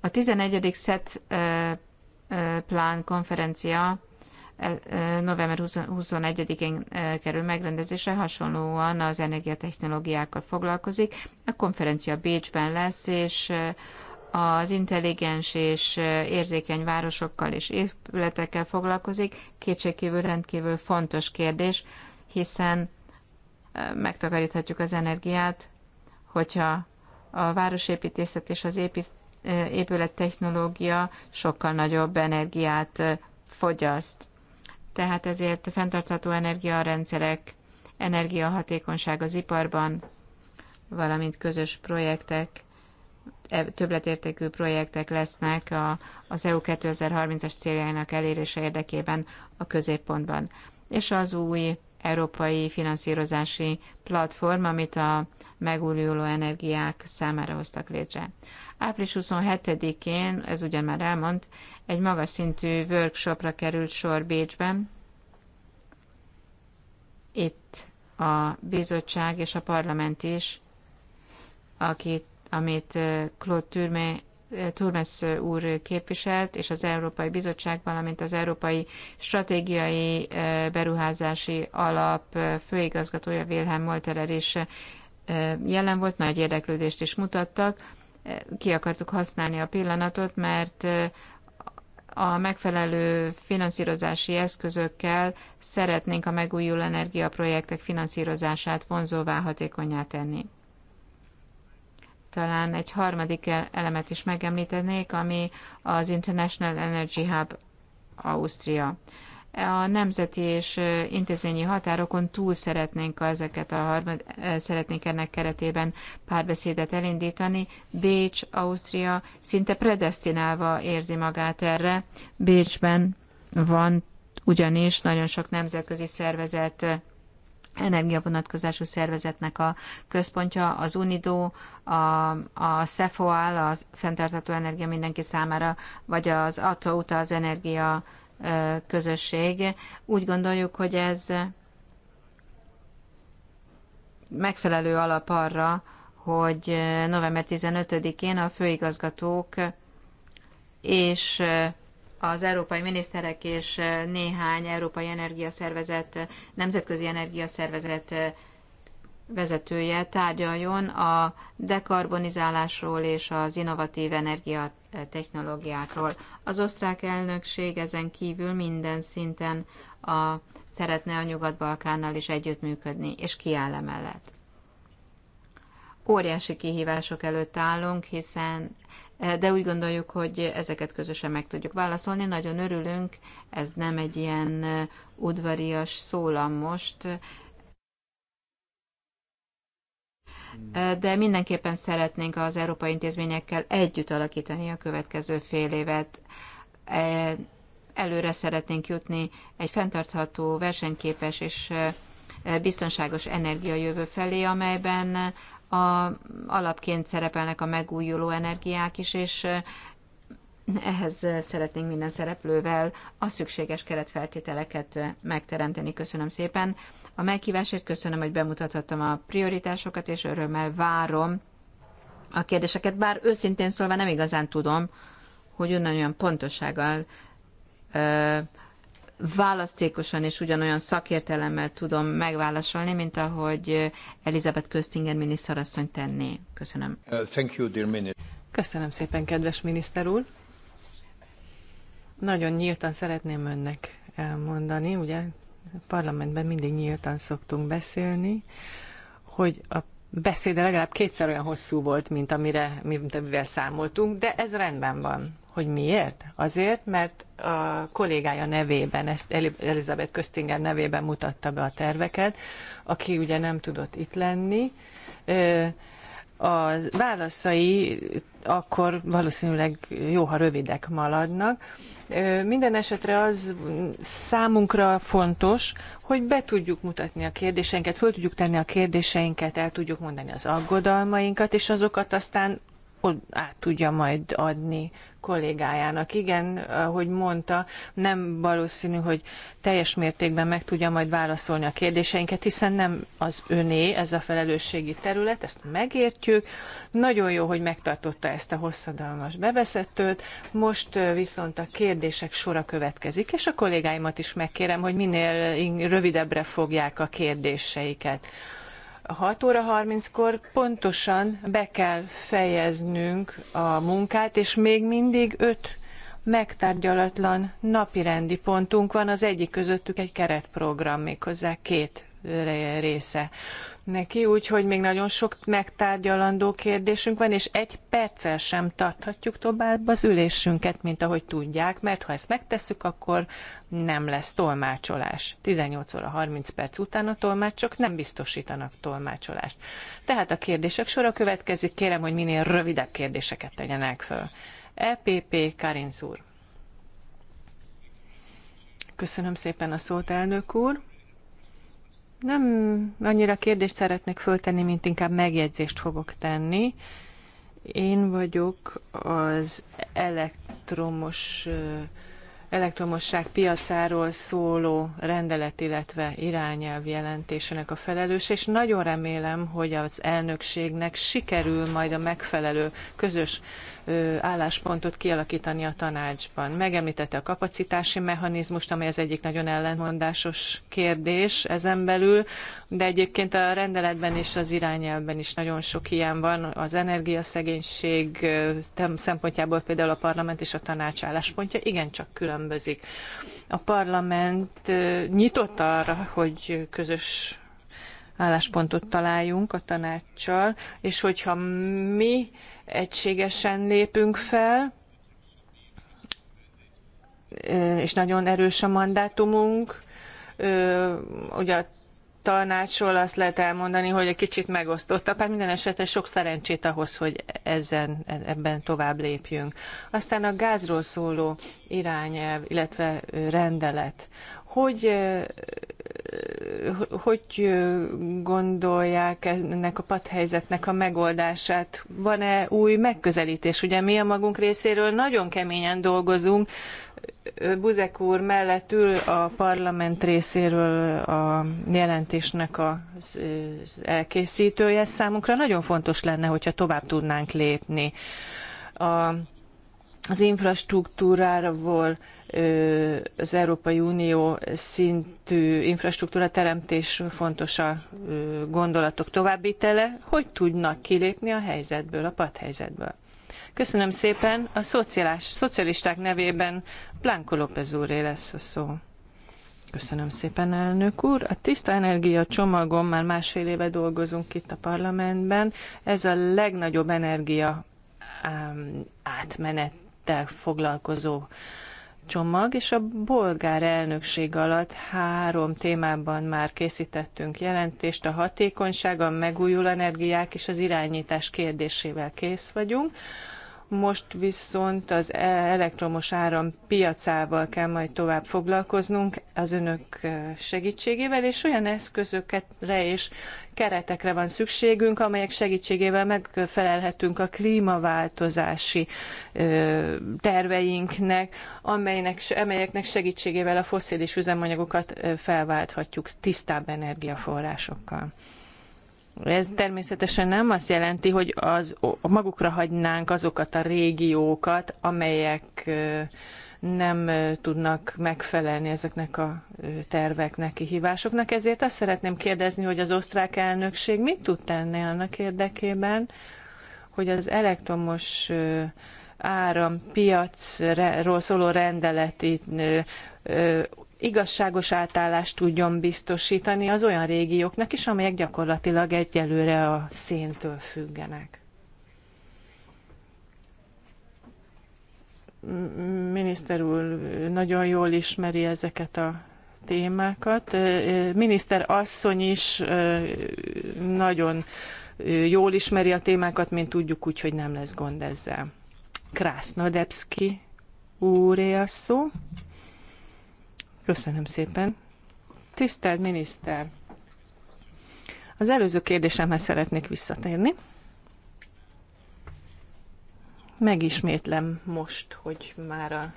a 11. SET plán konferencia E, e, november 21-én e, kerül megrendezésre, hasonlóan az energiatechnológiákkal foglalkozik. A konferencia Bécsben lesz, és az intelligens és érzékeny városokkal és épületekkel foglalkozik. Kétségkívül rendkívül fontos kérdés, hiszen megtakaríthatjuk az energiát, hogyha a városépítészet és az épülettechnológia sokkal nagyobb energiát fogyaszt tehát ezért fenntartható energiarendszerek, energiahatékonyság az iparban, valamint közös projektek, e, többletértékű projektek lesznek a, az EU 2030-as céljainak elérése érdekében a középpontban. És az új európai finanszírozási platform, amit a megújuló energiák számára hoztak létre. Április 27-én, ez ugyan már elmond, egy magas szintű workshopra került sor Bécsben. Itt a bizottság és a parlament is, akit, amit Claude Turme Turmes úr képviselt, és az Európai Bizottság, valamint az Európai Stratégiai Beruházási Alap főigazgatója Wilhelm Molterer is jelen volt, nagy érdeklődést is mutattak ki akartuk használni a pillanatot, mert a megfelelő finanszírozási eszközökkel szeretnénk a megújuló energiaprojektek finanszírozását vonzóvá hatékonyá tenni. Talán egy harmadik elemet is megemlítenék, ami az International Energy Hub Ausztria a nemzeti és intézményi határokon túl szeretnénk ezeket a harmad, szeretnénk ennek keretében párbeszédet elindítani. Bécs, Ausztria szinte predestinálva érzi magát erre. Bécsben van ugyanis nagyon sok nemzetközi szervezet energiavonatkozású szervezetnek a központja, az UNIDO, a, a CEFOAL, a fenntartható energia mindenki számára, vagy az ATOUTA, az energia közösség. Úgy gondoljuk, hogy ez megfelelő alap arra, hogy november 15-én a főigazgatók és az európai miniszterek és néhány európai energiaszervezet, nemzetközi energiaszervezet vezetője tárgyaljon a dekarbonizálásról és az innovatív energia technológiákról. Az osztrák elnökség ezen kívül minden szinten a, szeretne a Nyugat-Balkánnal is együttműködni, és kiáll emellett. Óriási kihívások előtt állunk, hiszen eh, de úgy gondoljuk, hogy ezeket közösen meg tudjuk válaszolni. Nagyon örülünk, ez nem egy ilyen eh, udvarias szólam most, de mindenképpen szeretnénk az európai intézményekkel együtt alakítani a következő fél évet. E, előre szeretnénk jutni egy fenntartható, versenyképes és e, biztonságos energiajövő felé, amelyben a, alapként szerepelnek a megújuló energiák is, és ehhez szeretnénk minden szereplővel a szükséges keretfeltételeket megteremteni. Köszönöm szépen a meghívásért, köszönöm, hogy bemutathattam a prioritásokat, és örömmel várom a kérdéseket, bár őszintén szólva nem igazán tudom, hogy onnan olyan pontosággal ö, választékosan és ugyanolyan szakértelemmel tudom megválaszolni, mint ahogy Elizabeth Köztingen miniszterasszony tenné. Köszönöm. Uh, thank you, dear Köszönöm szépen, kedves miniszter úr. Nagyon nyíltan szeretném önnek elmondani, ugye a parlamentben mindig nyíltan szoktunk beszélni, hogy a beszéde legalább kétszer olyan hosszú volt, mint amire, mint amivel számoltunk, de ez rendben van. Hogy miért? Azért, mert a kollégája nevében, ezt Elizabeth Köztinger nevében mutatta be a terveket, aki ugye nem tudott itt lenni. A válaszai akkor valószínűleg jó, ha rövidek maradnak. Minden esetre az számunkra fontos, hogy be tudjuk mutatni a kérdéseinket, föl tudjuk tenni a kérdéseinket, el tudjuk mondani az aggodalmainkat, és azokat aztán át tudja majd adni kollégájának. Igen, ahogy mondta, nem valószínű, hogy teljes mértékben meg tudja majd válaszolni a kérdéseinket, hiszen nem az öné ez a felelősségi terület, ezt megértjük. Nagyon jó, hogy megtartotta ezt a hosszadalmas bevezetőt. Most viszont a kérdések sora következik, és a kollégáimat is megkérem, hogy minél rövidebbre fogják a kérdéseiket. 6 óra 30-kor pontosan be kell fejeznünk a munkát, és még mindig 5 megtárgyalatlan napirendi pontunk van, az egyik közöttük egy keretprogram, méghozzá két része neki, úgyhogy még nagyon sok megtárgyalandó kérdésünk van, és egy perccel sem tarthatjuk tovább az ülésünket, mint ahogy tudják, mert ha ezt megtesszük, akkor nem lesz tolmácsolás. 18 óra 30 perc után a tolmácsok nem biztosítanak tolmácsolást. Tehát a kérdések sora következik, kérem, hogy minél rövidebb kérdéseket tegyenek föl. EPP Karinz úr. Köszönöm szépen a szót, elnök úr. Nem annyira kérdést szeretnék föltenni, mint inkább megjegyzést fogok tenni. Én vagyok az elektromos elektromosság piacáról szóló rendelet, illetve irányelv jelentésének a felelős, és nagyon remélem, hogy az elnökségnek sikerül majd a megfelelő közös álláspontot kialakítani a tanácsban. Megemlítette a kapacitási mechanizmust, amely az egyik nagyon ellentmondásos kérdés ezen belül, de egyébként a rendeletben és az irányelvben is nagyon sok ilyen van. Az energiaszegénység szempontjából például a parlament és a tanács álláspontja igencsak különbözik. A parlament nyitott arra, hogy közös álláspontot találjunk a tanácssal, és hogyha mi egységesen lépünk fel, és nagyon erős a mandátumunk. Ugye a tanácsról azt lehet elmondani, hogy egy kicsit megosztottabb, hát minden esetre sok szerencsét ahhoz, hogy ezen, ebben tovább lépjünk. Aztán a gázról szóló irányelv, illetve rendelet. Hogy hogy gondolják ennek a padhelyzetnek a megoldását? Van-e új megközelítés? Ugye mi a magunk részéről nagyon keményen dolgozunk, Buzek úr mellett ül a parlament részéről a jelentésnek az elkészítője. Számunkra nagyon fontos lenne, hogyha tovább tudnánk lépni. A, az volt az Európai Unió szintű infrastruktúra teremtés fontos a gondolatok továbbítele, hogy tudnak kilépni a helyzetből, a padhelyzetből. Köszönöm szépen. A szociális szocialisták nevében Blanco López úré lesz a szó. Köszönöm szépen, elnök úr. A tiszta energia csomagon már másfél éve dolgozunk itt a parlamentben. Ez a legnagyobb energia átmenettel foglalkozó csomag, és a bolgár elnökség alatt három témában már készítettünk jelentést, a hatékonyság, a megújuló energiák és az irányítás kérdésével kész vagyunk most viszont az elektromos áram piacával kell majd tovább foglalkoznunk az önök segítségével, és olyan eszközökre és keretekre van szükségünk, amelyek segítségével megfelelhetünk a klímaváltozási terveinknek, amelynek, amelyeknek segítségével a fosszilis üzemanyagokat felválthatjuk tisztább energiaforrásokkal. Ez természetesen nem azt jelenti, hogy az, magukra hagynánk azokat a régiókat, amelyek nem tudnak megfelelni ezeknek a terveknek, kihívásoknak. Ezért azt szeretném kérdezni, hogy az osztrák elnökség mit tud tenni annak érdekében, hogy az elektromos árampiacról szóló rendeleti igazságos átállást tudjon biztosítani az olyan régióknak is, amelyek gyakorlatilag egyelőre a széntől függenek. Miniszter úr nagyon jól ismeri ezeket a témákat. Miniszter asszony is nagyon jól ismeri a témákat, mint tudjuk, úgyhogy nem lesz gond ezzel. Krásznodebszki úré a szó. Köszönöm szépen. Tisztelt miniszter! Az előző kérdésemhez szeretnék visszatérni. Megismétlem most, hogy már a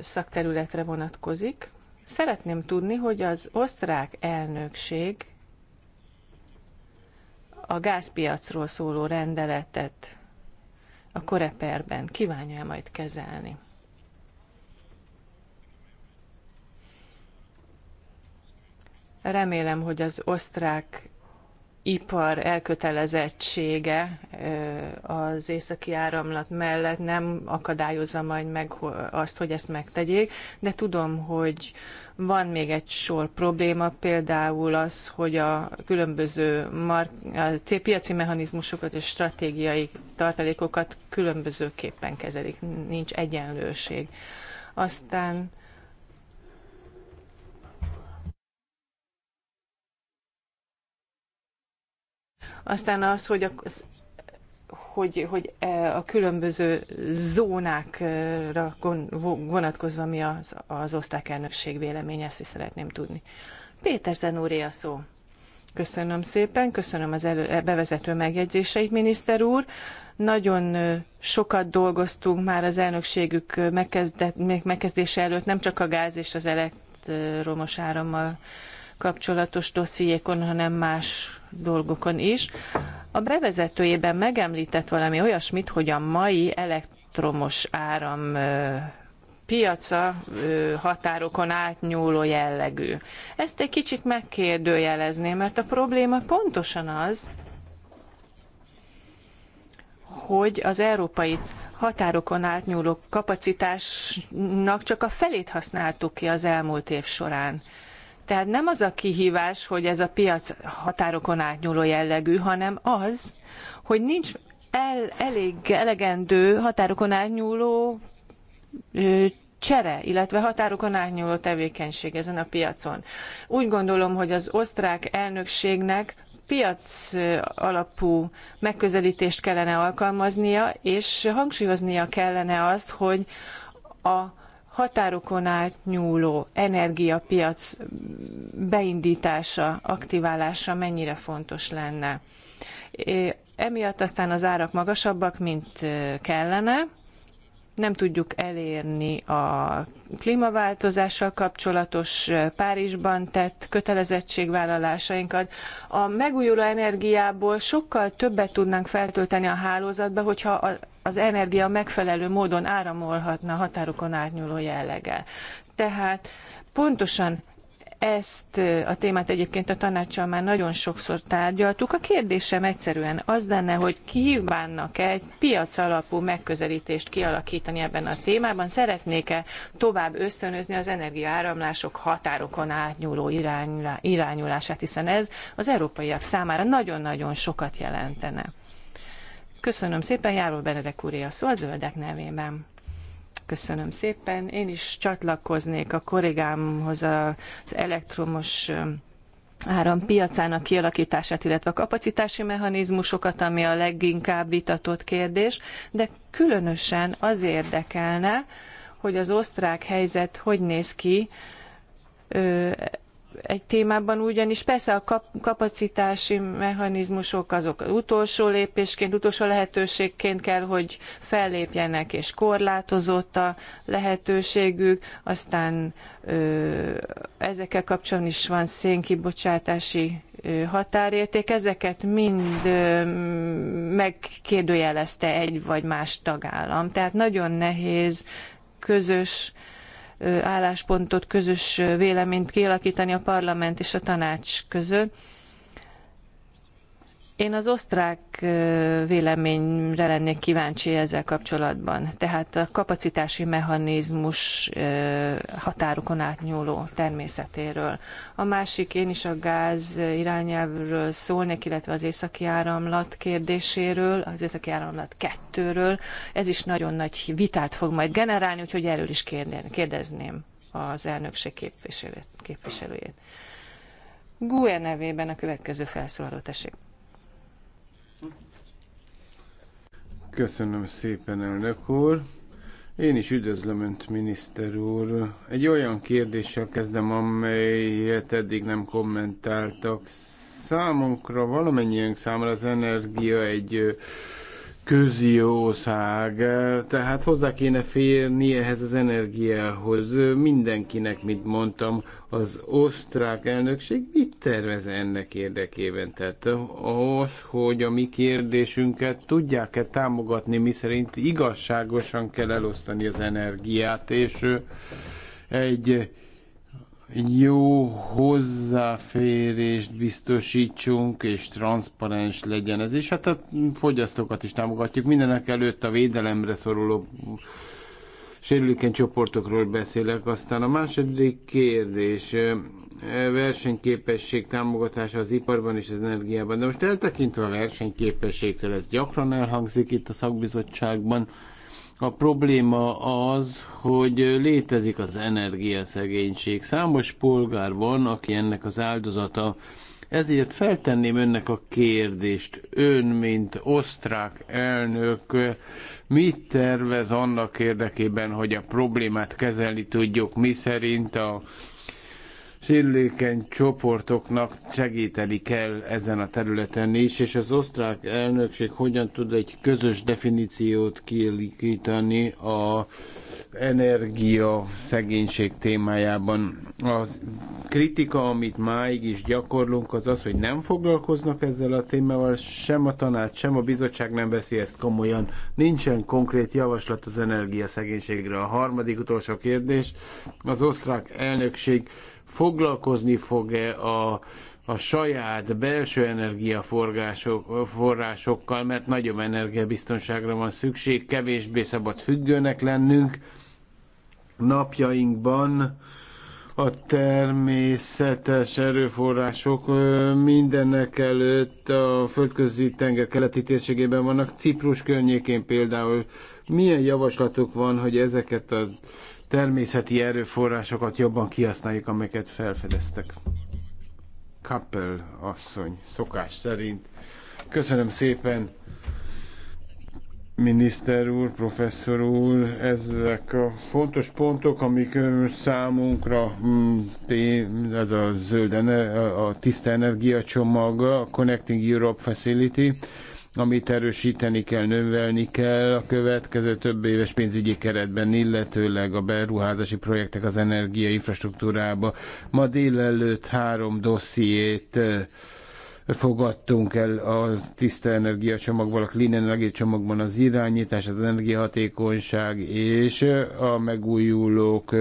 szakterületre vonatkozik. Szeretném tudni, hogy az osztrák elnökség a gázpiacról szóló rendeletet a koreperben kívánja-e majd kezelni? Remélem, hogy az osztrák ipar elkötelezettsége az északi áramlat mellett nem akadályozza majd meg azt, hogy ezt megtegyék, de tudom, hogy van még egy sor probléma, például az, hogy a különböző mark, a piaci mechanizmusokat és stratégiai tartalékokat különbözőképpen kezelik, nincs egyenlőség. Aztán Aztán az, hogy a, hogy, hogy e, a különböző zónákra vonatkozva mi az, az osztályelnökség véleménye, ezt is szeretném tudni. Péter Zenúré a szó. Köszönöm szépen, köszönöm az elő, bevezető megjegyzéseit, miniszter úr. Nagyon sokat dolgoztunk már az elnökségük megkezdése előtt, nem csak a gáz és az elektromos árammal kapcsolatos dossziékon, hanem más dolgokon is. A bevezetőjében megemlített valami olyasmit, hogy a mai elektromos áram piaca határokon átnyúló jellegű. Ezt egy kicsit megkérdőjelezném, mert a probléma pontosan az, hogy az európai határokon átnyúló kapacitásnak csak a felét használtuk ki az elmúlt év során. Tehát nem az a kihívás, hogy ez a piac határokon átnyúló jellegű, hanem az, hogy nincs el, elég elegendő határokon átnyúló ö, csere, illetve határokon átnyúló tevékenység ezen a piacon. Úgy gondolom, hogy az osztrák elnökségnek piac alapú megközelítést kellene alkalmaznia, és hangsúlyoznia kellene azt, hogy a határokon átnyúló energiapiac beindítása, aktiválása mennyire fontos lenne. Emiatt aztán az árak magasabbak, mint kellene, nem tudjuk elérni a klímaváltozással kapcsolatos Párizsban tett kötelezettségvállalásainkat. A megújuló energiából sokkal többet tudnánk feltölteni a hálózatba, hogyha az energia megfelelő módon áramolhatna határokon átnyúló jelleggel. Tehát pontosan ezt a témát egyébként a tanácssal már nagyon sokszor tárgyaltuk. A kérdésem egyszerűen az lenne, hogy kívánnak -e egy piac alapú megközelítést kialakítani ebben a témában? Szeretnék-e tovább ösztönözni az energiaáramlások határokon átnyúló irányulását, hiszen ez az európaiak számára nagyon-nagyon sokat jelentene. Köszönöm szépen, Járó Benedek úr a szó a zöldek nevében. Köszönöm szépen. Én is csatlakoznék a korrigámhoz az elektromos árampiacának kialakítását, illetve a kapacitási mechanizmusokat, ami a leginkább vitatott kérdés, de különösen az érdekelne, hogy az osztrák helyzet hogy néz ki egy témában, ugyanis persze a kap kapacitási mechanizmusok azok utolsó lépésként, utolsó lehetőségként kell, hogy fellépjenek, és korlátozott a lehetőségük, aztán ö, ezekkel kapcsolatban is van szénkibocsátási ö, határérték, ezeket mind ö, megkérdőjelezte egy vagy más tagállam. Tehát nagyon nehéz közös álláspontot, közös véleményt kialaktani a parlament és a tanács között én az osztrák véleményre lennék kíváncsi ezzel kapcsolatban. Tehát a kapacitási mechanizmus határokon átnyúló természetéről. A másik, én is a gáz irányelvről szólnék, illetve az északi áramlat kérdéséről, az északi áramlat kettőről. Ez is nagyon nagy vitát fog majd generálni, úgyhogy erről is kérdezném az elnökség képviselőjét. Gue nevében a következő felszólaló tessék. Köszönöm szépen, elnök úr. Én is üdvözlöm Önt, miniszter úr. Egy olyan kérdéssel kezdem, amelyet eddig nem kommentáltak. Számunkra, valamennyien számára az energia egy közjószág, tehát hozzá kéne férni ehhez az energiához mindenkinek, mint mondtam, az osztrák elnökség mit tervez ennek érdekében? Tehát az, hogy a mi kérdésünket tudják-e támogatni, mi szerint igazságosan kell elosztani az energiát, és egy jó hozzáférést biztosítsunk, és transzparens legyen ez, és hát a fogyasztókat is támogatjuk. Mindenek előtt a védelemre szoruló sérülékeny csoportokról beszélek. Aztán a második kérdés, versenyképesség támogatása az iparban és az energiában. De most eltekintve a versenyképességtől, ez gyakran elhangzik itt a szakbizottságban, a probléma az, hogy létezik az energiaszegénység. Számos polgár van, aki ennek az áldozata. Ezért feltenném önnek a kérdést, ön, mint osztrák elnök, mit tervez annak érdekében, hogy a problémát kezelni tudjuk, mi szerint a sérülékeny csoportoknak segíteni kell ezen a területen is, és az osztrák elnökség hogyan tud egy közös definíciót kielégíteni a energia szegénység témájában. A kritika, amit máig is gyakorlunk, az az, hogy nem foglalkoznak ezzel a témával, sem a tanács, sem a bizottság nem veszi ezt komolyan. Nincsen konkrét javaslat az energia szegénységre. A harmadik utolsó kérdés, az osztrák elnökség foglalkozni fog-e a, a saját belső energiaforrásokkal, mert nagyobb energiabiztonságra van szükség, kevésbé szabad függőnek lennünk napjainkban a természetes erőforrások mindenek előtt a földközi tenger keleti térségében vannak, Ciprus környékén például. Milyen javaslatok van, hogy ezeket a természeti erőforrásokat jobban kihasználjuk, amiket felfedeztek. Kappel asszony, szokás szerint. Köszönöm szépen, miniszter úr, professzor úr, ezek a fontos pontok, amik számunkra mm, ez a zöld, a tiszta energiacsomag, a Connecting Europe Facility, amit erősíteni kell, növelni kell a következő több éves pénzügyi keretben, illetőleg a beruházási projektek az energiainfrastruktúrába. Ma délelőtt három dossziét fogadtunk el a tiszta energiacsomagból, a clean csomagban az irányítás, az energiahatékonyság és a megújulók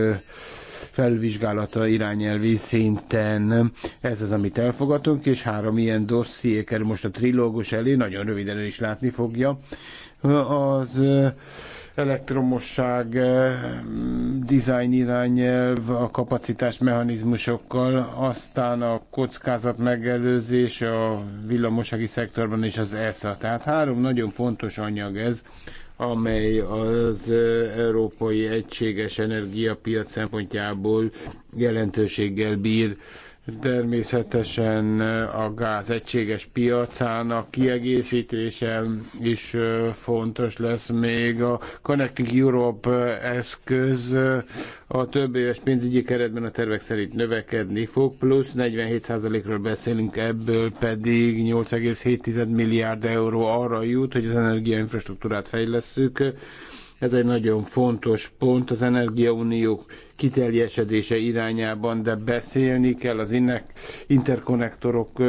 felvizsgálata irányelvi szinten. Ez az, amit elfogadunk, és három ilyen dosszié kerül most a trilógus elé, nagyon röviden el is látni fogja. Az elektromosság design irányelv, a kapacitás mechanizmusokkal, aztán a kockázat megelőzés a villamosági szektorban és az ESZA. Tehát három nagyon fontos anyag ez, amely az európai egységes energiapiac szempontjából jelentőséggel bír Természetesen a gáz egységes piacának kiegészítése is fontos lesz még. A Connecting Europe eszköz a több éves pénzügyi keretben a tervek szerint növekedni fog, plusz 47%-ról beszélünk, ebből pedig 8,7 milliárd euró arra jut, hogy az energiainfrastruktúrát fejlesszük ez egy nagyon fontos pont az energiaunió kiteljesedése irányában, de beszélni kell az interkonnektorok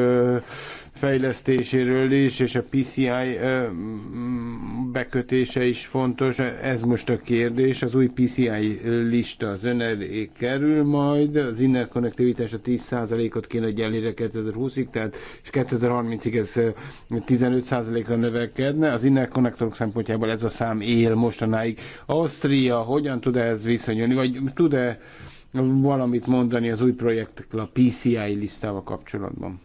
fejlesztéséről is, és a PCI bekötése is fontos. Ez most a kérdés. Az új PCI lista az ön elé kerül majd. Az interkonnektivitás a 10%-ot kéne, hogy elérje 2020-ig, tehát és 2030-ig ez 15%-ra növekedne. Az interkonnektorok szempontjából ez a szám él mostanáig. Ausztria hogyan tud -e ehhez viszonyulni, vagy tud-e valamit mondani az új projektekkel a PCI listával kapcsolatban?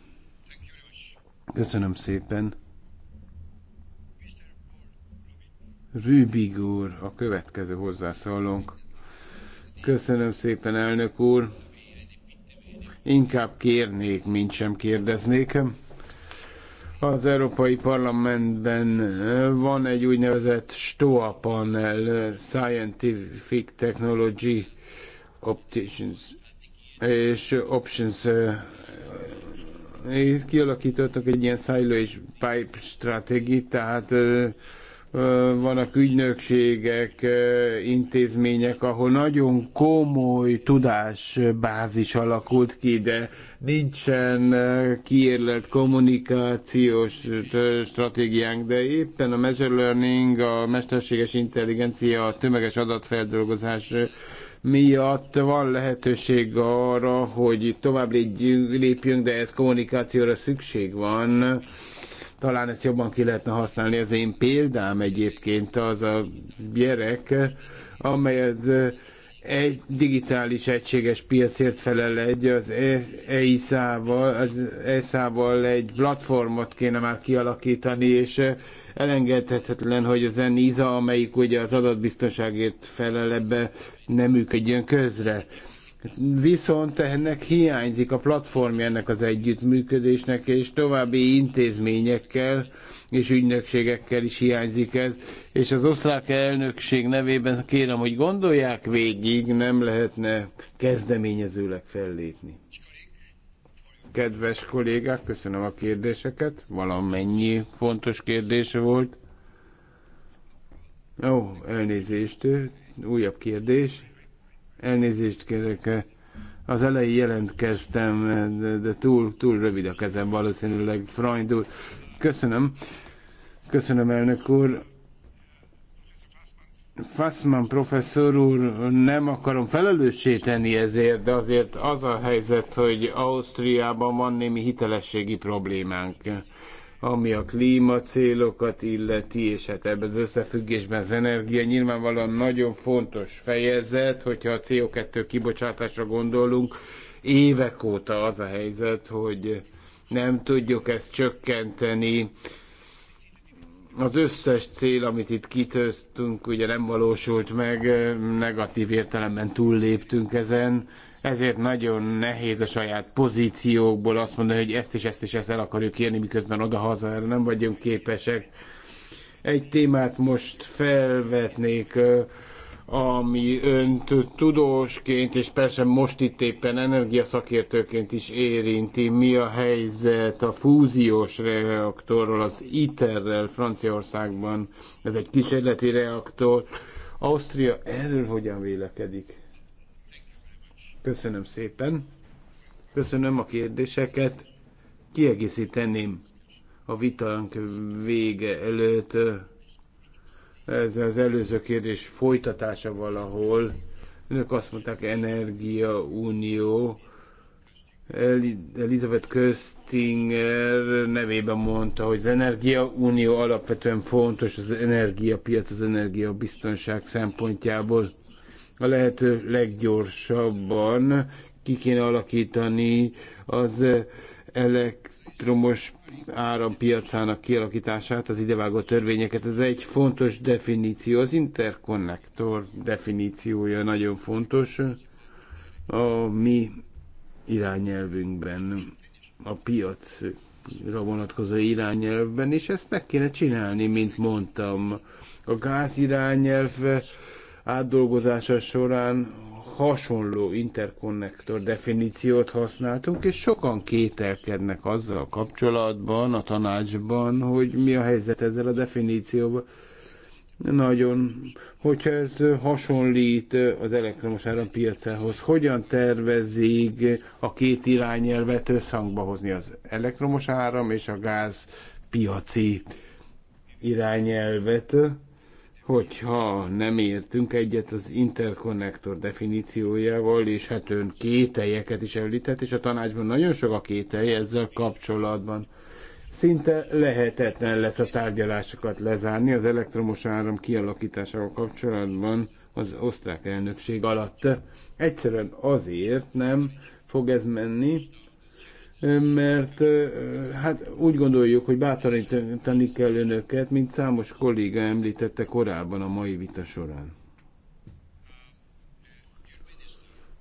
Köszönöm szépen. Rübig úr, a következő hozzászólónk. Köszönöm szépen, elnök úr. Inkább kérnék, mint sem kérdeznék. Az Európai Parlamentben van egy úgynevezett STOA panel, Scientific Technology Options és Options és kialakítottak egy ilyen silo és pipe stratégiát, tehát vannak ügynökségek, intézmények, ahol nagyon komoly tudásbázis alakult ki, de nincsen kiérlet kommunikációs stratégiánk, de éppen a machine learning, a mesterséges intelligencia, a tömeges adatfeldolgozás miatt van lehetőség arra, hogy tovább lépjünk, de ez kommunikációra szükség van. Talán ezt jobban ki lehetne használni. Az én példám egyébként az a gyerek, amelyet egy digitális egységes piacért felel egy, az EISZ-val, az ESZ-val egy platformot kéne már kialakítani, és elengedhetetlen, hogy az ENISA, amelyik ugye az adatbiztonságért felel ebbe, nem működjön közre. Viszont ennek hiányzik a platformja ennek az együttműködésnek, és további intézményekkel és ügynökségekkel is hiányzik ez. És az osztrák elnökség nevében kérem, hogy gondolják végig, nem lehetne kezdeményezőleg fellépni. Kedves kollégák, köszönöm a kérdéseket. Valamennyi fontos kérdése volt. Ó, elnézést újabb kérdés. Elnézést kérek, eh, az elején jelentkeztem, eh, de, de túl, túl rövid a kezem valószínűleg, Freund úr. Köszönöm. Köszönöm, elnök úr. Fassman professzor úr, nem akarom felelőssé tenni ezért, de azért az a helyzet, hogy Ausztriában van némi hitelességi problémánk ami a klímacélokat illeti, és hát ebben az összefüggésben az energia nyilvánvalóan nagyon fontos fejezet, hogyha a CO2 kibocsátásra gondolunk, évek óta az a helyzet, hogy nem tudjuk ezt csökkenteni. Az összes cél, amit itt kitöztünk, ugye nem valósult meg, negatív értelemben túlléptünk ezen, ezért nagyon nehéz a saját pozíciókból azt mondani, hogy ezt és ezt és ezt el akarjuk érni, miközben oda-haza erre nem vagyunk képesek. Egy témát most felvetnék, ami önt tudósként, és persze most itt éppen energiaszakértőként is érinti, mi a helyzet a fúziós reaktorral, az ITER-rel Franciaországban, ez egy kísérleti reaktor. Ausztria erről hogyan vélekedik? Köszönöm szépen. Köszönöm a kérdéseket. Kiegészíteném a vitánk vége előtt. Ez az előző kérdés folytatása valahol. Önök azt mondták, Energia Unió. Elizabeth Köstinger nevében mondta, hogy az Energia Unió alapvetően fontos az energiapiac, az energiabiztonság szempontjából a lehető leggyorsabban ki kéne alakítani az elektromos árampiacának kialakítását, az idevágó törvényeket. Ez egy fontos definíció, az interkonnektor definíciója nagyon fontos a mi irányelvünkben, a piacra vonatkozó irányelvben, és ezt meg kéne csinálni, mint mondtam. A gáz irányelv átdolgozása során hasonló interkonnektor definíciót használtunk, és sokan kételkednek azzal kapcsolatban, a tanácsban, hogy mi a helyzet ezzel a definícióval. Nagyon. Hogyha ez hasonlít az elektromos árampiacához, hogyan tervezik a két irányelvet összhangba hozni az elektromos áram és a gáz piaci irányelvet? hogyha nem értünk egyet az interkonnektor definíciójával, és hát ön kételjeket is említett, és a tanácsban nagyon sok a kételje ezzel kapcsolatban. Szinte lehetetlen lesz a tárgyalásokat lezárni az elektromos áram kialakításával kapcsolatban az osztrák elnökség alatt. Egyszerűen azért nem fog ez menni, mert hát úgy gondoljuk, hogy bátorítani kell önöket, mint számos kolléga említette korábban a mai vita során.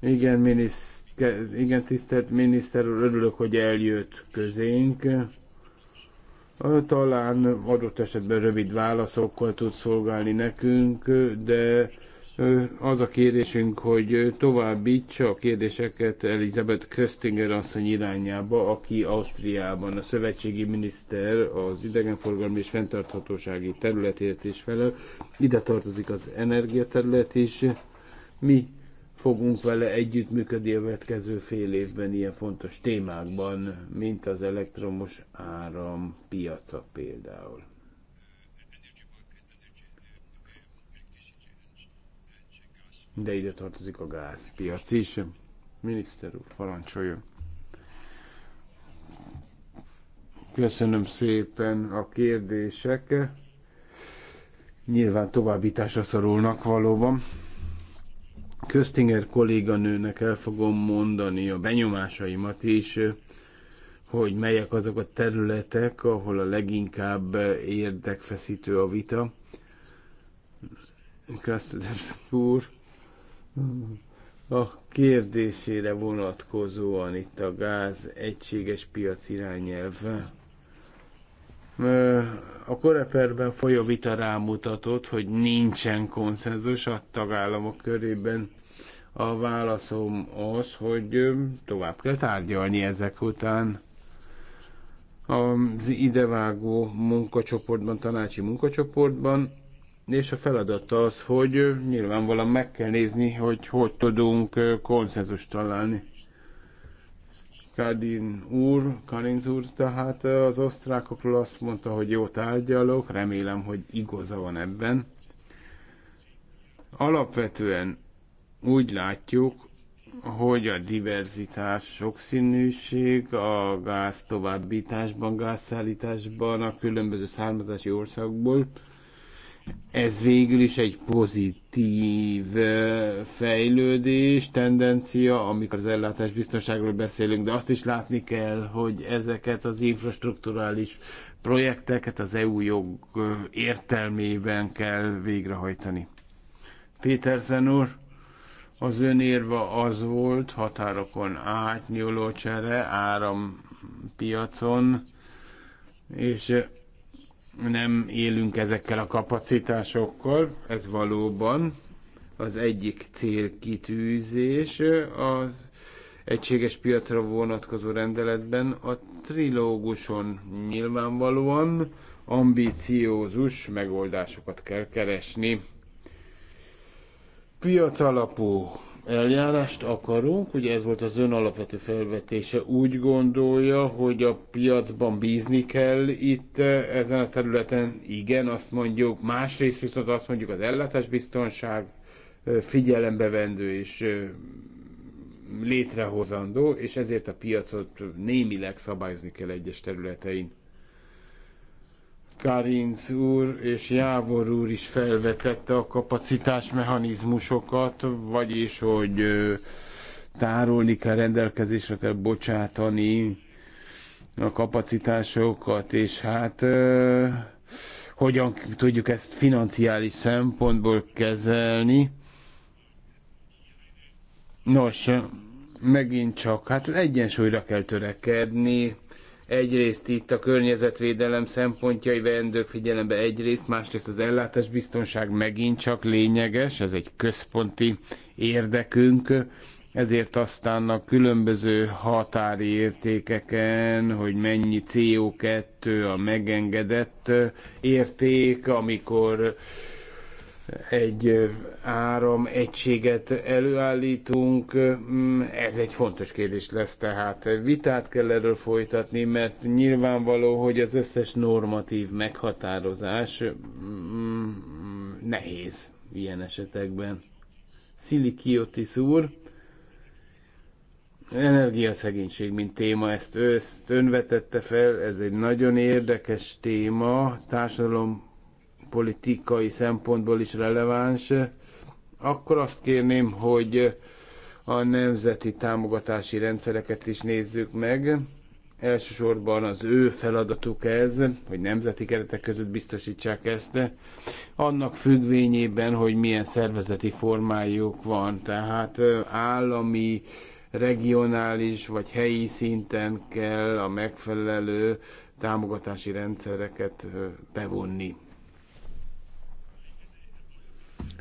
Igen, miniszter, igen tisztelt miniszter úr, örülök, hogy eljött közénk. Talán adott esetben rövid válaszokkal tud szolgálni nekünk, de az a kérdésünk, hogy továbbítsa a kérdéseket Elizabeth Köstinger asszony irányába, aki Ausztriában a szövetségi miniszter az idegenforgalmi és fenntarthatósági területért is felel. Ide tartozik az energiaterület is. Mi fogunk vele együttműködni a következő fél évben ilyen fontos témákban, mint az elektromos áram piaca például. de ide tartozik a gázpiac is. Miniszter úr, parancsoljon! Köszönöm szépen a kérdések. Nyilván továbbításra szorulnak valóban. Köztinger kolléganőnek el fogom mondani a benyomásaimat is, hogy melyek azok a területek, ahol a leginkább érdekfeszítő a vita. Krasztodemszki úr a kérdésére vonatkozóan itt a gáz egységes piac irányelv. A koreperben folyó vita rámutatott, hogy nincsen konszenzus a tagállamok körében. A válaszom az, hogy tovább kell tárgyalni ezek után. Az idevágó munkacsoportban, tanácsi munkacsoportban és a feladat az, hogy nyilvánvalóan meg kell nézni, hogy hogy tudunk konszenzust találni. Kardin úr, Karinz úr, tehát az osztrákokról azt mondta, hogy jó tárgyalok, remélem, hogy igaza van ebben. Alapvetően úgy látjuk, hogy a diverzitás, sokszínűség a gáz továbbításban, gázszállításban, a különböző származási országból, ez végül is egy pozitív fejlődés, tendencia, amikor az ellátás biztonságról beszélünk, de azt is látni kell, hogy ezeket az infrastruktúrális projekteket az EU jog értelmében kell végrehajtani. Péterzen úr, az önérva az volt határokon átnyúló csere, árampiacon, és nem élünk ezekkel a kapacitásokkal, ez valóban az egyik célkitűzés az egységes piacra vonatkozó rendeletben a trilóguson nyilvánvalóan ambíciózus megoldásokat kell keresni. Piacalapú eljárást akarunk, ugye ez volt az ön alapvető felvetése, úgy gondolja, hogy a piacban bízni kell itt eh, ezen a területen, igen, azt mondjuk, másrészt viszont azt mondjuk az ellátás biztonság eh, figyelembe vendő és eh, létrehozandó, és ezért a piacot némileg szabályozni kell egyes területein. Karinz úr és Jávor úr is felvetette a kapacitás mechanizmusokat, vagyis, hogy tárolni kell, rendelkezésre kell bocsátani a kapacitásokat, és hát hogyan tudjuk ezt financiális szempontból kezelni. Nos, megint csak, hát egyensúlyra kell törekedni, Egyrészt itt a környezetvédelem szempontjai vendők figyelembe egyrészt, másrészt az ellátásbiztonság megint csak lényeges, ez egy központi érdekünk, ezért aztán a különböző határi értékeken, hogy mennyi CO2 a megengedett érték, amikor egy áram egységet előállítunk, mm, ez egy fontos kérdés lesz, tehát vitát kell erről folytatni, mert nyilvánvaló, hogy az összes normatív meghatározás mm, nehéz ilyen esetekben. Szili Kiotis úr, energiaszegénység, mint téma, ezt, ezt önvetette fel, ez egy nagyon érdekes téma, társadalom politikai szempontból is releváns, akkor azt kérném, hogy a nemzeti támogatási rendszereket is nézzük meg. Elsősorban az ő feladatuk ez, hogy nemzeti keretek között biztosítsák ezt, annak függvényében, hogy milyen szervezeti formájuk van. Tehát állami, regionális vagy helyi szinten kell a megfelelő támogatási rendszereket bevonni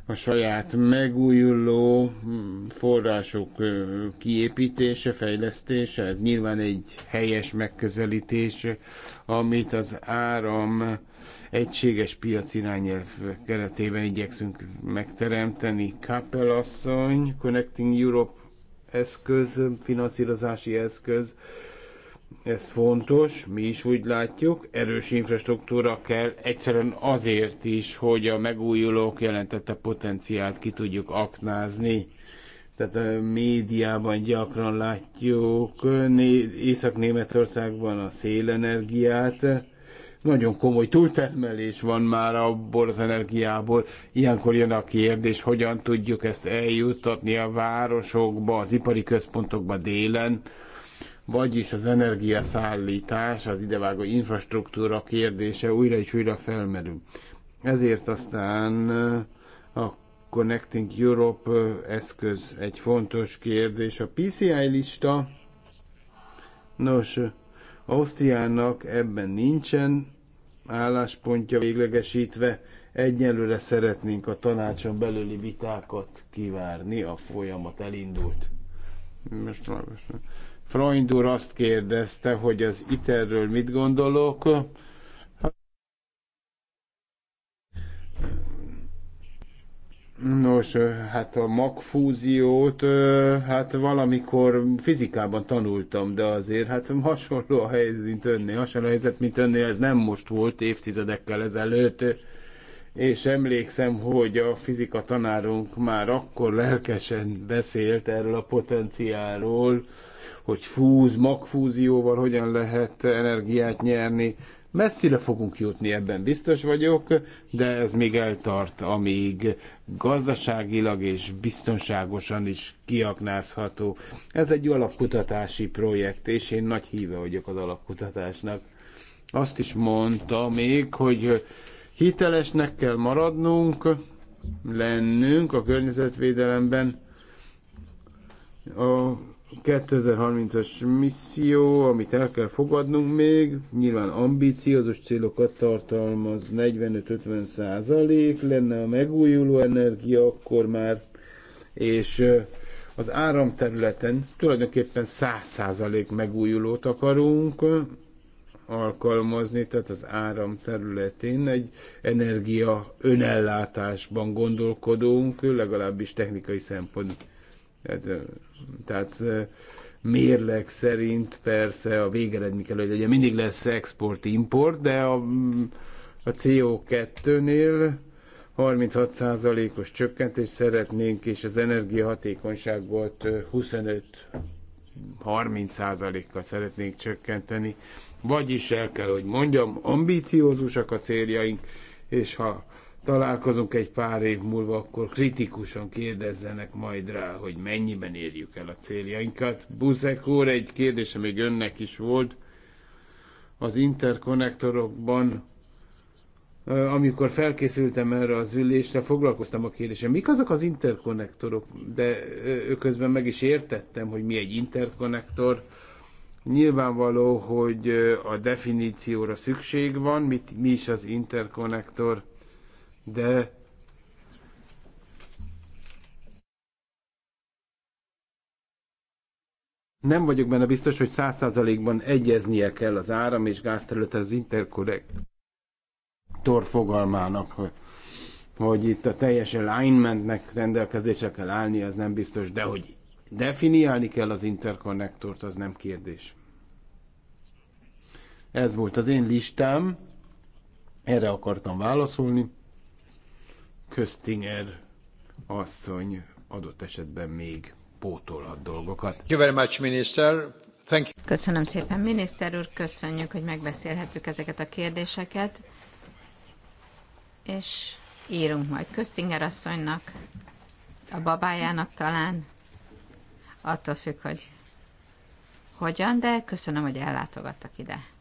a saját megújuló hm, források kiépítése, fejlesztése, ez nyilván egy helyes megközelítés, amit az áram egységes piac irányelv keretében igyekszünk megteremteni. Kapelasszony, Connecting Europe eszköz, finanszírozási eszköz, ez fontos, mi is úgy látjuk, erős infrastruktúra kell egyszerűen azért is, hogy a megújulók jelentette potenciált ki tudjuk aknázni. Tehát a médiában gyakran látjuk, Észak-Németországban a szélenergiát, nagyon komoly túltermelés van már abból az energiából. Ilyenkor jön a kérdés, hogyan tudjuk ezt eljuttatni a városokba, az ipari központokba délen, vagyis az energiaszállítás, az idevágó infrastruktúra kérdése újra és újra felmerül. Ezért aztán uh, a Connecting Europe uh, eszköz egy fontos kérdés. A PCI lista, nos, uh, Ausztriának ebben nincsen álláspontja véglegesítve, egyelőre szeretnénk a tanácson belüli vitákat kivárni, a folyamat elindult. Most Freund úr azt kérdezte, hogy az iterről mit gondolok. Nos, hát a magfúziót, hát valamikor fizikában tanultam, de azért hát hasonló a helyzet, mint önnél, hasonló a helyzet, mint önnél, ez nem most volt, évtizedekkel ezelőtt, és emlékszem, hogy a fizika tanárunk már akkor lelkesen beszélt erről a potenciáról, hogy fúz, magfúzióval hogyan lehet energiát nyerni. Messzire fogunk jutni, ebben biztos vagyok, de ez még eltart, amíg gazdaságilag és biztonságosan is kiaknázható. Ez egy alapkutatási projekt, és én nagy híve vagyok az alapkutatásnak. Azt is mondta még, hogy hitelesnek kell maradnunk, lennünk a környezetvédelemben, a 2030-as misszió, amit el kell fogadnunk még, nyilván ambíciózus célokat tartalmaz, 45-50 százalék lenne a megújuló energia akkor már, és az áramterületen tulajdonképpen 100 százalék megújulót akarunk alkalmazni, tehát az áram területén egy energia önellátásban gondolkodunk, legalábbis technikai szempont. Tehát tehát mérleg szerint persze a végeredmény kell, hogy legyen. Mindig lesz export-import, de a, a CO2-nél 36%-os csökkentést szeretnénk, és az energiahatékonyságból 25-30%-kal szeretnénk csökkenteni. Vagyis el kell, hogy mondjam, ambíciózusak a céljaink, és ha találkozunk egy pár év múlva, akkor kritikusan kérdezzenek majd rá, hogy mennyiben érjük el a céljainkat. Buzek úr, egy kérdése még önnek is volt. Az interkonnektorokban, amikor felkészültem erre az ülésre, foglalkoztam a kérdésem, mik azok az interkonnektorok, de közben meg is értettem, hogy mi egy interkonnektor, Nyilvánvaló, hogy a definícióra szükség van, mit, mi is az interkonnektor, de nem vagyok benne biztos, hogy száz százalékban egyeznie kell az áram és gázterület az interkonnektor fogalmának, hogy itt a teljes alignmentnek rendelkezésre kell állni, az nem biztos, de hogy definiálni kell az interkonnektort, az nem kérdés. Ez volt az én listám, erre akartam válaszolni. Köztinger asszony adott esetben még pótolhat dolgokat. Thank you very much, minister. Thank you. Köszönöm szépen, miniszter úr, köszönjük, hogy megbeszélhettük ezeket a kérdéseket, és írunk majd Köztinger asszonynak, a babájának talán, attól függ, hogy hogyan, de köszönöm, hogy ellátogattak ide.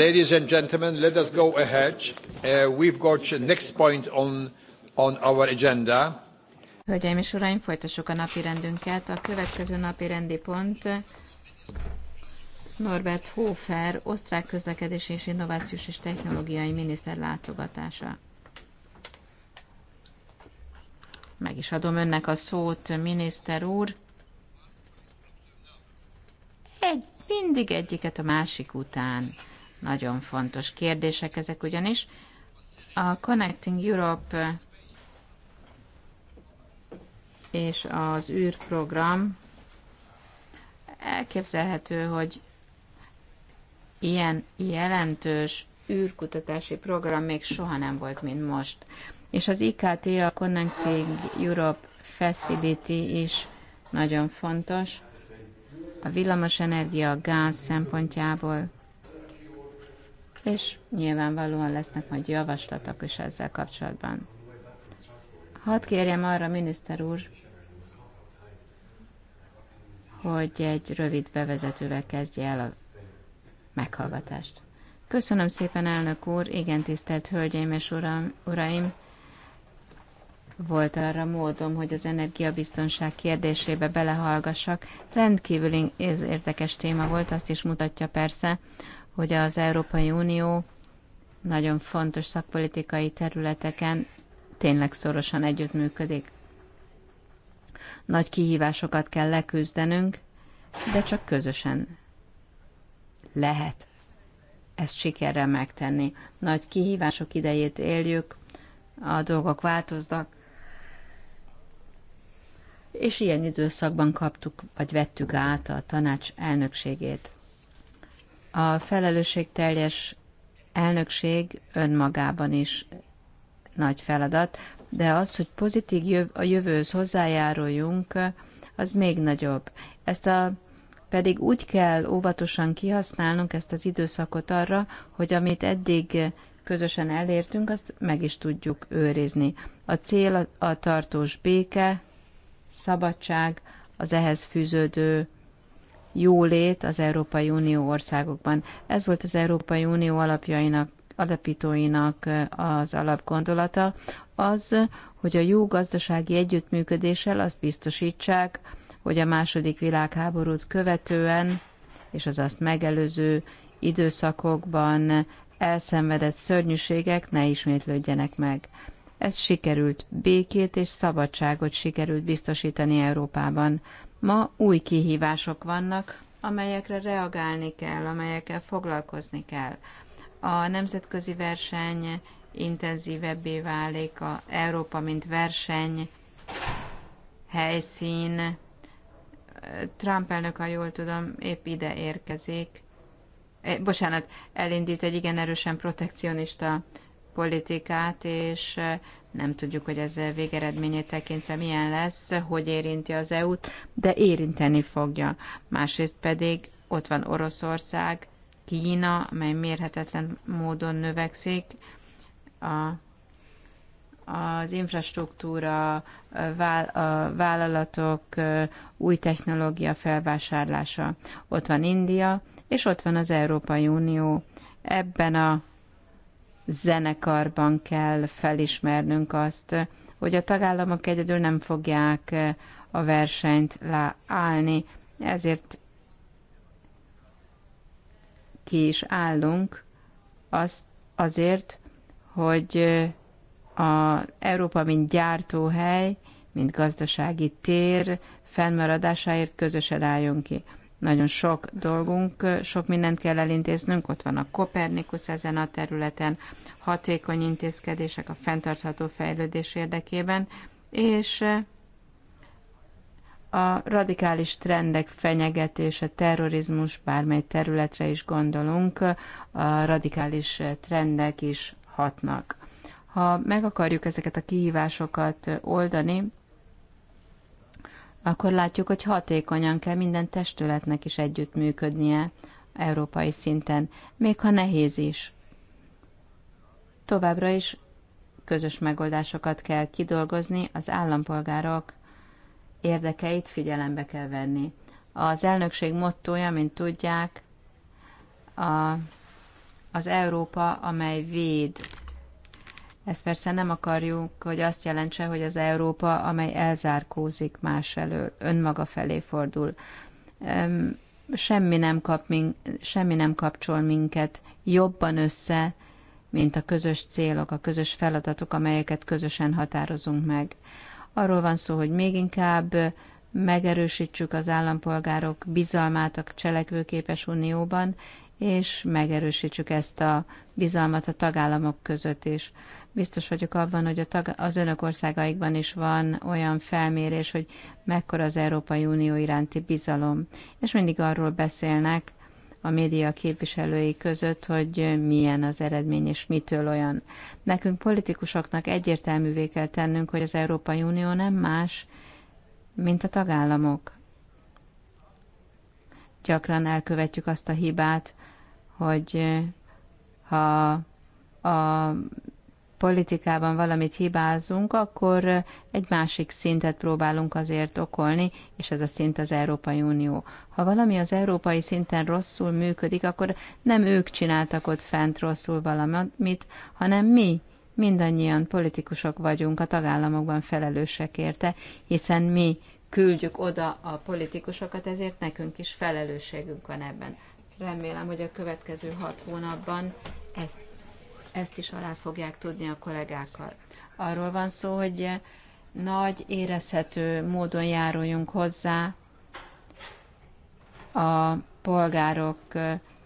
Ladies and gentlemen, let us go ahead. Uh, we've got next point on, on our agenda. Hölgyeim és uraim, folytassuk a napi rendünket. A következő napi rendi pont Norbert Hofer, osztrák közlekedés és innovációs és technológiai miniszter látogatása. Meg is adom önnek a szót, miniszter úr. Egy, mindig egyiket a másik után. Nagyon fontos kérdések ezek ugyanis. A Connecting Europe és az űrprogram elképzelhető, hogy ilyen jelentős űrkutatási program még soha nem volt, mint most. És az IKT, a Connecting Europe Facility is nagyon fontos. A villamosenergia, a gáz szempontjából és nyilvánvalóan lesznek majd javaslatok is ezzel kapcsolatban. Hadd kérjem arra, miniszter úr, hogy egy rövid bevezetővel kezdje el a meghallgatást. Köszönöm szépen, elnök úr, igen tisztelt hölgyeim és uram, uraim! Volt arra módom, hogy az energiabiztonság kérdésébe belehallgassak. Rendkívül érdekes téma volt, azt is mutatja persze, hogy az Európai Unió nagyon fontos szakpolitikai területeken tényleg szorosan együttműködik. Nagy kihívásokat kell leküzdenünk, de csak közösen lehet ezt sikerrel megtenni. Nagy kihívások idejét éljük, a dolgok változnak, és ilyen időszakban kaptuk, vagy vettük át a tanács elnökségét a felelősségteljes elnökség önmagában is nagy feladat, de az, hogy pozitív jöv- a jövőhöz hozzájáruljunk, az még nagyobb. Ezt a pedig úgy kell óvatosan kihasználnunk ezt az időszakot arra, hogy amit eddig közösen elértünk, azt meg is tudjuk őrizni. A cél a tartós béke, szabadság, az ehhez fűződő jólét az Európai Unió országokban. Ez volt az Európai Unió alapjainak, alapítóinak az alapgondolata, az, hogy a jó gazdasági együttműködéssel azt biztosítsák, hogy a második világháborút követően és az azt megelőző időszakokban elszenvedett szörnyűségek ne ismétlődjenek meg. Ez sikerült, békét és szabadságot sikerült biztosítani Európában. Ma új kihívások vannak, amelyekre reagálni kell, amelyekkel foglalkozni kell. A nemzetközi verseny intenzívebbé válik, a Európa, mint verseny, helyszín. Trump elnök, ha jól tudom, épp ide érkezik. Eh, bocsánat, elindít egy igen erősen protekcionista politikát, és nem tudjuk, hogy ez végeredményét tekintve milyen lesz, hogy érinti az EU-t, de érinteni fogja. Másrészt pedig ott van Oroszország, Kína, mely mérhetetlen módon növekszik, a, az infrastruktúra, a vállalatok új technológia felvásárlása. Ott van India, és ott van az Európai Unió. Ebben a zenekarban kell felismernünk azt, hogy a tagállamok egyedül nem fogják eh, a versenyt állni, ezért ki is állunk az azért, hogy eh, a Európa, mint gyártóhely, mint gazdasági tér fennmaradásáért közösen álljon ki. Nagyon sok dolgunk, sok mindent kell elintéznünk, ott van a Kopernikus ezen a területen, hatékony intézkedések a fenntartható fejlődés érdekében, és eh, a radikális trendek fenyegetése, terrorizmus, bármely területre is gondolunk, a radikális trendek is hatnak. Ha meg akarjuk ezeket a kihívásokat oldani, akkor látjuk, hogy hatékonyan kell minden testületnek is együttműködnie európai szinten, még ha nehéz is. Továbbra is közös megoldásokat kell kidolgozni, az állampolgárok érdekeit figyelembe kell venni. Az elnökség mottója, mint tudják, a, az Európa, amely véd ez persze nem akarjuk, hogy azt jelentse, hogy az Európa, amely elzárkózik más elől, önmaga felé fordul. Semmi nem, kap mink, semmi nem kapcsol minket jobban össze, mint a közös célok, a közös feladatok, amelyeket közösen határozunk meg. Arról van szó, hogy még inkább megerősítsük az állampolgárok bizalmát a cselekvőképes unióban, és megerősítsük ezt a bizalmat a tagállamok között is. Biztos vagyok abban, hogy a tag, az önök országaikban is van olyan felmérés, hogy mekkora az Európai Unió iránti bizalom. És mindig arról beszélnek a média képviselői között, hogy milyen az eredmény és mitől olyan. Nekünk politikusoknak egyértelművé kell tennünk, hogy az Európai Unió nem más, mint a tagállamok. Gyakran elkövetjük azt a hibát, hogy ha a politikában valamit hibázunk, akkor egy másik szintet próbálunk azért okolni, és ez a szint az Európai Unió. Ha valami az európai szinten rosszul működik, akkor nem ők csináltak ott fent rosszul valamit, hanem mi, mindannyian politikusok vagyunk a tagállamokban felelősek érte, hiszen mi küldjük oda a politikusokat, ezért nekünk is felelősségünk van ebben. Remélem, hogy a következő hat hónapban ezt ezt is alá fogják tudni a kollégákkal. Arról van szó, hogy nagy, érezhető módon járuljunk hozzá a polgárok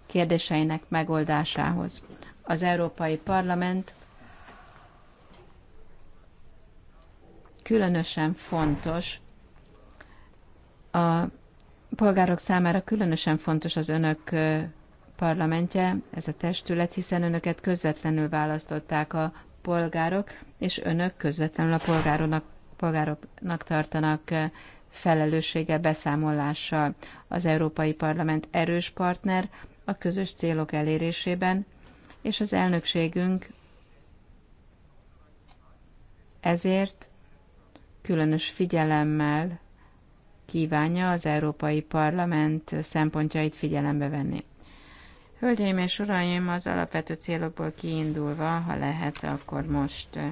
kérdéseinek megoldásához. Az Európai Parlament különösen fontos, a polgárok számára különösen fontos az önök parlamentje, ez a testület, hiszen önöket közvetlenül választották a polgárok, és önök közvetlenül a polgároknak, polgároknak tartanak eh, felelőssége beszámolással. Az Európai Parlament erős partner a közös célok elérésében, és az elnökségünk ezért különös figyelemmel kívánja az Európai Parlament szempontjait figyelembe venni. Hölgyeim és uraim, az alapvető célokból kiindulva, ha lehet, akkor most eh,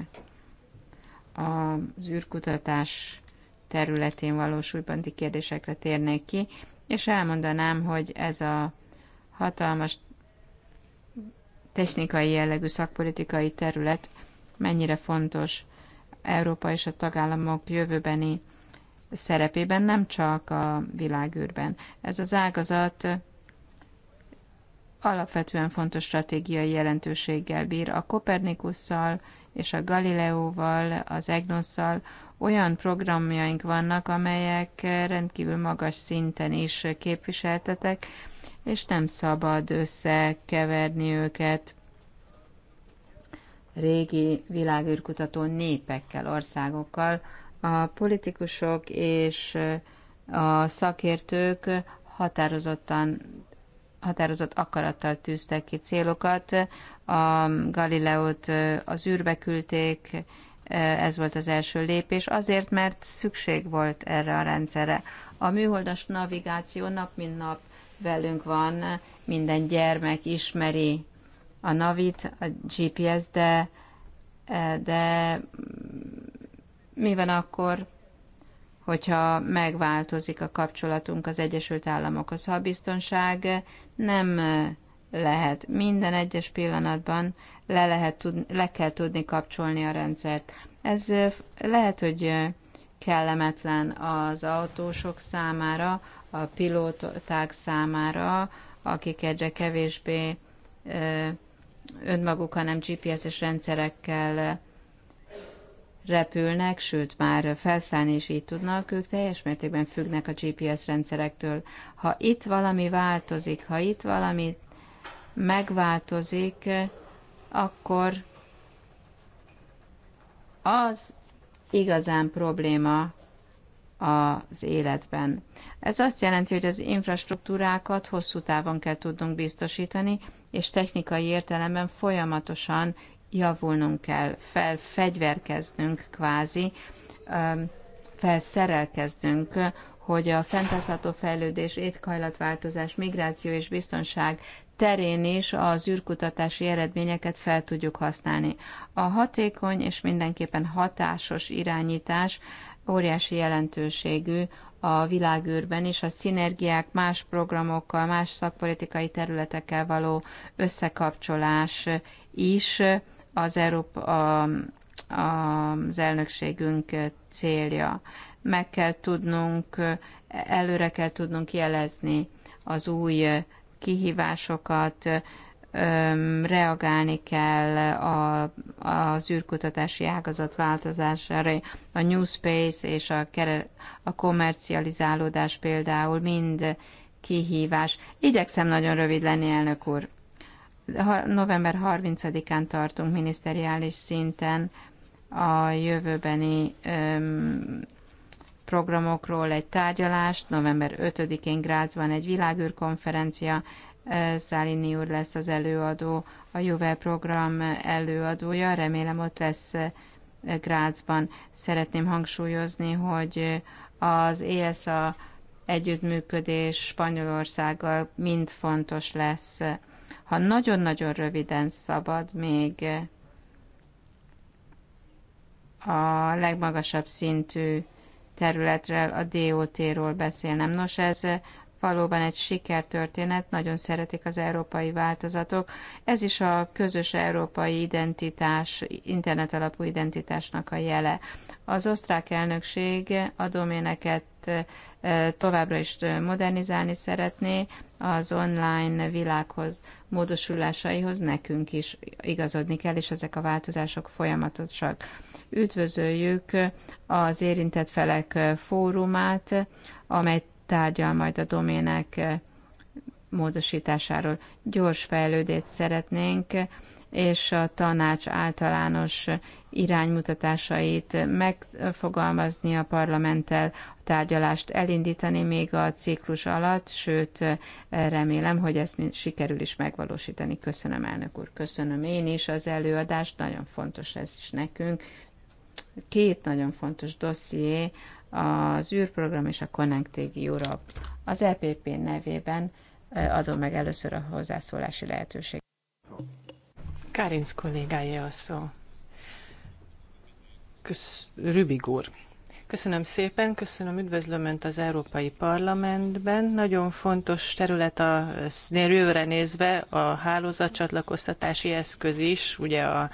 az űrkutatás területén valósulbanti kérdésekre térnék ki, és elmondanám, hogy ez a hatalmas technikai jellegű szakpolitikai terület mennyire fontos Európa és a tagállamok jövőbeni szerepében, nem csak a világűrben. Ez az ágazat alapvetően fontos stratégiai jelentőséggel bír a Kopernikusszal és a Galileóval, az Egnosszal. Olyan programjaink vannak, amelyek rendkívül magas szinten is képviseltetek, és nem szabad összekeverni őket régi világűrkutató népekkel, országokkal. A politikusok és a szakértők határozottan határozott akarattal tűztek ki célokat. A Galileót az űrbe küldték, ez volt az első lépés, azért, mert szükség volt erre a rendszerre. A műholdas navigáció nap mint nap velünk van, minden gyermek ismeri a navit, a GPS, de, de mm, mi van akkor, hogyha megváltozik a kapcsolatunk az Egyesült Államokhoz. Ha a biztonság nem lehet minden egyes pillanatban le, lehet tudni, le kell tudni kapcsolni a rendszert. Ez lehet, hogy kellemetlen az autósok számára, a pilóták számára, akik egyre kevésbé önmaguk, hanem GPS-es rendszerekkel repülnek, sőt már felszállni is így tudnak, ők teljes mértékben függnek a GPS rendszerektől. Ha itt valami változik, ha itt valami megváltozik, akkor az igazán probléma az életben. Ez azt jelenti, hogy az infrastruktúrákat hosszú távon kell tudnunk biztosítani, és technikai értelemben folyamatosan javulnunk kell, felfegyverkeznünk kvázi, felszerelkeznünk, hogy a fenntartható fejlődés, étkajlatváltozás, migráció és biztonság terén is az űrkutatási eredményeket fel tudjuk használni. A hatékony és mindenképpen hatásos irányítás óriási jelentőségű a világűrben és a szinergiák más programokkal, más szakpolitikai területekkel való összekapcsolás is az, Európa, a, az elnökségünk célja. Meg kell tudnunk, előre kell tudnunk jelezni az új kihívásokat, reagálni kell a, az űrkutatási ágazat változására. A New Space és a, a komercializálódás például mind kihívás. Igyekszem nagyon rövid lenni, elnök úr november 30-án tartunk miniszteriális szinten a jövőbeni öm, programokról egy tárgyalást, november 5-én Grázban egy világűrkonferencia, Szálini úr lesz az előadó, a Juve program előadója, remélem ott lesz Grázban. Szeretném hangsúlyozni, hogy az ESA együttműködés Spanyolországgal mind fontos lesz ha nagyon-nagyon röviden szabad még a legmagasabb szintű területről, a DOT-ról beszélnem. Nos, ez valóban egy sikertörténet, nagyon szeretik az európai változatok. Ez is a közös európai identitás, internet alapú identitásnak a jele. Az osztrák elnökség a doméneket továbbra is modernizálni szeretné, az online világhoz, módosulásaihoz nekünk is igazodni kell, és ezek a változások folyamatosak. Üdvözöljük az érintett felek fórumát, amely tárgyal majd a domének eh, módosításáról. Gyors fejlődést szeretnénk, és a tanács általános iránymutatásait megfogalmazni a parlamenttel, a tárgyalást elindítani még a ciklus alatt, sőt, eh, remélem, hogy ezt sikerül is megvalósítani. Köszönöm, elnök úr, köszönöm én is az előadást, nagyon fontos ez is nekünk. Két nagyon fontos dosszié, az űrprogram és a Connecting Europe. Az EPP nevében adom meg először a hozzászólási lehetőséget. Kárinc kollégája a szó. Kösz, Rübig úr. Köszönöm szépen, köszönöm, üdvözlöm Önt az Európai Parlamentben. Nagyon fontos terület a jövőre nézve a hálózatcsatlakoztatási eszköz is, ugye a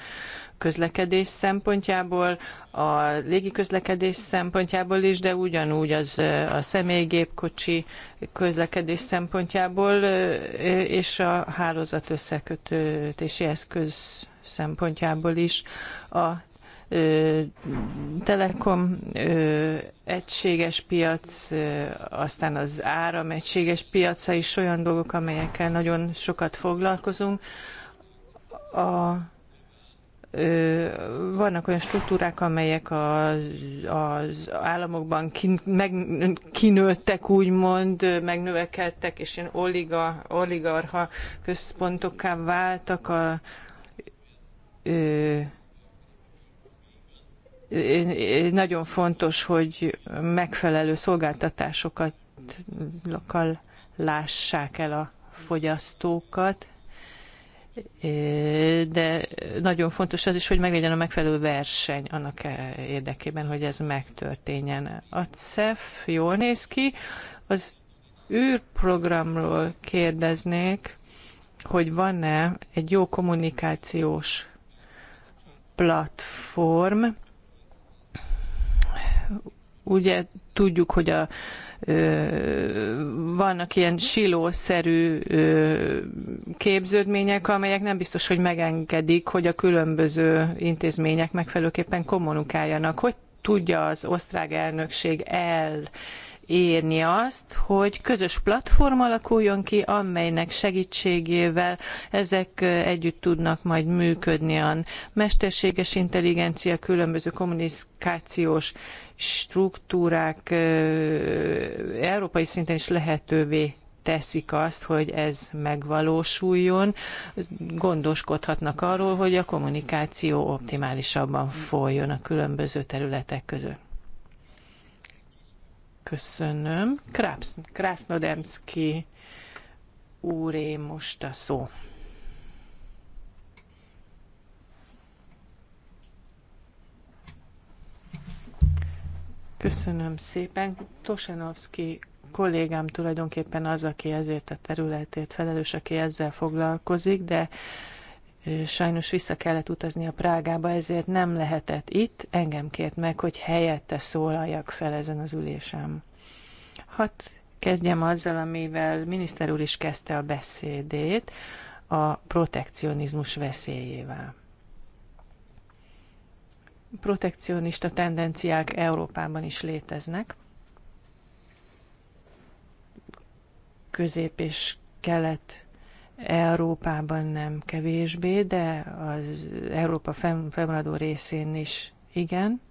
közlekedés szempontjából, a légiközlekedés szempontjából is, de ugyanúgy az a személygépkocsi közlekedés szempontjából és a hálózat összekötési eszköz szempontjából is a telekom egységes piac, aztán az áram egységes piaca is olyan dolgok, amelyekkel nagyon sokat foglalkozunk. A vannak olyan struktúrák, amelyek az, az államokban kin, meg, kinőttek, úgymond, megnövekedtek, és ilyen oliga, oligarha központokká váltak a ö, nagyon fontos, hogy megfelelő szolgáltatásokat lássák el a fogyasztókat, de nagyon fontos az is, hogy meglegyen a megfelelő verseny annak e- érdekében, hogy ez megtörténjen. A CEF jól néz ki, az űrprogramról kérdeznék, hogy van-e egy jó kommunikációs platform, Ugye tudjuk, hogy a, vannak ilyen silószerű képződmények, amelyek nem biztos, hogy megengedik, hogy a különböző intézmények megfelelőképpen kommunikáljanak. Hogy tudja az osztrák elnökség el érni azt, hogy közös platform alakuljon ki, amelynek segítségével ezek együtt tudnak majd működni a mesterséges intelligencia különböző kommunikációs struktúrák európai szinten is lehetővé teszik azt, hogy ez megvalósuljon, gondoskodhatnak arról, hogy a kommunikáció optimálisabban folyjon a különböző területek között. Köszönöm. Krasznodemszki úré most a szó. Köszönöm szépen. Tosanovszki kollégám tulajdonképpen az, aki ezért a területért felelős, aki ezzel foglalkozik, de sajnos vissza kellett utazni a Prágába, ezért nem lehetett itt. Engem kért meg, hogy helyette szólaljak fel ezen az ülésem. Hadd kezdjem azzal, amivel miniszter úr is kezdte a beszédét, a protekcionizmus veszélyével protekcionista tendenciák Európában is léteznek. Közép és kelet Európában nem kevésbé, de az Európa fennmaradó részén is igen,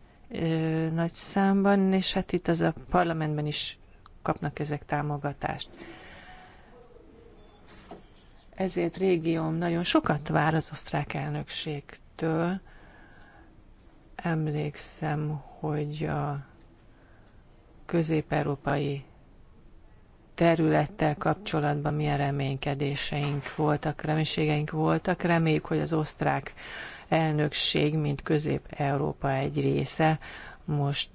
nagy számban, és hát itt az a parlamentben is kapnak ezek támogatást. Ezért régióm nagyon sokat vár az osztrák elnökségtől, Emlékszem, hogy a közép-európai területtel kapcsolatban milyen reménykedéseink voltak, reménységeink voltak. Reméljük, hogy az osztrák elnökség, mint Közép-Európa egy része, most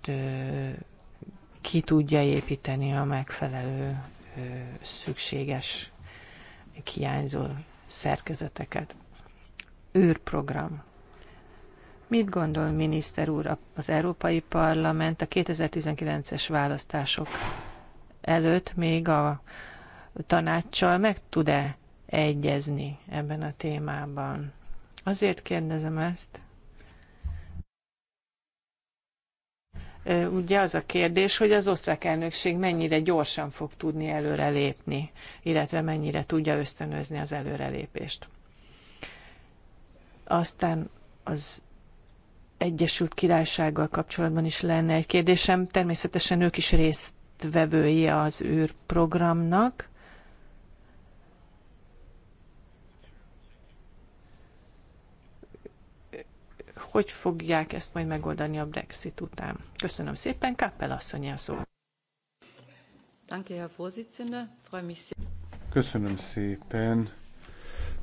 ki tudja építeni a megfelelő szükséges hiányzó szerkezeteket. Őrprogram. Mit gondol miniszter úr az Európai Parlament a 2019-es választások előtt még a tanácssal meg tud-e egyezni ebben a témában? Azért kérdezem ezt, ugye az a kérdés, hogy az osztrák elnökség mennyire gyorsan fog tudni előrelépni, illetve mennyire tudja ösztönözni az előrelépést. Aztán az Egyesült Királysággal kapcsolatban is lenne egy kérdésem. Természetesen ők is résztvevői az űrprogramnak. Hogy fogják ezt majd megoldani a Brexit után? Köszönöm szépen, Kappel asszony a szó. Köszönöm szépen.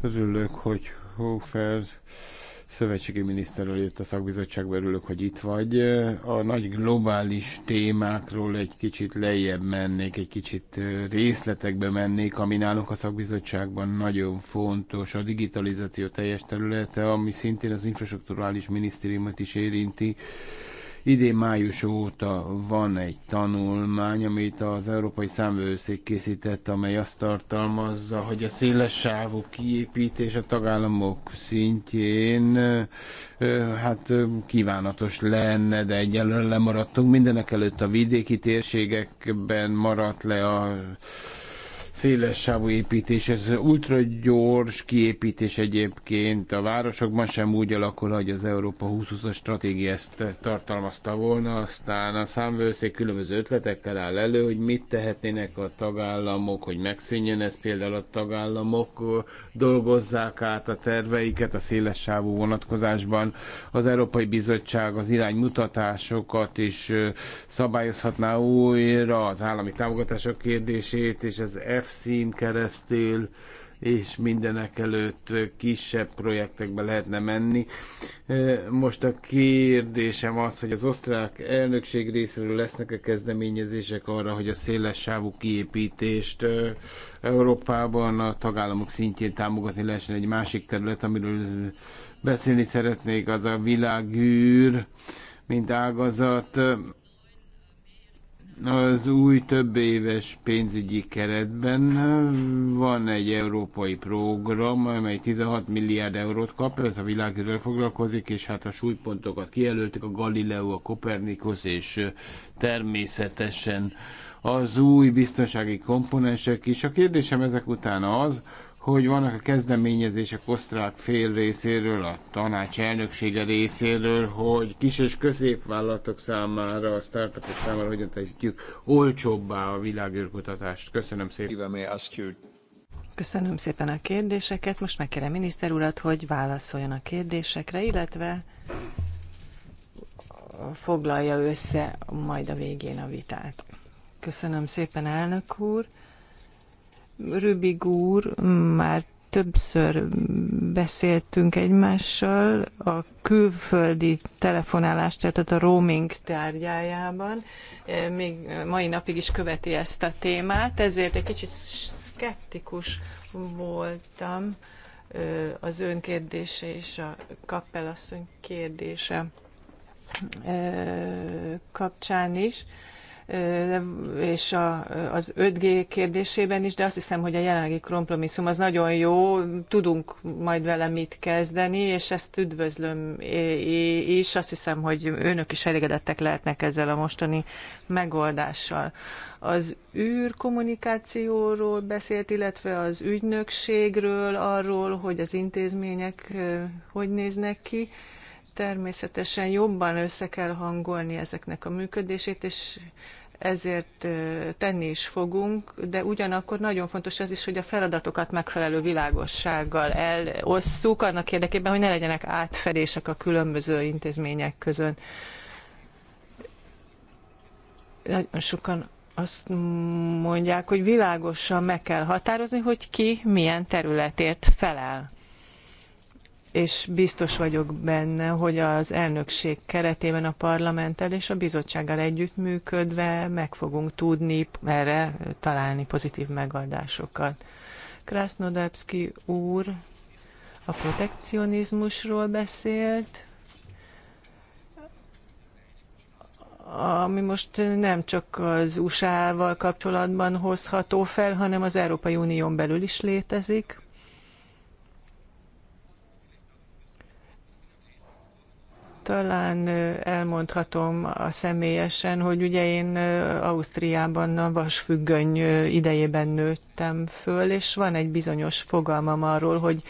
Örülök, hogy Hofer szövetségi miniszterről jött a szakbizottság, örülök, hogy itt vagy. A nagy globális témákról egy kicsit lejjebb mennék, egy kicsit részletekbe mennék, ami nálunk a szakbizottságban nagyon fontos, a digitalizáció teljes területe, ami szintén az infrastruktúrális minisztériumot is érinti Idén május óta van egy tanulmány, amit az Európai Számvőszék készített, amely azt tartalmazza, hogy a széles sávú kiépítés a tagállamok szintjén hát kívánatos lenne, de egyelőre lemaradtunk. Mindenek előtt a vidéki térségekben maradt le a széles sávú építés, ez ultra gyors kiépítés egyébként. A városokban sem úgy alakul, hogy az Európa 2020-as stratégia ezt tartalmazta volna, aztán a számvőszék különböző ötletekkel áll elő, hogy mit tehetnének a tagállamok, hogy megszűnjön ez például a tagállamok dolgozzák át a terveiket a széles sávú vonatkozásban. Az Európai Bizottság az iránymutatásokat is szabályozhatná újra, az állami támogatások kérdését és az F-szín keresztül és mindenek előtt kisebb projektekbe lehetne menni. E, most a kérdésem az, hogy az osztrák elnökség részéről lesznek-e kezdeményezések arra, hogy a széles sávú kiépítést e, Európában a tagállamok szintjén támogatni lehessen egy másik terület, amiről beszélni szeretnék, az a világűr, mint ágazat. Az új több éves pénzügyi keretben van egy európai program, amely 16 milliárd eurót kap, ez a világűrrel foglalkozik, és hát a súlypontokat kijelöltek, a Galileo, a Kopernikus, és természetesen az új biztonsági komponensek is. A kérdésem ezek után az, hogy vannak a kezdeményezések osztrák fél részéről, a tanács elnöksége részéről, hogy kis és középvállalatok számára, a startupok számára hogyan tehetjük olcsóbbá a világűrkutatást. Köszönöm szépen. Köszönöm szépen a kérdéseket. Most megkérem miniszter urat, hogy válaszoljon a kérdésekre, illetve foglalja össze majd a végén a vitát. Köszönöm szépen, elnök úr. Rübig úr, már többször beszéltünk egymással a külföldi telefonálás, tehát a roaming tárgyájában. E, még mai napig is követi ezt a témát, ezért egy kicsit szkeptikus voltam e, az ön kérdése és a kappelasszony kérdése e, kapcsán is és a, az 5G kérdésében is, de azt hiszem, hogy a jelenlegi kompromisszum az nagyon jó, tudunk majd vele mit kezdeni, és ezt üdvözlöm is, azt hiszem, hogy önök is elégedettek lehetnek ezzel a mostani megoldással. Az űrkommunikációról beszélt, illetve az ügynökségről, arról, hogy az intézmények hogy néznek ki természetesen jobban össze kell hangolni ezeknek a működését, és ezért tenni is fogunk, de ugyanakkor nagyon fontos az is, hogy a feladatokat megfelelő világossággal elosszuk, annak érdekében, hogy ne legyenek átfedések a különböző intézmények között. Nagyon sokan azt mondják, hogy világosan meg kell határozni, hogy ki milyen területért felel és biztos vagyok benne, hogy az elnökség keretében a parlamenttel és a bizottsággal együttműködve meg fogunk tudni erre találni pozitív megoldásokat. Krasnodebski úr a protekcionizmusról beszélt, ami most nem csak az USA-val kapcsolatban hozható fel, hanem az Európai Unión belül is létezik talán elmondhatom a személyesen, hogy ugye én Ausztriában a vasfüggöny idejében nőttem föl, és van egy bizonyos fogalmam arról, hogy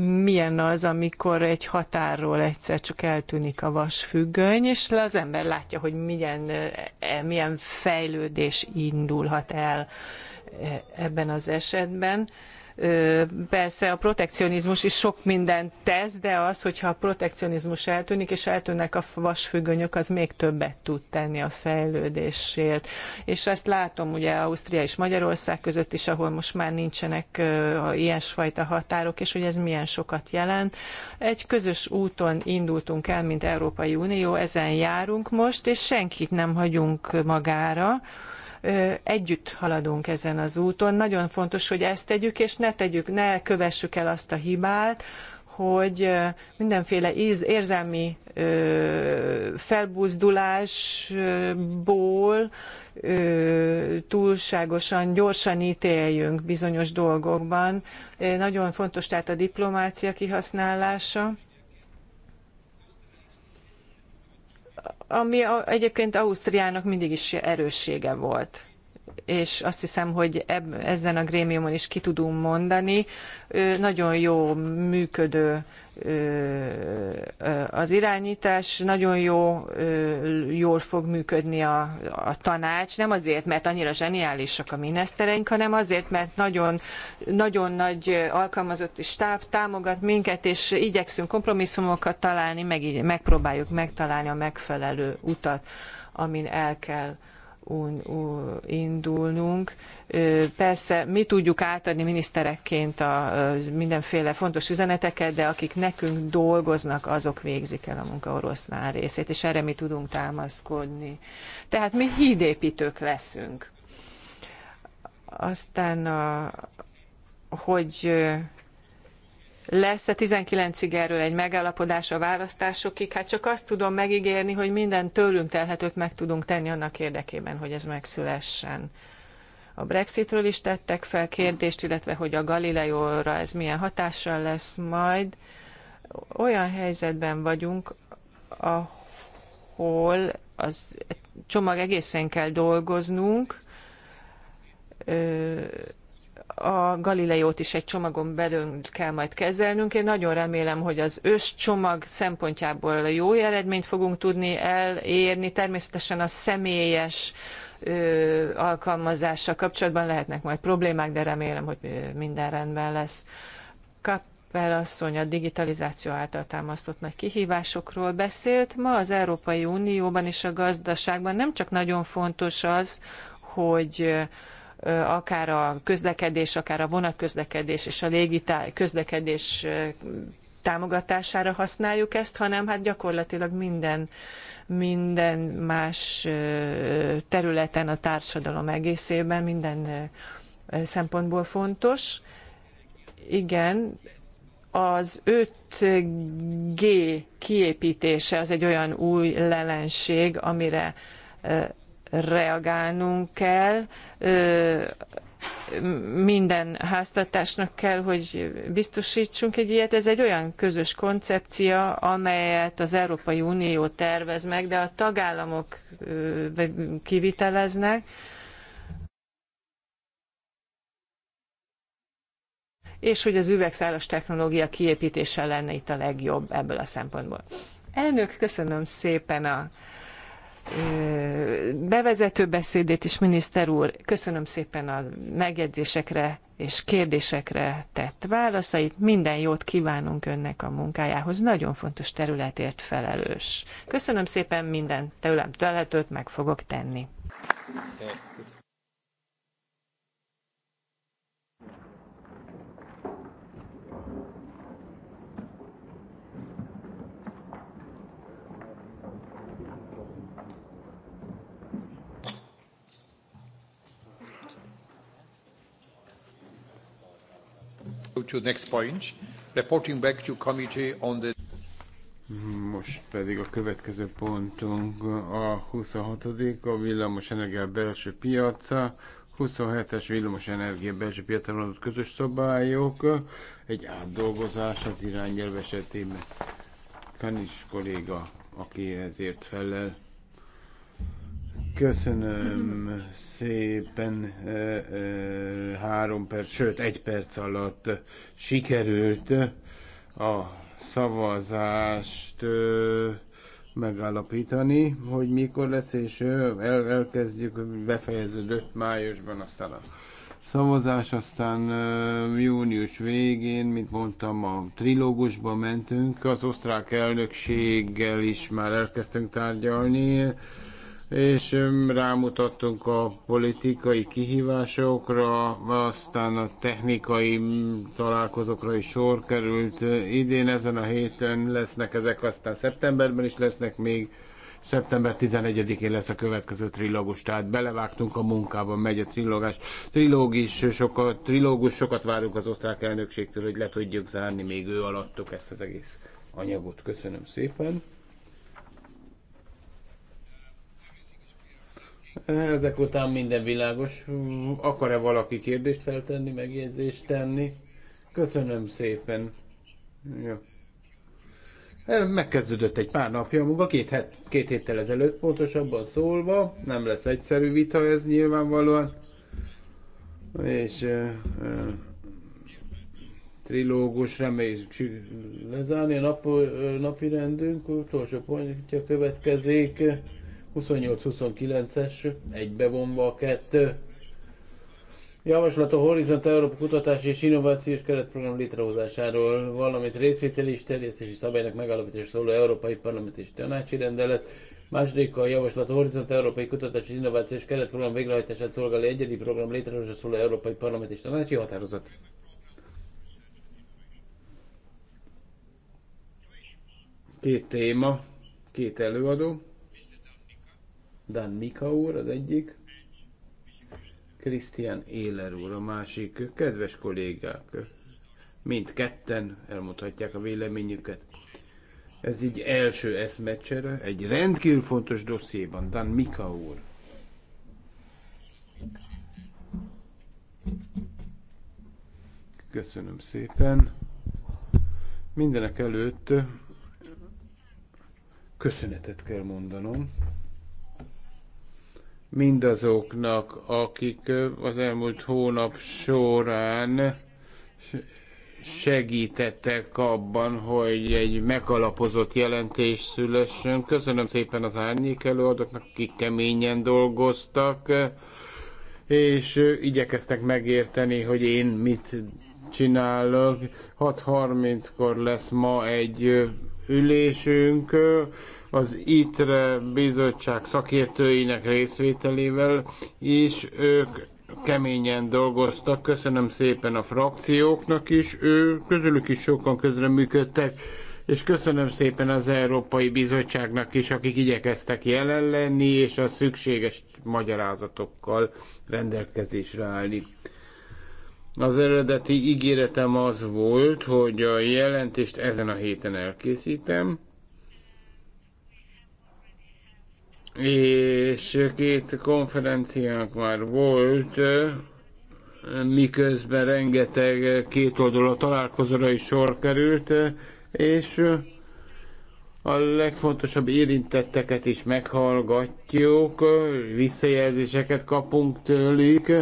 milyen az, amikor egy határról egyszer csak eltűnik a vasfüggöny, és az ember látja, hogy milyen, e, milyen fejlődés indulhat el e, ebben az esetben Persze a protekcionizmus is sok mindent tesz, de az, hogyha a protekcionizmus eltűnik, és eltűnnek a vasfüggönyök, az még többet tud tenni a fejlődésért. És ezt látom ugye Ausztria és Magyarország között is, ahol most már nincsenek ilyesfajta határok, és hogy ez milyen sokat jelent. Egy közös úton indultunk el, mint Európai Unió, ezen járunk most, és senkit nem hagyunk magára együtt haladunk ezen az úton. Nagyon fontos, hogy ezt tegyük, és ne tegyük, ne kövessük el azt a hibát, hogy mindenféle íz, érzelmi ö, felbuzdulásból ö, túlságosan gyorsan ítéljünk bizonyos dolgokban. Nagyon fontos tehát a diplomácia kihasználása ami egyébként Ausztriának mindig is erőssége volt és azt hiszem, hogy eb, ezen a grémiumon is ki tudunk mondani. Nagyon jó működő az irányítás, nagyon jó, jól fog működni a, a tanács, nem azért, mert annyira zseniálisak a minisztereink, hanem azért, mert nagyon, nagyon nagy alkalmazotti stáb támogat minket, és igyekszünk kompromisszumokat találni, meg, megpróbáljuk megtalálni a megfelelő utat, amin el kell indulnunk. Persze mi tudjuk átadni miniszterekként a mindenféle fontos üzeneteket, de akik nekünk dolgoznak, azok végzik el a munka oroszlán részét, és erre mi tudunk támaszkodni. Tehát mi hídépítők leszünk. Aztán, a, hogy lesz-e 19-ig erről egy megállapodás a választásokig? Hát csak azt tudom megígérni, hogy minden tőlünk telhetőt meg tudunk tenni annak érdekében, hogy ez megszülessen. A Brexitről is tettek fel kérdést, illetve hogy a Galileóra ez milyen hatással lesz majd. Olyan helyzetben vagyunk, ahol az csomag egészen kell dolgoznunk, a Galileót is egy csomagon belül kell majd kezelnünk. Én nagyon remélem, hogy az ős csomag szempontjából jó eredményt fogunk tudni elérni. Természetesen a személyes ö, alkalmazással kapcsolatban lehetnek majd problémák, de remélem, hogy minden rendben lesz. Kappel asszony a digitalizáció által támasztott nagy kihívásokról beszélt. Ma az Európai Unióban és a gazdaságban nem csak nagyon fontos az, hogy akár a közlekedés, akár a vonatközlekedés és a légi közlekedés támogatására használjuk ezt, hanem hát gyakorlatilag minden, minden más területen a társadalom egészében, minden szempontból fontos. Igen, az 5G kiépítése az egy olyan új lelenség, amire reagálnunk kell. Minden háztartásnak kell, hogy biztosítsunk egy ilyet. Ez egy olyan közös koncepcia, amelyet az Európai Unió tervez meg, de a tagállamok kiviteleznek. és hogy az üvegszálas technológia kiépítése lenne itt a legjobb ebből a szempontból. Elnök, köszönöm szépen a bevezető beszédét is, miniszter úr. Köszönöm szépen a megjegyzésekre és kérdésekre tett válaszait. Minden jót kívánunk önnek a munkájához. Nagyon fontos területért felelős. Köszönöm szépen minden tőlem telhetőt meg fogok tenni. Most pedig a következő pontunk a 26. a energia belső piaca, 27-es energia belső piacra vonatkozó közös szabályok, egy átdolgozás az irányelv esetében. Kanis kolléga, aki ezért felel. Köszönöm szépen három perc, sőt egy perc alatt sikerült a szavazást megállapítani, hogy mikor lesz, és el, elkezdjük, befejeződött májusban aztán a szavazás, aztán június végén, mint mondtam, a trilógusba mentünk, az osztrák elnökséggel is már elkezdtünk tárgyalni, és rámutattunk a politikai kihívásokra, aztán a technikai találkozókra is sor került. Idén ezen a héten lesznek ezek, aztán szeptemberben is lesznek még. Szeptember 11-én lesz a következő trilógus, tehát belevágtunk a munkába, megy a trilógás. Trilógis, sokat, trilógus, sokat várunk az osztrák elnökségtől, hogy le tudjuk zárni még ő alattuk ezt az egész anyagot. Köszönöm szépen! Ezek után minden világos. Akar-e valaki kérdést feltenni, megjegyzést tenni? Köszönöm szépen. Ja. Megkezdődött egy pár napja a munka, két, het, két héttel ezelőtt pontosabban szólva, nem lesz egyszerű vita ez nyilvánvalóan, és uh, uh, trilógus reméljük lezárni a nap, uh, napi rendünk, utolsó pontja következik. 28-29-es, egybevonva a kettő. Javaslat a Horizont Európa Kutatási és Innovációs Keretprogram létrehozásáról, valamint részvételi és terjesztési szabálynak megállapítása szóló Európai Parlament és Tanácsi Rendelet, Második a javaslat a Horizont Európai Kutatási Innovációs Keretprogram végrehajtását szolgáló egyedi program létrehozása szóló Európai Parlament és Tanácsi Határozat. Két téma, két előadó. Dan Mika úr az egyik, Krisztián Éler úr a másik. Kedves kollégák, mind ketten elmondhatják a véleményüket. Ez így első eszmecsere, egy rendkívül fontos dossziéban. Dan Mika úr. Köszönöm szépen. Mindenek előtt köszönetet kell mondanom mindazoknak, akik az elmúlt hónap során segítettek abban, hogy egy megalapozott jelentés szülessen. Köszönöm szépen az árnyék előadóknak, akik keményen dolgoztak, és igyekeztek megérteni, hogy én mit csinálok. 6.30-kor lesz ma egy ülésünk, az ITRE bizottság szakértőinek részvételével, és ők keményen dolgoztak. Köszönöm szépen a frakcióknak is, ő, közülük is sokan közreműködtek, és köszönöm szépen az Európai Bizottságnak is, akik igyekeztek jelen lenni, és a szükséges magyarázatokkal rendelkezésre állni. Az eredeti ígéretem az volt, hogy a jelentést ezen a héten elkészítem, és két konferenciánk már volt, miközben rengeteg kétoldalú találkozóra is sor került, és a legfontosabb érintetteket is meghallgatjuk, visszajelzéseket kapunk tőlük,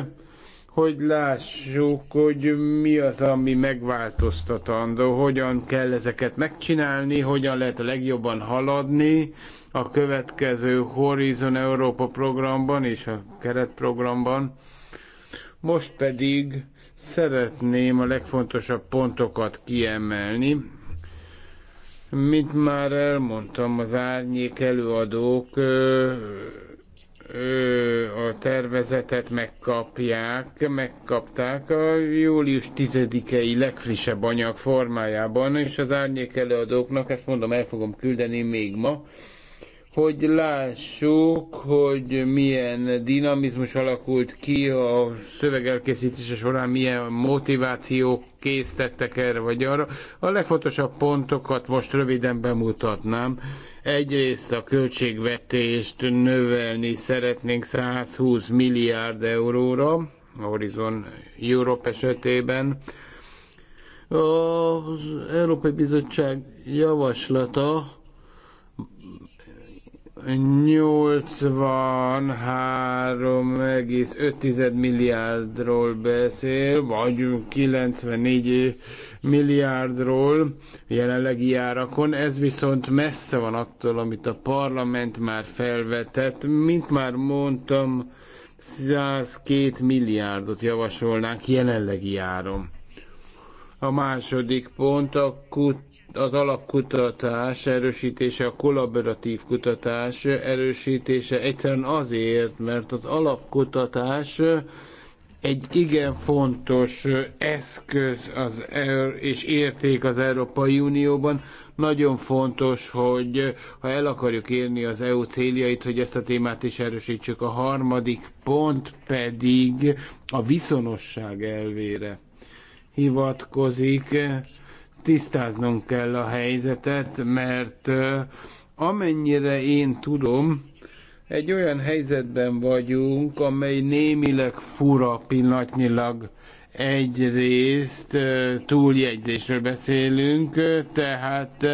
hogy lássuk, hogy mi az, ami megváltoztatandó, hogyan kell ezeket megcsinálni, hogyan lehet a legjobban haladni a következő Horizon Európa programban és a keretprogramban. Most pedig szeretném a legfontosabb pontokat kiemelni. Mint már elmondtam, az árnyék előadók a tervezetet megkapják, megkapták a július 10-i legfrissebb anyag formájában, és az árnyék előadóknak, ezt mondom, el fogom küldeni még ma, hogy lássuk, hogy milyen dinamizmus alakult ki a szöveg elkészítése során, milyen motivációk késztettek erre vagy arra. A legfontosabb pontokat most röviden bemutatnám, Egyrészt a költségvetést növelni szeretnénk 120 milliárd euróra, a Horizon Europe esetében. Az Európai Bizottság javaslata 83,5 milliárdról beszél, vagy 94 milliárdról jelenlegi árakon, ez viszont messze van attól, amit a parlament már felvetett. Mint már mondtam, 102 milliárdot javasolnánk jelenlegi áron. A második pont a kut, az alapkutatás erősítése, a kollaboratív kutatás erősítése egyszerűen azért, mert az alapkutatás egy igen fontos eszköz az, er- és érték az Európai Unióban. Nagyon fontos, hogy ha el akarjuk érni az EU céljait, hogy ezt a témát is erősítsük. A harmadik pont pedig a viszonosság elvére hivatkozik. Tisztáznunk kell a helyzetet, mert amennyire én tudom, egy olyan helyzetben vagyunk, amely némileg fura pillanatnyilag. Egyrészt túljegyzésről beszélünk, tehát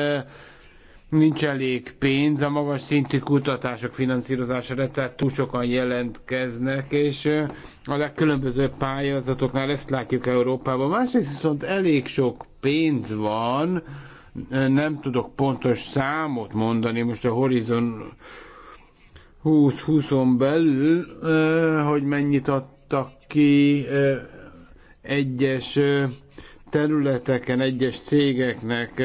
nincs elég pénz a magas szintű kutatások finanszírozására, tehát túl sokan jelentkeznek, és a legkülönbözőbb pályázatoknál ezt látjuk Európában. Másrészt viszont elég sok pénz van, nem tudok pontos számot mondani most a Horizon 20-20-on belül, hogy mennyit adtak ki egyes területeken, egyes cégeknek,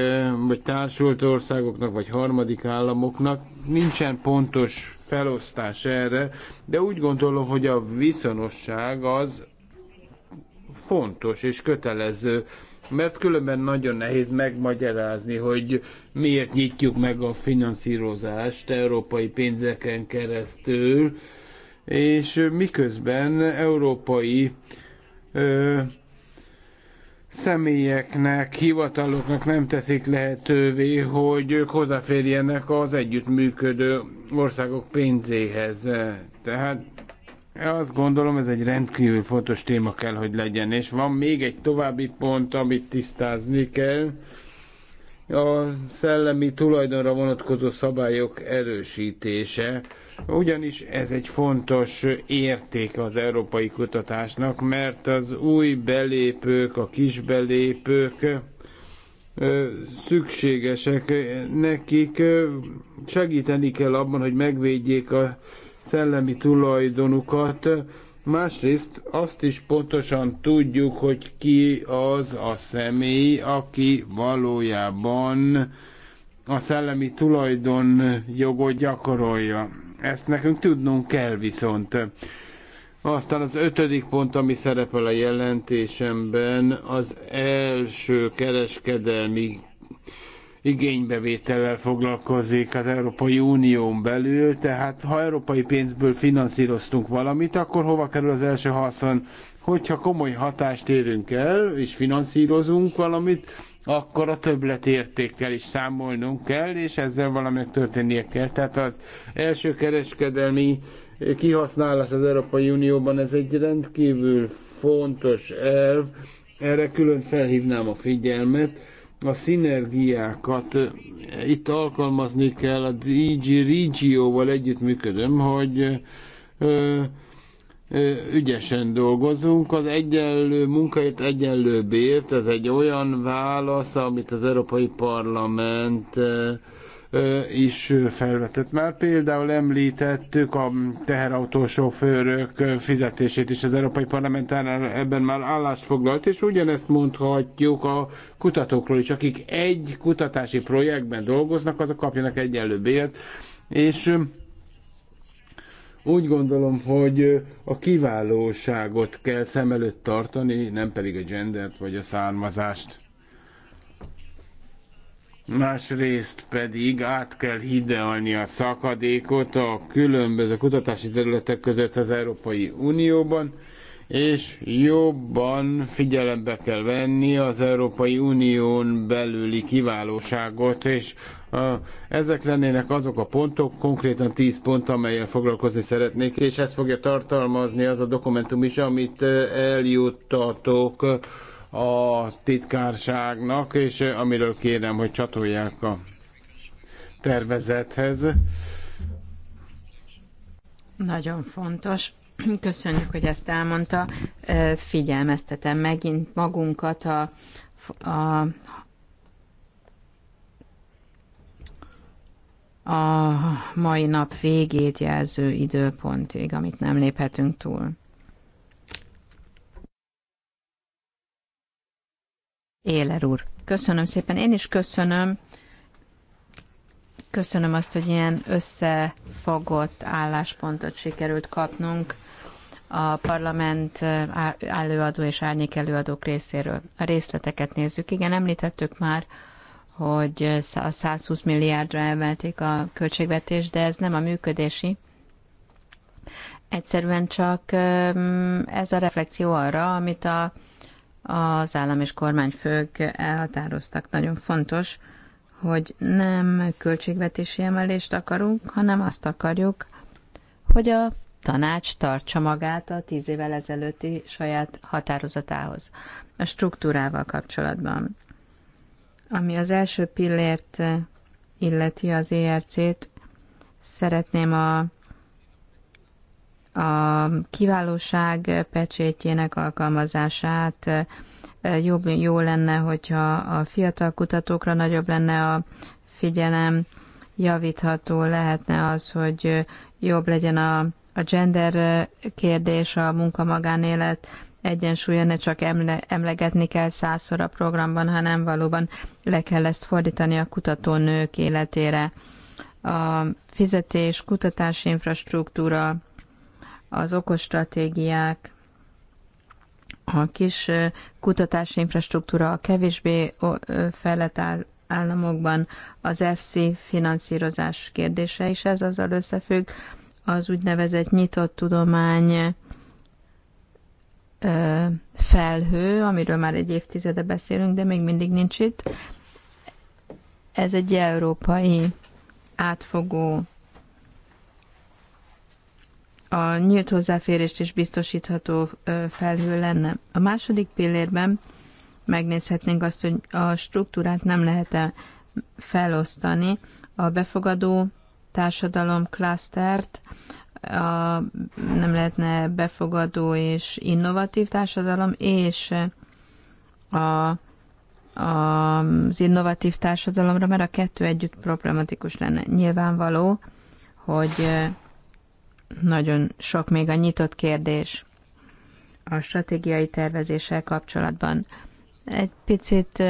vagy társult országoknak, vagy harmadik államoknak. Nincsen pontos felosztás erre, de úgy gondolom, hogy a viszonosság az fontos és kötelező mert különben nagyon nehéz megmagyarázni, hogy miért nyitjuk meg a finanszírozást európai pénzeken keresztül, és miközben európai ö, személyeknek, hivataloknak nem teszik lehetővé, hogy ők hozzáférjenek az együttműködő országok pénzéhez. Tehát azt gondolom, ez egy rendkívül fontos téma kell, hogy legyen, és van még egy további pont, amit tisztázni kell. A szellemi tulajdonra vonatkozó szabályok erősítése, ugyanis ez egy fontos érték az európai kutatásnak, mert az új belépők, a kis belépők szükségesek nekik, segíteni kell abban, hogy megvédjék a szellemi tulajdonukat. Másrészt azt is pontosan tudjuk, hogy ki az a személy, aki valójában a szellemi tulajdon jogot gyakorolja. Ezt nekünk tudnunk kell viszont. Aztán az ötödik pont, ami szerepel a jelentésemben, az első kereskedelmi igénybevétellel foglalkozik az Európai Unión belül, tehát ha európai pénzből finanszíroztunk valamit, akkor hova kerül az első haszon? Hogyha komoly hatást érünk el, és finanszírozunk valamit, akkor a értékkel is számolnunk kell, és ezzel valaminek történnie kell. Tehát az első kereskedelmi kihasználás az Európai Unióban, ez egy rendkívül fontos elv, erre külön felhívnám a figyelmet, a szinergiákat eh, itt alkalmazni kell, a DG Regio-val együttműködöm, hogy ö, eh, ö, eh, ügyesen dolgozunk. Az egyenlő munkáért, egyenlő bért, ez egy olyan válasz, amit az Európai Parlament ö, is felvetett. Már például említettük a teherautósofőrök fizetését is az Európai Parlament ebben már állást foglalt, és ugyanezt mondhatjuk a kutatókról is, akik egy kutatási projektben dolgoznak, azok kapjanak egyenlő bért, és úgy gondolom, hogy a kiválóságot kell szem előtt tartani, nem pedig a gendert vagy a származást másrészt pedig át kell hidalni a szakadékot a különböző kutatási területek között az Európai Unióban, és jobban figyelembe kell venni az Európai Unión belüli kiválóságot, és ezek lennének azok a pontok, konkrétan 10 pont, amelyel foglalkozni szeretnék, és ezt fogja tartalmazni az a dokumentum is, amit eljuttatok a titkárságnak, és eh, amiről kérem, hogy csatolják a tervezethez. Nagyon fontos. Köszönjük, hogy ezt elmondta. Eh, figyelmeztetem megint magunkat a, a a mai nap végét jelző időpontig, amit nem léphetünk túl. Éler úr. Köszönöm szépen. Én is köszönöm. Köszönöm azt, hogy ilyen összefogott álláspontot sikerült kapnunk a parlament előadó és árnyék előadók részéről. A részleteket nézzük. Igen, említettük már, hogy a 120 milliárdra emelték a költségvetést, de ez nem a működési. Egyszerűen csak ez a reflexió arra, amit a az állam és kormányfők elhatároztak. Nagyon fontos, hogy nem költségvetési emelést akarunk, hanem azt akarjuk, hogy a tanács tartsa magát a tíz évvel ezelőtti saját határozatához. A struktúrával kapcsolatban. Ami az első pillért illeti az ERC-t, szeretném a a kiválóság pecsétjének alkalmazását jobb, jó lenne, hogyha a fiatal kutatókra nagyobb lenne a figyelem, javítható lehetne az, hogy jobb legyen a, a gender kérdés, a munka-magánélet egyensúlya, ne csak emle, emlegetni kell százszor a programban, hanem valóban le kell ezt fordítani a kutatónők életére. A fizetés, kutatási infrastruktúra, az okos stratégiák, a kis kutatási infrastruktúra a kevésbé fejlett államokban az FC finanszírozás kérdése is ez azzal összefügg, az úgynevezett nyitott tudomány felhő, amiről már egy évtizede beszélünk, de még mindig nincs itt. Ez egy európai átfogó a nyílt hozzáférést is biztosítható felhő lenne. A második pillérben megnézhetnénk azt, hogy a struktúrát nem lehet-e felosztani. A befogadó társadalom klasztert a, nem lehetne befogadó és innovatív társadalom, és a, a, az innovatív társadalomra, mert a kettő együtt problematikus lenne. Nyilvánvaló, hogy nagyon sok még a nyitott kérdés a stratégiai tervezéssel kapcsolatban. Egy picit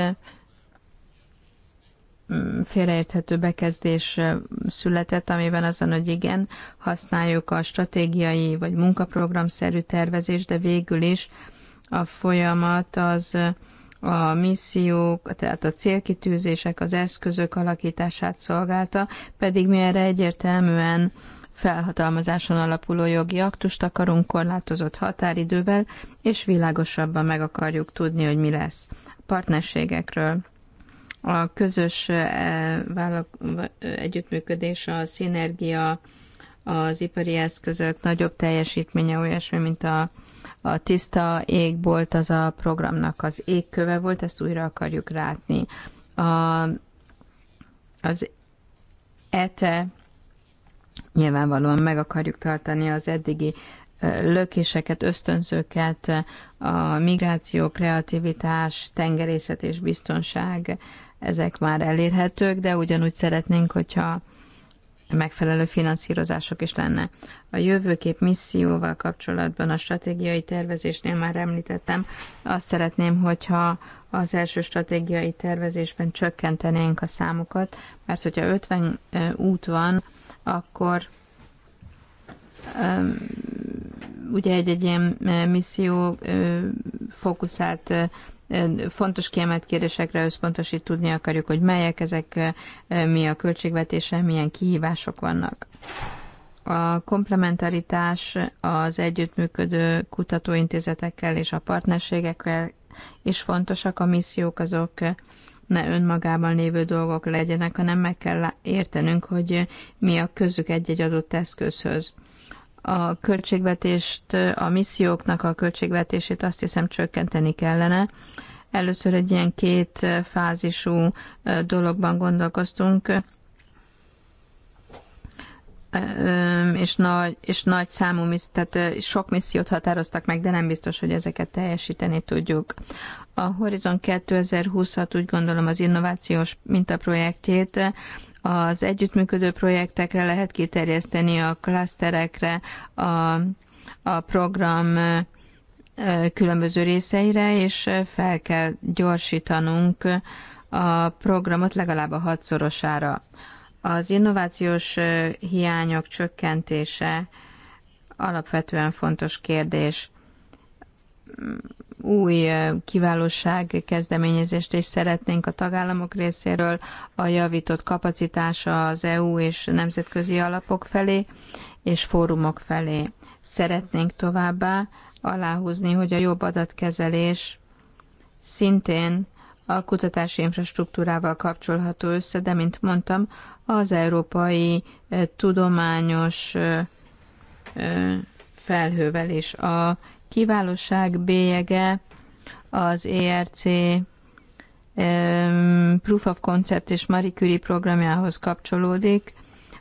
mm, félreérthető bekezdés született, amiben azon, hogy igen, használjuk a stratégiai vagy munkaprogramszerű tervezést, de végül is a folyamat az a missziók, tehát a célkitűzések, az eszközök alakítását szolgálta, pedig mi erre egyértelműen felhatalmazáson alapuló jogi aktust akarunk korlátozott határidővel, és világosabban meg akarjuk tudni, hogy mi lesz. A partnerségekről a közös eh, együttműködés, a szinergia, az ipari eszközök nagyobb teljesítménye olyasmi, mint a, a tiszta égbolt, az a programnak az égköve volt, ezt újra akarjuk látni. A, az ETE Nyilvánvalóan meg akarjuk tartani az eddigi lökéseket, ösztönzőket, a migráció, kreativitás, tengerészet és biztonság, ezek már elérhetők, de ugyanúgy szeretnénk, hogyha megfelelő finanszírozások is lenne. A jövőkép misszióval kapcsolatban a stratégiai tervezésnél már említettem, azt szeretném, hogyha az első stratégiai tervezésben csökkentenénk a számokat, mert hogyha 50 út van, akkor ugye egy-egy ilyen misszió fókuszált fontos kiemelt kérdésekre összpontosít tudni akarjuk, hogy melyek ezek, mi a költségvetése, milyen kihívások vannak. A komplementaritás az együttműködő kutatóintézetekkel és a partnerségekkel is fontosak. A missziók azok ne önmagában lévő dolgok legyenek, hanem meg kell értenünk, hogy mi a közük egy-egy adott eszközhöz. A költségvetést, a misszióknak a költségvetését azt hiszem csökkenteni kellene, először egy ilyen két fázisú dologban gondolkoztunk és nagy, és nagy számú, tehát sok missziót határoztak meg, de nem biztos, hogy ezeket teljesíteni tudjuk. A Horizon 2026 úgy gondolom az innovációs mintaprojektjét az együttműködő projektekre lehet kiterjeszteni, a klaszterekre, a, a program különböző részeire, és fel kell gyorsítanunk a programot legalább a hatszorosára. Az innovációs hiányok csökkentése alapvetően fontos kérdés. Mm, új kiválóság kezdeményezést is szeretnénk a tagállamok részéről, a javított kapacitása az EU és nemzetközi alapok felé és fórumok felé. Szeretnénk továbbá aláhúzni, hogy a jobb adatkezelés szintén a kutatási infrastruktúrával kapcsolható össze, de mint mondtam, az európai eh, tudományos eh, eh, felhővel is. A kiválóság bélyege az ERC Proof of Concept és Marie Curie programjához kapcsolódik.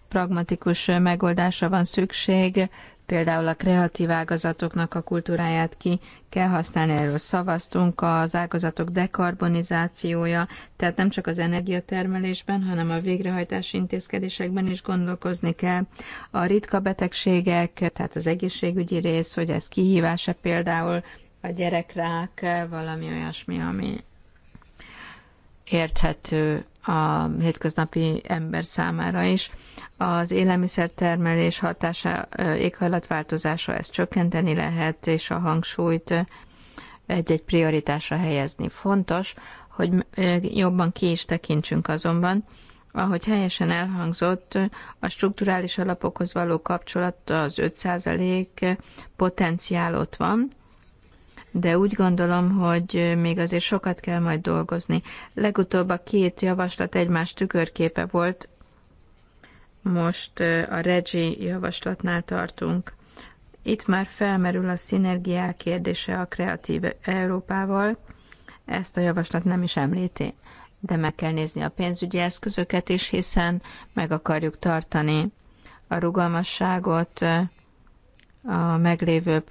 Pragmatikus megoldásra van szükség, például a kreatív ágazatoknak a kultúráját ki kell használni, erről szavaztunk, az ágazatok dekarbonizációja, tehát nem csak az energiatermelésben, hanem a végrehajtási intézkedésekben is gondolkozni kell. A ritka betegségek, tehát az egészségügyi rész, hogy ez kihívása például a gyerekrák, valami olyasmi, ami érthető a hétköznapi ember számára is. Az élelmiszertermelés hatása, éghajlatváltozása ezt csökkenteni lehet, és a hangsúlyt egy-egy prioritásra helyezni. Fontos, hogy jobban ki is tekintsünk azonban, ahogy helyesen elhangzott, a strukturális alapokhoz való kapcsolat az 5% potenciál ott van, de úgy gondolom, hogy még azért sokat kell majd dolgozni. Legutóbb a két javaslat egymás tükörképe volt, most a Regi javaslatnál tartunk. Itt már felmerül a szinergiák kérdése a kreatív Európával, ezt a javaslat nem is említi, de meg kell nézni a pénzügyi eszközöket is, hiszen meg akarjuk tartani a rugalmasságot, a meglévő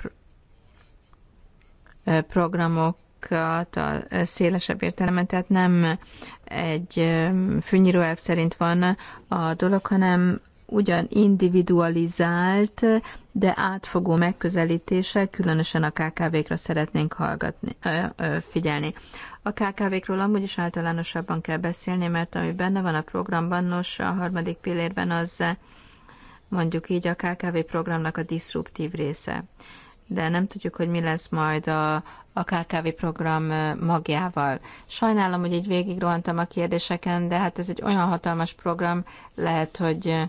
programokat a szélesebb értelemben, tehát nem egy fűnyíró elv szerint van a dolog, hanem ugyan individualizált, de átfogó megközelítéssel, különösen a KKV-kra szeretnénk hallgatni, figyelni. A KKV-król amúgy is általánosabban kell beszélni, mert ami benne van a programban, nos, a harmadik pillérben az mondjuk így a KKV programnak a diszruptív része de nem tudjuk, hogy mi lesz majd a, a KKV program magjával. Sajnálom, hogy így rohantam a kérdéseken, de hát ez egy olyan hatalmas program, lehet, hogy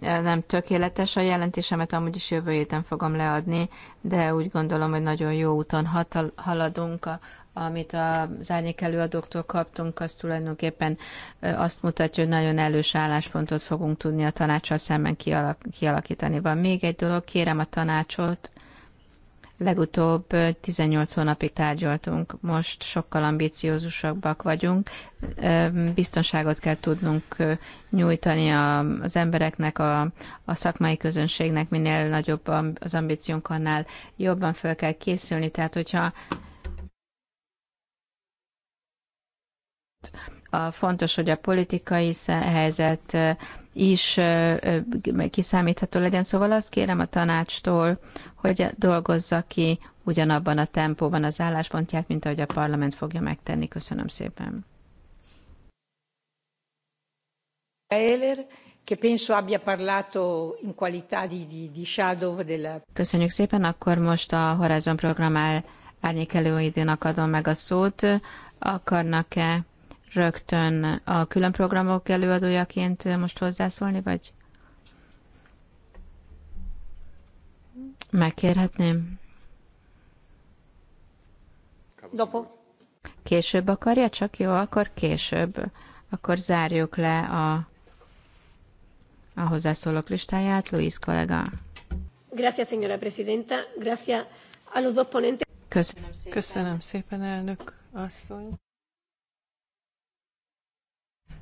nem tökéletes a jelentésemet, amúgy is jövő héten fogom leadni, de úgy gondolom, hogy nagyon jó úton hatal- haladunk a, amit az árnyék előadóktól kaptunk, az tulajdonképpen azt mutatja, hogy nagyon elős álláspontot fogunk tudni a tanácssal szemben kialakítani. Van még egy dolog, kérem a tanácsot, legutóbb 18 hónapig tárgyaltunk, most sokkal ambiciózusabbak vagyunk. Biztonságot kell tudnunk nyújtani az embereknek, a, a szakmai közönségnek, minél nagyobb az ambíciónk, annál jobban fel kell készülni. Tehát, hogyha a fontos, hogy a politikai helyzet is kiszámítható legyen. Szóval azt kérem a tanácstól, hogy dolgozza ki ugyanabban a tempóban az álláspontját, mint ahogy a parlament fogja megtenni. Köszönöm szépen. Köszönjük szépen, akkor most a Horizon program árnyék adom meg a szót. Akarnak-e rögtön a külön programok előadójaként most hozzászólni, vagy megkérhetném? Dopo. Később akarja? Csak jó, akkor később. Akkor zárjuk le a, a hozzászólók listáját. Luis kollega. Gracias, señora presidenta. Gracias a los dos ponentes. Köszönöm szépen. Köszönöm szépen, elnök asszony.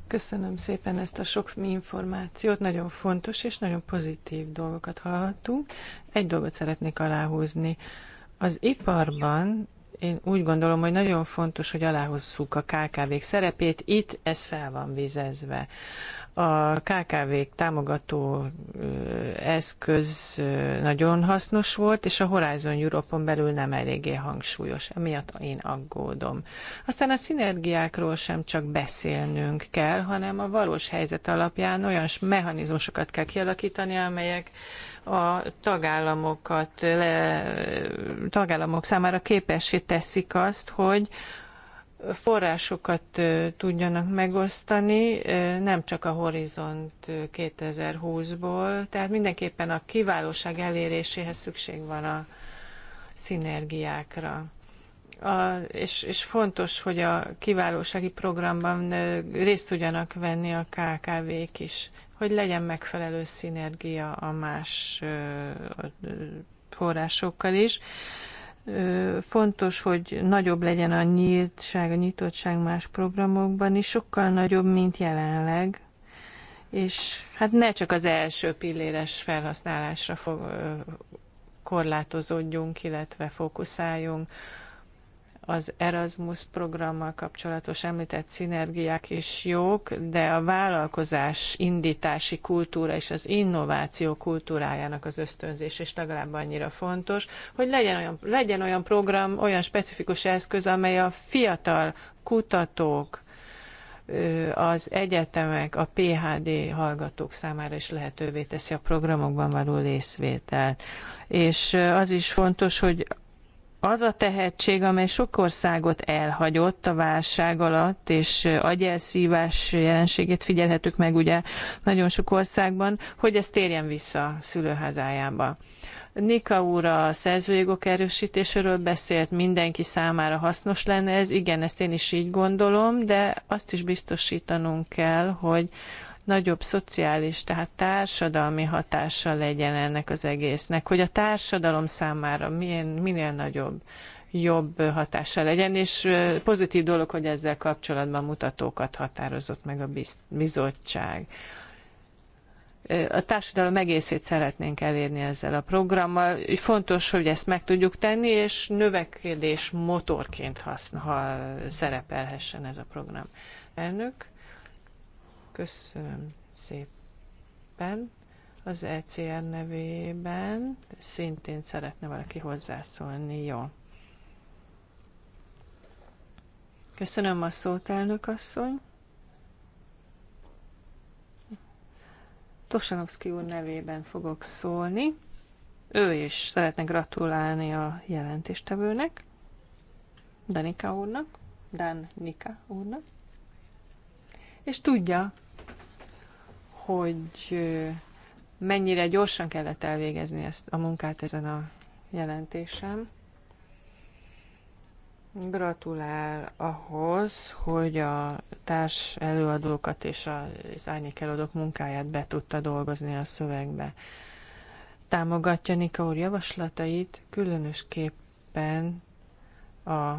Köszönöm szépen ezt a sok információt, nagyon fontos és nagyon pozitív dolgokat hallhattunk. Egy dolgot szeretnék aláhúzni. Az iparban én úgy gondolom, hogy nagyon fontos, hogy aláhozzuk a KKV-k szerepét. Itt ez fel van vizezve. A KKV-k támogató eszköz nagyon hasznos volt, és a Horizon Europe-on belül nem eléggé hangsúlyos. Emiatt én aggódom. Aztán a szinergiákról sem csak beszélnünk kell, hanem a valós helyzet alapján olyan mechanizmusokat kell kialakítani, amelyek a tagállamokat, le, tagállamok számára képessé teszik azt, hogy forrásokat tudjanak megosztani, nem csak a Horizont 2020-ból, tehát mindenképpen a kiválóság eléréséhez szükség van a szinergiákra. A, és, és fontos, hogy a kiválósági programban részt tudjanak venni a KKV-k is hogy legyen megfelelő szinergia a más forrásokkal is. Fontos, hogy nagyobb legyen a nyíltság, a nyitottság más programokban is, sokkal nagyobb, mint jelenleg, és hát ne csak az első pilléres felhasználásra fog, korlátozódjunk, illetve fókuszáljunk, az Erasmus programmal kapcsolatos említett szinergiák is jók, de a vállalkozás indítási kultúra és az innováció kultúrájának az ösztönzés is legalább annyira fontos, hogy legyen olyan, legyen olyan program, olyan specifikus eszköz, amely a fiatal kutatók, az egyetemek, a PHD hallgatók számára is lehetővé teszi a programokban való részvételt. És az is fontos, hogy az a tehetség, amely sok országot elhagyott a válság alatt, és agyelszívás jelenségét figyelhetük meg ugye nagyon sok országban, hogy ezt térjen vissza szülőházájába. Nika úr a szerzőjogok erősítéséről beszélt, mindenki számára hasznos lenne ez, igen, ezt én is így gondolom, de azt is biztosítanunk kell, hogy nagyobb szociális, tehát társadalmi hatása legyen ennek az egésznek, hogy a társadalom számára milyen, minél nagyobb jobb hatása legyen, és pozitív dolog, hogy ezzel kapcsolatban mutatókat határozott meg a bizottság. A társadalom egészét szeretnénk elérni ezzel a programmal. Fontos, hogy ezt meg tudjuk tenni, és növekedés motorként használ, ha szerepelhessen ez a program. Elnök. Köszönöm szépen. Az ECR nevében szintén szeretne valaki hozzászólni. Jó. Köszönöm a szót, elnök asszony. Tosanovszki úr nevében fogok szólni. Ő is szeretne gratulálni a jelentéstevőnek, Danika úrnak, Dan Nika úrnak. És tudja, hogy mennyire gyorsan kellett elvégezni ezt a munkát ezen a jelentésem. Gratulál ahhoz, hogy a társ előadókat és az árnyék előadók munkáját be tudta dolgozni a szövegbe. Támogatja Nika úr javaslatait, különösképpen a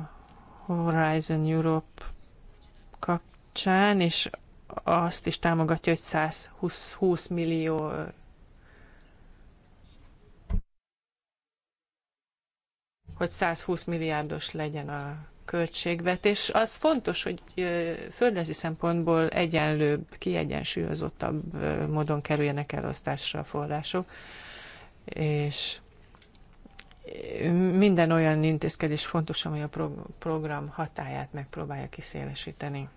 Horizon Europe kapcsán, és azt is támogatja, hogy 120 millió hogy 120 milliárdos legyen a költségvetés. Az fontos, hogy földrajzi szempontból egyenlőbb, kiegyensúlyozottabb módon kerüljenek elosztásra a források, és minden olyan intézkedés fontos, ami a program hatáját megpróbálja kiszélesíteni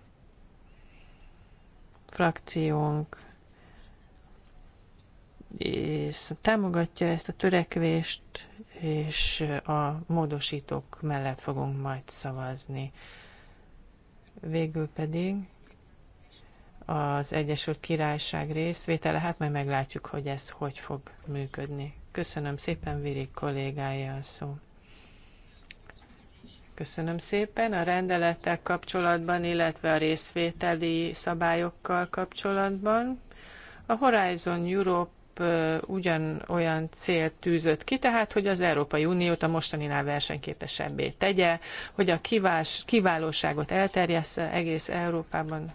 frakciónk és támogatja ezt a törekvést, és a módosítók mellett fogunk majd szavazni. Végül pedig az Egyesült Királyság részvétele, hát majd meglátjuk, hogy ez hogy fog működni. Köszönöm szépen, Viri kollégája a szót. Köszönöm szépen. A rendelettel kapcsolatban, illetve a részvételi szabályokkal kapcsolatban a Horizon Europe ugyanolyan célt tűzött ki, tehát hogy az Európai Uniót a mostaninál versenyképesebbé tegye, hogy a kiválóságot elterjessze egész Európában,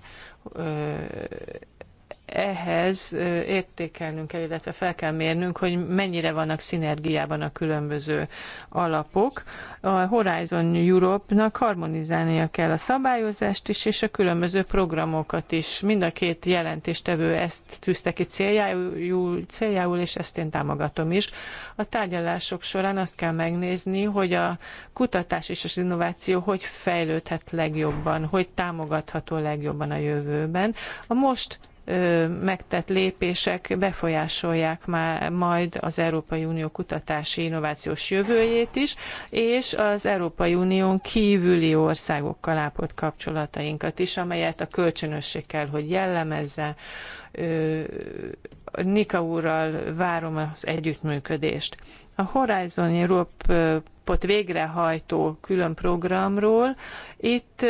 ehhez értékelnünk kell, illetve fel kell mérnünk, hogy mennyire vannak szinergiában a különböző alapok. A Horizon Europe-nak harmonizálnia kell a szabályozást is, és a különböző programokat is. Mind a két jelentéstevő ezt tűzte ki céljául, céljául, és ezt én támogatom is. A tárgyalások során azt kell megnézni, hogy a kutatás és az innováció hogy fejlődhet legjobban, hogy támogatható legjobban a jövőben. A most megtett lépések befolyásolják már majd az Európai Unió kutatási innovációs jövőjét is, és az Európai Unión kívüli országokkal ápolt kapcsolatainkat is, amelyet a kölcsönösség kell, hogy jellemezze. Nika úrral várom az együttműködést. A Horizon Europe pot végrehajtó külön programról. Itt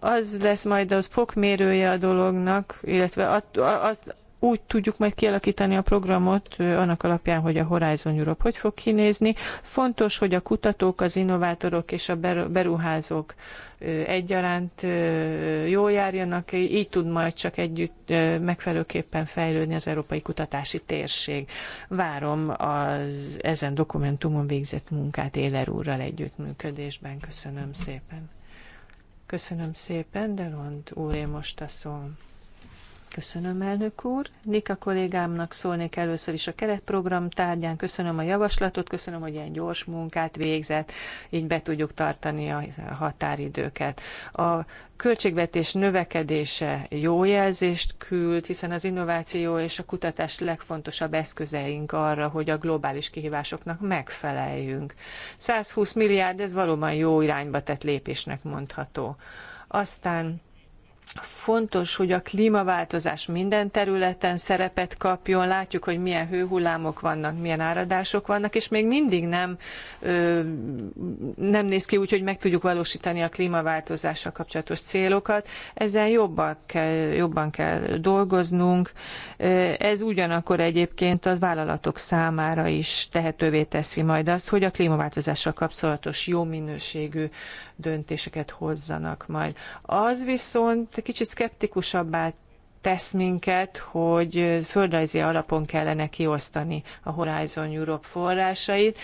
az lesz majd az fokmérője a dolognak, illetve az, az úgy tudjuk majd kialakítani a programot annak alapján, hogy a Horizon Europe hogy fog kinézni. Fontos, hogy a kutatók, az innovátorok és a beruházók egyaránt jól járjanak, így tud majd csak együtt megfelelőképpen fejlődni az európai kutatási térség. Várom az ezen dokumentumon végzett munkát Éler úrral együttműködésben. Köszönöm szépen. Köszönöm szépen, Delond én most a szó. Köszönöm, elnök úr. Nika kollégámnak szólnék először is a keretprogram tárgyán. Köszönöm a javaslatot, köszönöm, hogy ilyen gyors munkát végzett, így be tudjuk tartani a határidőket. A költségvetés növekedése jó jelzést küld, hiszen az innováció és a kutatás legfontosabb eszközeink arra, hogy a globális kihívásoknak megfeleljünk. 120 milliárd, ez valóban jó irányba tett lépésnek mondható. Aztán Fontos, hogy a klímaváltozás minden területen szerepet kapjon, látjuk, hogy milyen hőhullámok vannak, milyen áradások vannak, és még mindig nem, nem néz ki úgy, hogy meg tudjuk valósítani a klímaváltozással kapcsolatos célokat. Ezzel jobban kell, jobban kell dolgoznunk. Ez ugyanakkor egyébként a vállalatok számára is tehetővé teszi majd azt, hogy a klímaváltozással kapcsolatos jó minőségű döntéseket hozzanak majd. Az viszont kicsit szkeptikusabbá tesz minket, hogy földrajzi alapon kellene kiosztani a Horizon Europe forrásait.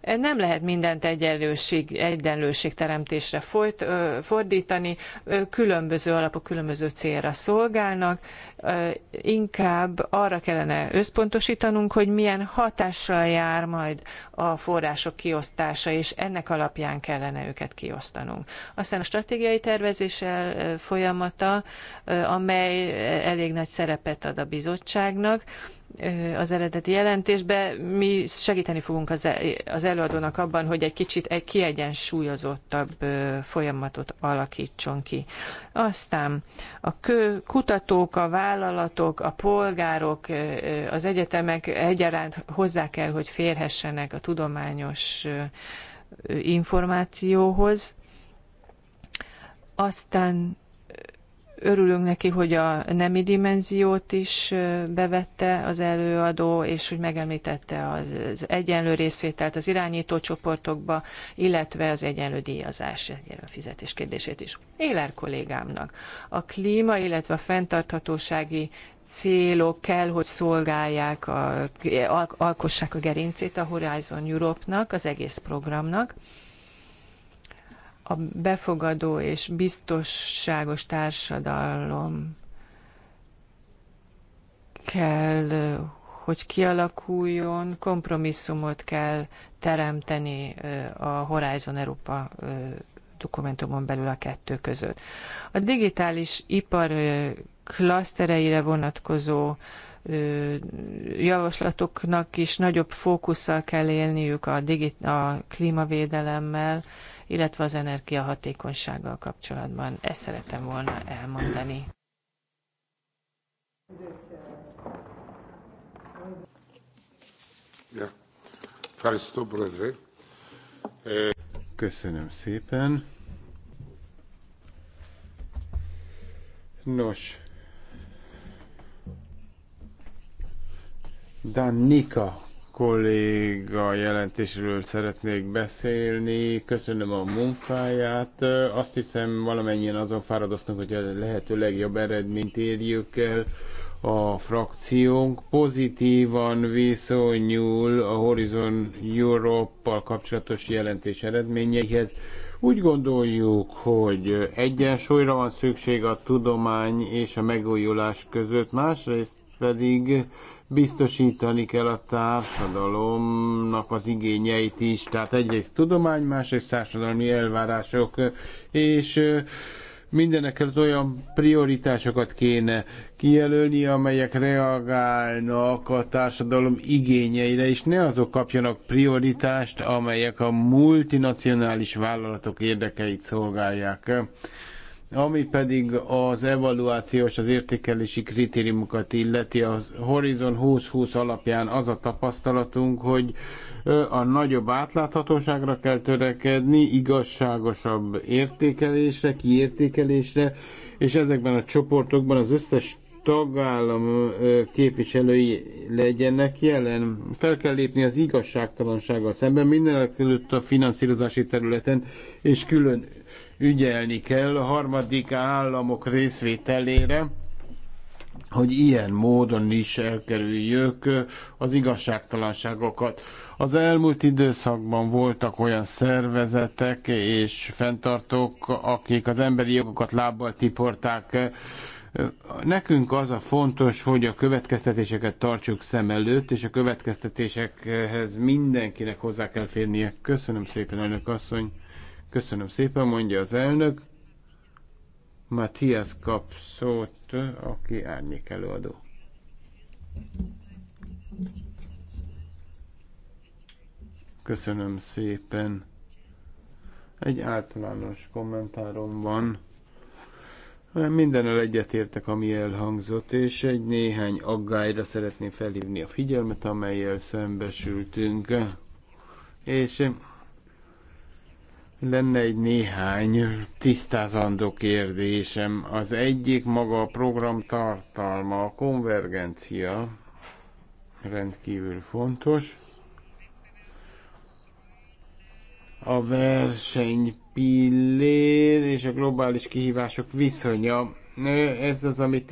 Nem lehet mindent egyenlőség, egyenlőség teremtésre folyt, fordítani, különböző alapok különböző célra szolgálnak, inkább arra kellene összpontosítanunk, hogy milyen hatással jár majd a források kiosztása, és ennek alapján kellene őket kiosztanunk. Aztán a stratégiai tervezéssel folyamata, amely elég nagy szerepet ad a bizottságnak, az eredeti jelentésbe. Mi segíteni fogunk e, az előadónak abban, hogy egy kicsit egy kiegyensúlyozottabb folyamatot alakítson ki. Aztán a kutatók, a vállalatok, a polgárok, az egyetemek egyaránt hozzá kell, hogy férhessenek a tudományos információhoz. Aztán Örülünk neki, hogy a nemi dimenziót is bevette az előadó, és hogy megemlítette az, egyenlő részvételt az irányító csoportokba, illetve az egyenlő díjazás, egyenlő fizetés kérdését is. Éler kollégámnak a klíma, illetve a fenntarthatósági célok kell, hogy szolgálják, a, alkossák a gerincét a Horizon Europe-nak, az egész programnak a befogadó és biztosságos társadalom kell, hogy kialakuljon, kompromisszumot kell teremteni a Horizon Európa dokumentumon belül a kettő között. A digitális ipar klasztereire vonatkozó javaslatoknak is nagyobb fókusszal kell élniük a, digit- a klímavédelemmel, illetve az energiahatékonysággal kapcsolatban. Ezt szeretem volna elmondani. Köszönöm szépen. Nos, Danika kolléga jelentésről szeretnék beszélni. Köszönöm a munkáját. Azt hiszem valamennyien azon fáradoztunk, hogy a lehető legjobb eredményt érjük el. A frakciónk pozitívan viszonyul a Horizon europe kapcsolatos jelentés eredményeihez. Úgy gondoljuk, hogy egyensúlyra van szükség a tudomány és a megújulás között, másrészt pedig biztosítani kell a társadalomnak az igényeit is, tehát egyrészt tudomány, másrészt társadalmi elvárások, és mindenek előtt olyan prioritásokat kéne kijelölni, amelyek reagálnak a társadalom igényeire, és ne azok kapjanak prioritást, amelyek a multinacionális vállalatok érdekeit szolgálják. Ami pedig az evaluációs, az értékelési kritériumokat illeti, az Horizon 2020 alapján az a tapasztalatunk, hogy a nagyobb átláthatóságra kell törekedni, igazságosabb értékelésre, kiértékelésre, és ezekben a csoportokban az összes tagállam képviselői legyenek jelen. Fel kell lépni az igazságtalansággal szemben, mindenek előtt a finanszírozási területen, és külön ügyelni kell a harmadik államok részvételére, hogy ilyen módon is elkerüljük az igazságtalanságokat. Az elmúlt időszakban voltak olyan szervezetek és fenntartók, akik az emberi jogokat lábbal tiporták. Nekünk az a fontos, hogy a következtetéseket tartsuk szem előtt, és a következtetésekhez mindenkinek hozzá kell férnie. Köszönöm szépen, elnök asszony! Köszönöm szépen, mondja az elnök. Matthias kap szót, aki árnyék előadó. Köszönöm szépen. Egy általános kommentárom van. Mindennel egyetértek, ami elhangzott, és egy néhány aggályra szeretném felhívni a figyelmet, amelyel szembesültünk. És lenne egy néhány tisztázandó kérdésem. Az egyik maga a program tartalma, a konvergencia rendkívül fontos. A verseny pillér és a globális kihívások viszonya. Ez az, amit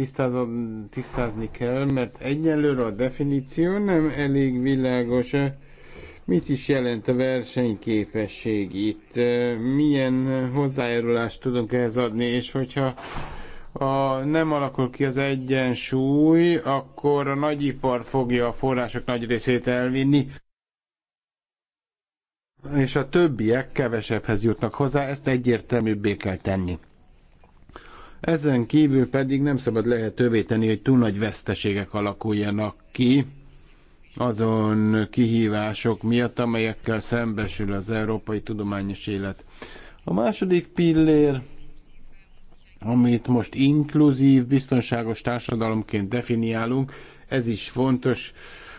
tisztázni kell, mert egyelőre a definíció nem elég világos. Mit is jelent a versenyképesség itt? Milyen hozzájárulást tudunk ehhez adni, és hogyha a, nem alakul ki az egyensúly, akkor a nagyipar fogja a források nagy részét elvinni, és a többiek kevesebbhez jutnak hozzá, ezt egyértelműbbé kell tenni. Ezen kívül pedig nem szabad lehetővé tenni, hogy túl nagy veszteségek alakuljanak ki, azon kihívások miatt, amelyekkel szembesül az európai tudományos élet. A második pillér, amit most inkluzív, biztonságos társadalomként definiálunk, ez is fontos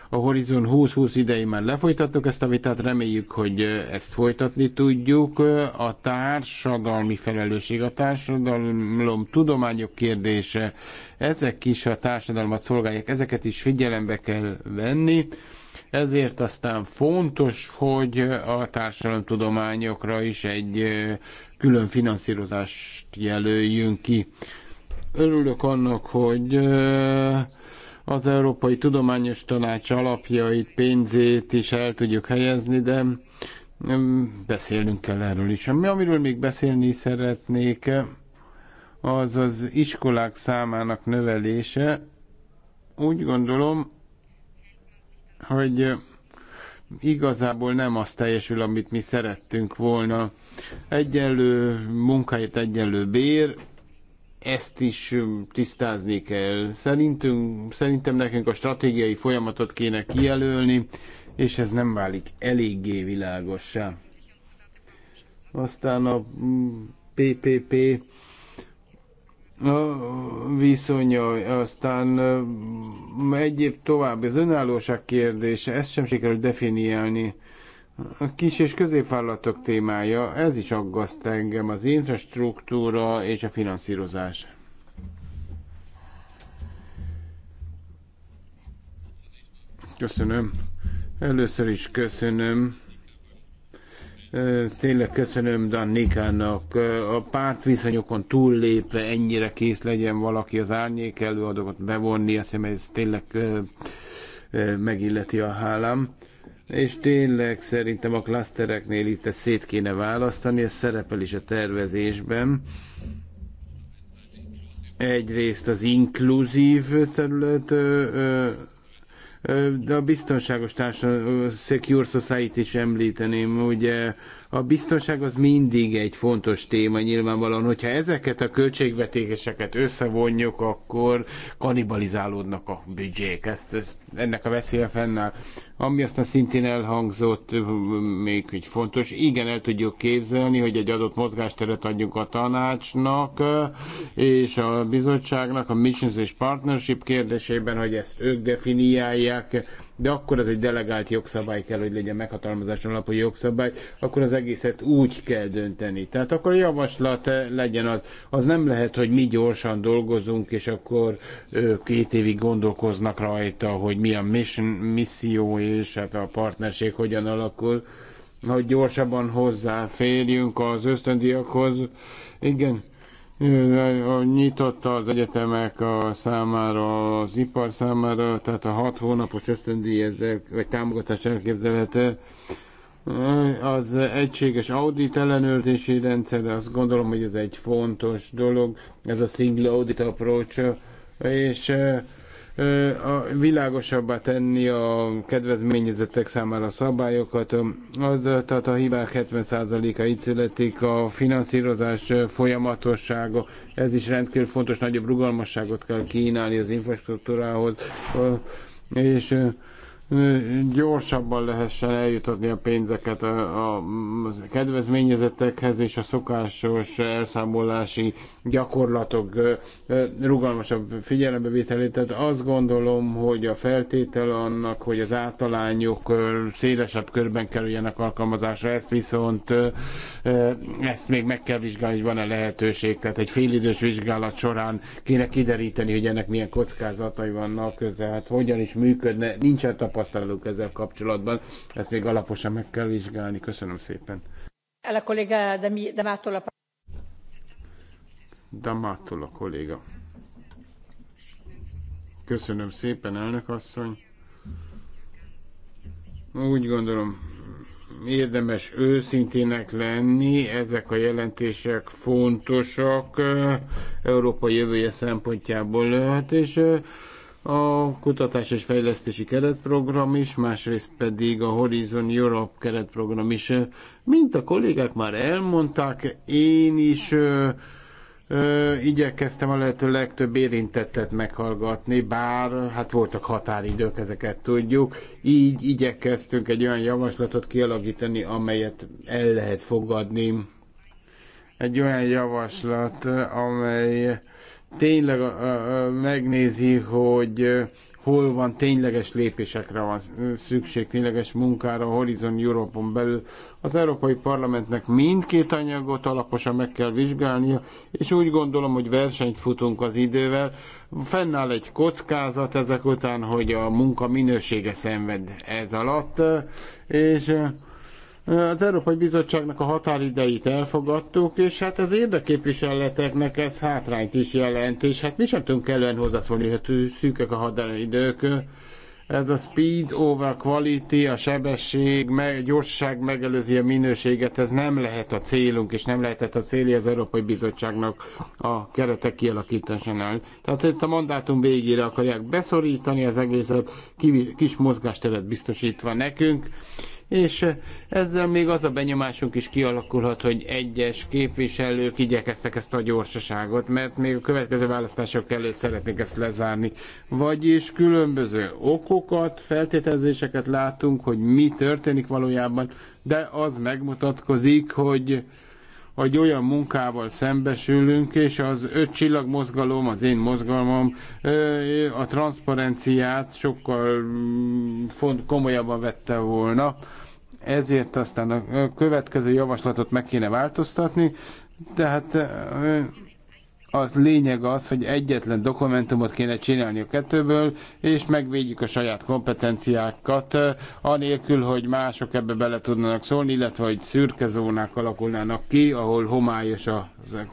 a Horizon 2020 idején már lefolytattuk ezt a vitát, reméljük, hogy ezt folytatni tudjuk. A társadalmi felelősség, a társadalom tudományok kérdése, ezek is a társadalmat szolgálják, ezeket is figyelembe kell venni. Ezért aztán fontos, hogy a társadalomtudományokra is egy külön finanszírozást jelöljünk ki. Örülök annak, hogy az Európai Tudományos Tanács alapjait, pénzét is el tudjuk helyezni, de mm, beszélnünk kell erről is. Ami, amiről még beszélni szeretnék, az az iskolák számának növelése. Úgy gondolom, hogy igazából nem az teljesül, amit mi szerettünk volna. Egyenlő munkáért egyenlő bér, ezt is tisztázni kell. Szerintünk, szerintem nekünk a stratégiai folyamatot kéne kijelölni, és ez nem válik eléggé világossá. Aztán a PPP mm, a viszonya, aztán egyéb tovább az önállóság kérdése, ezt sem sikerült definiálni. A kis és középvállalatok témája, ez is aggaszt engem, az infrastruktúra és a finanszírozás. Köszönöm. Először is köszönöm. Tényleg köszönöm Dan Nikának. A pártviszonyokon túllépve ennyire kész legyen valaki az árnyék előadókat bevonni, azt hiszem ez tényleg megilleti a hálám és tényleg szerintem a klasztereknél itt ezt szét kéne választani, ez szerepel is a tervezésben. Egyrészt az inkluzív terület, de a biztonságos társadalom, Secure Society is említeném, ugye a biztonság az mindig egy fontos téma nyilvánvalóan, hogyha ezeket a költségvetéseket összevonjuk, akkor kanibalizálódnak a büdzsék, ezt, ezt, ennek a veszélye fennáll. Ami aztán szintén elhangzott, még hogy fontos, igen, el tudjuk képzelni, hogy egy adott mozgásteret adjunk a tanácsnak és a bizottságnak a Missions és Partnership kérdésében, hogy ezt ők definiálják, de akkor ez egy delegált jogszabály kell, hogy legyen meghatalmazás alapú jogszabály, akkor az egészet úgy kell dönteni. Tehát akkor a javaslat legyen az. Az nem lehet, hogy mi gyorsan dolgozunk, és akkor két évig gondolkoznak rajta, hogy mi a mission, misszió, és hát a partnerség hogyan alakul, hogy gyorsabban hozzáférjünk az ösztöndiakhoz. Igen, nyitotta az egyetemek a számára, az ipar számára, tehát a hat hónapos ösztöndíj ezek, vagy támogatás elképzelhető. Az egységes audit ellenőrzési rendszer, azt gondolom, hogy ez egy fontos dolog, ez a single audit approach, és a világosabbá tenni a kedvezményezettek számára a szabályokat. Az, tehát a hibák 70%-a így születik, a finanszírozás folyamatossága, ez is rendkívül fontos, nagyobb rugalmasságot kell kínálni az infrastruktúrához, és gyorsabban lehessen eljutatni a pénzeket a, a kedvezményezettekhez, és a szokásos elszámolási gyakorlatok rugalmasabb figyelembevételét. Tehát azt gondolom, hogy a feltétel annak, hogy az általányok szélesebb körben kerüljenek alkalmazásra, ezt viszont ezt még meg kell vizsgálni, hogy van-e lehetőség. Tehát egy félidős vizsgálat során kéne kideríteni, hogy ennek milyen kockázatai vannak, tehát hogyan is működne. Nincs a tapasztalatok ezzel kapcsolatban. Ezt még alaposan meg kell vizsgálni. Köszönöm szépen. El a kolléga Damától a... Damától a kolléga. Köszönöm szépen, elnök asszony. Úgy gondolom, érdemes őszintének lenni, ezek a jelentések fontosak eh, Európa jövője szempontjából. Hát és eh, a kutatás és fejlesztési keretprogram is, másrészt pedig a Horizon Europe keretprogram is. Mint a kollégák már elmondták, én is ö, ö, igyekeztem a lehető legtöbb érintettet meghallgatni, bár hát voltak határidők, ezeket tudjuk. Így igyekeztünk egy olyan javaslatot kialakítani, amelyet el lehet fogadni. Egy olyan javaslat, amely tényleg megnézi, hogy hol van tényleges lépésekre van szükség, tényleges munkára a Horizon Európon belül. Az Európai Parlamentnek mindkét anyagot alaposan meg kell vizsgálnia, és úgy gondolom, hogy versenyt futunk az idővel. Fennáll egy kockázat ezek után, hogy a munka minősége szenved ez alatt, és az Európai Bizottságnak a határideit elfogadtuk, és hát az érdeképviseleteknek ez hátrányt is jelent, és hát mi sem tudunk kellően hozzászólni, hogy szűkek a határidők. Ez a speed over quality, a sebesség, meg, gyorsaság megelőzi a minőséget, ez nem lehet a célunk, és nem lehetett a célja az Európai Bizottságnak a keretek kialakításánál. Tehát ezt a mandátum végére akarják beszorítani az egészet, kis mozgásteret biztosítva nekünk és eh, ezzel még az a benyomásunk is kialakulhat, hogy egyes képviselők igyekeztek ezt a gyorsaságot, mert még a következő választások előtt szeretnék ezt lezárni. Vagyis különböző okokat, feltételezéseket látunk, hogy mi történik valójában, de az megmutatkozik, hogy hogy olyan munkával szembesülünk, és az öt csillag mozgalom, az én mozgalmam a transzparenciát sokkal mm, komolyabban vette volna, ezért aztán a következő javaslatot meg kéne változtatni, tehát a lényeg az, hogy egyetlen dokumentumot kéne csinálni a kettőből, és megvédjük a saját kompetenciákat, anélkül, hogy mások ebbe bele tudnának szólni, illetve hogy szürke zónák alakulnának ki, ahol homályos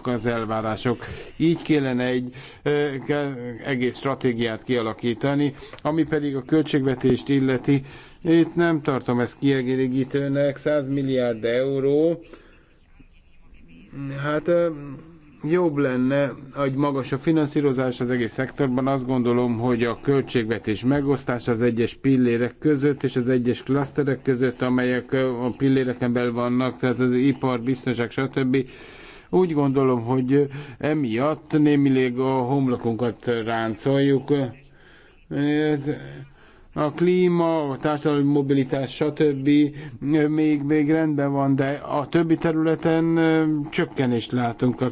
az elvárások. Így kellene egy egész stratégiát kialakítani, ami pedig a költségvetést illeti, itt nem tartom ezt kiegérigítőnek, 100 milliárd euró. Hát jobb lenne egy a finanszírozás az egész szektorban. Azt gondolom, hogy a költségvetés megosztás az egyes pillérek között és az egyes klaszterek között, amelyek a pilléreken belül vannak, tehát az ipar, biztonság, stb. Úgy gondolom, hogy emiatt némileg a homlokunkat ráncoljuk a klíma, a társadalmi mobilitás, stb. még, még rendben van, de a többi területen csökkenést látunk. A,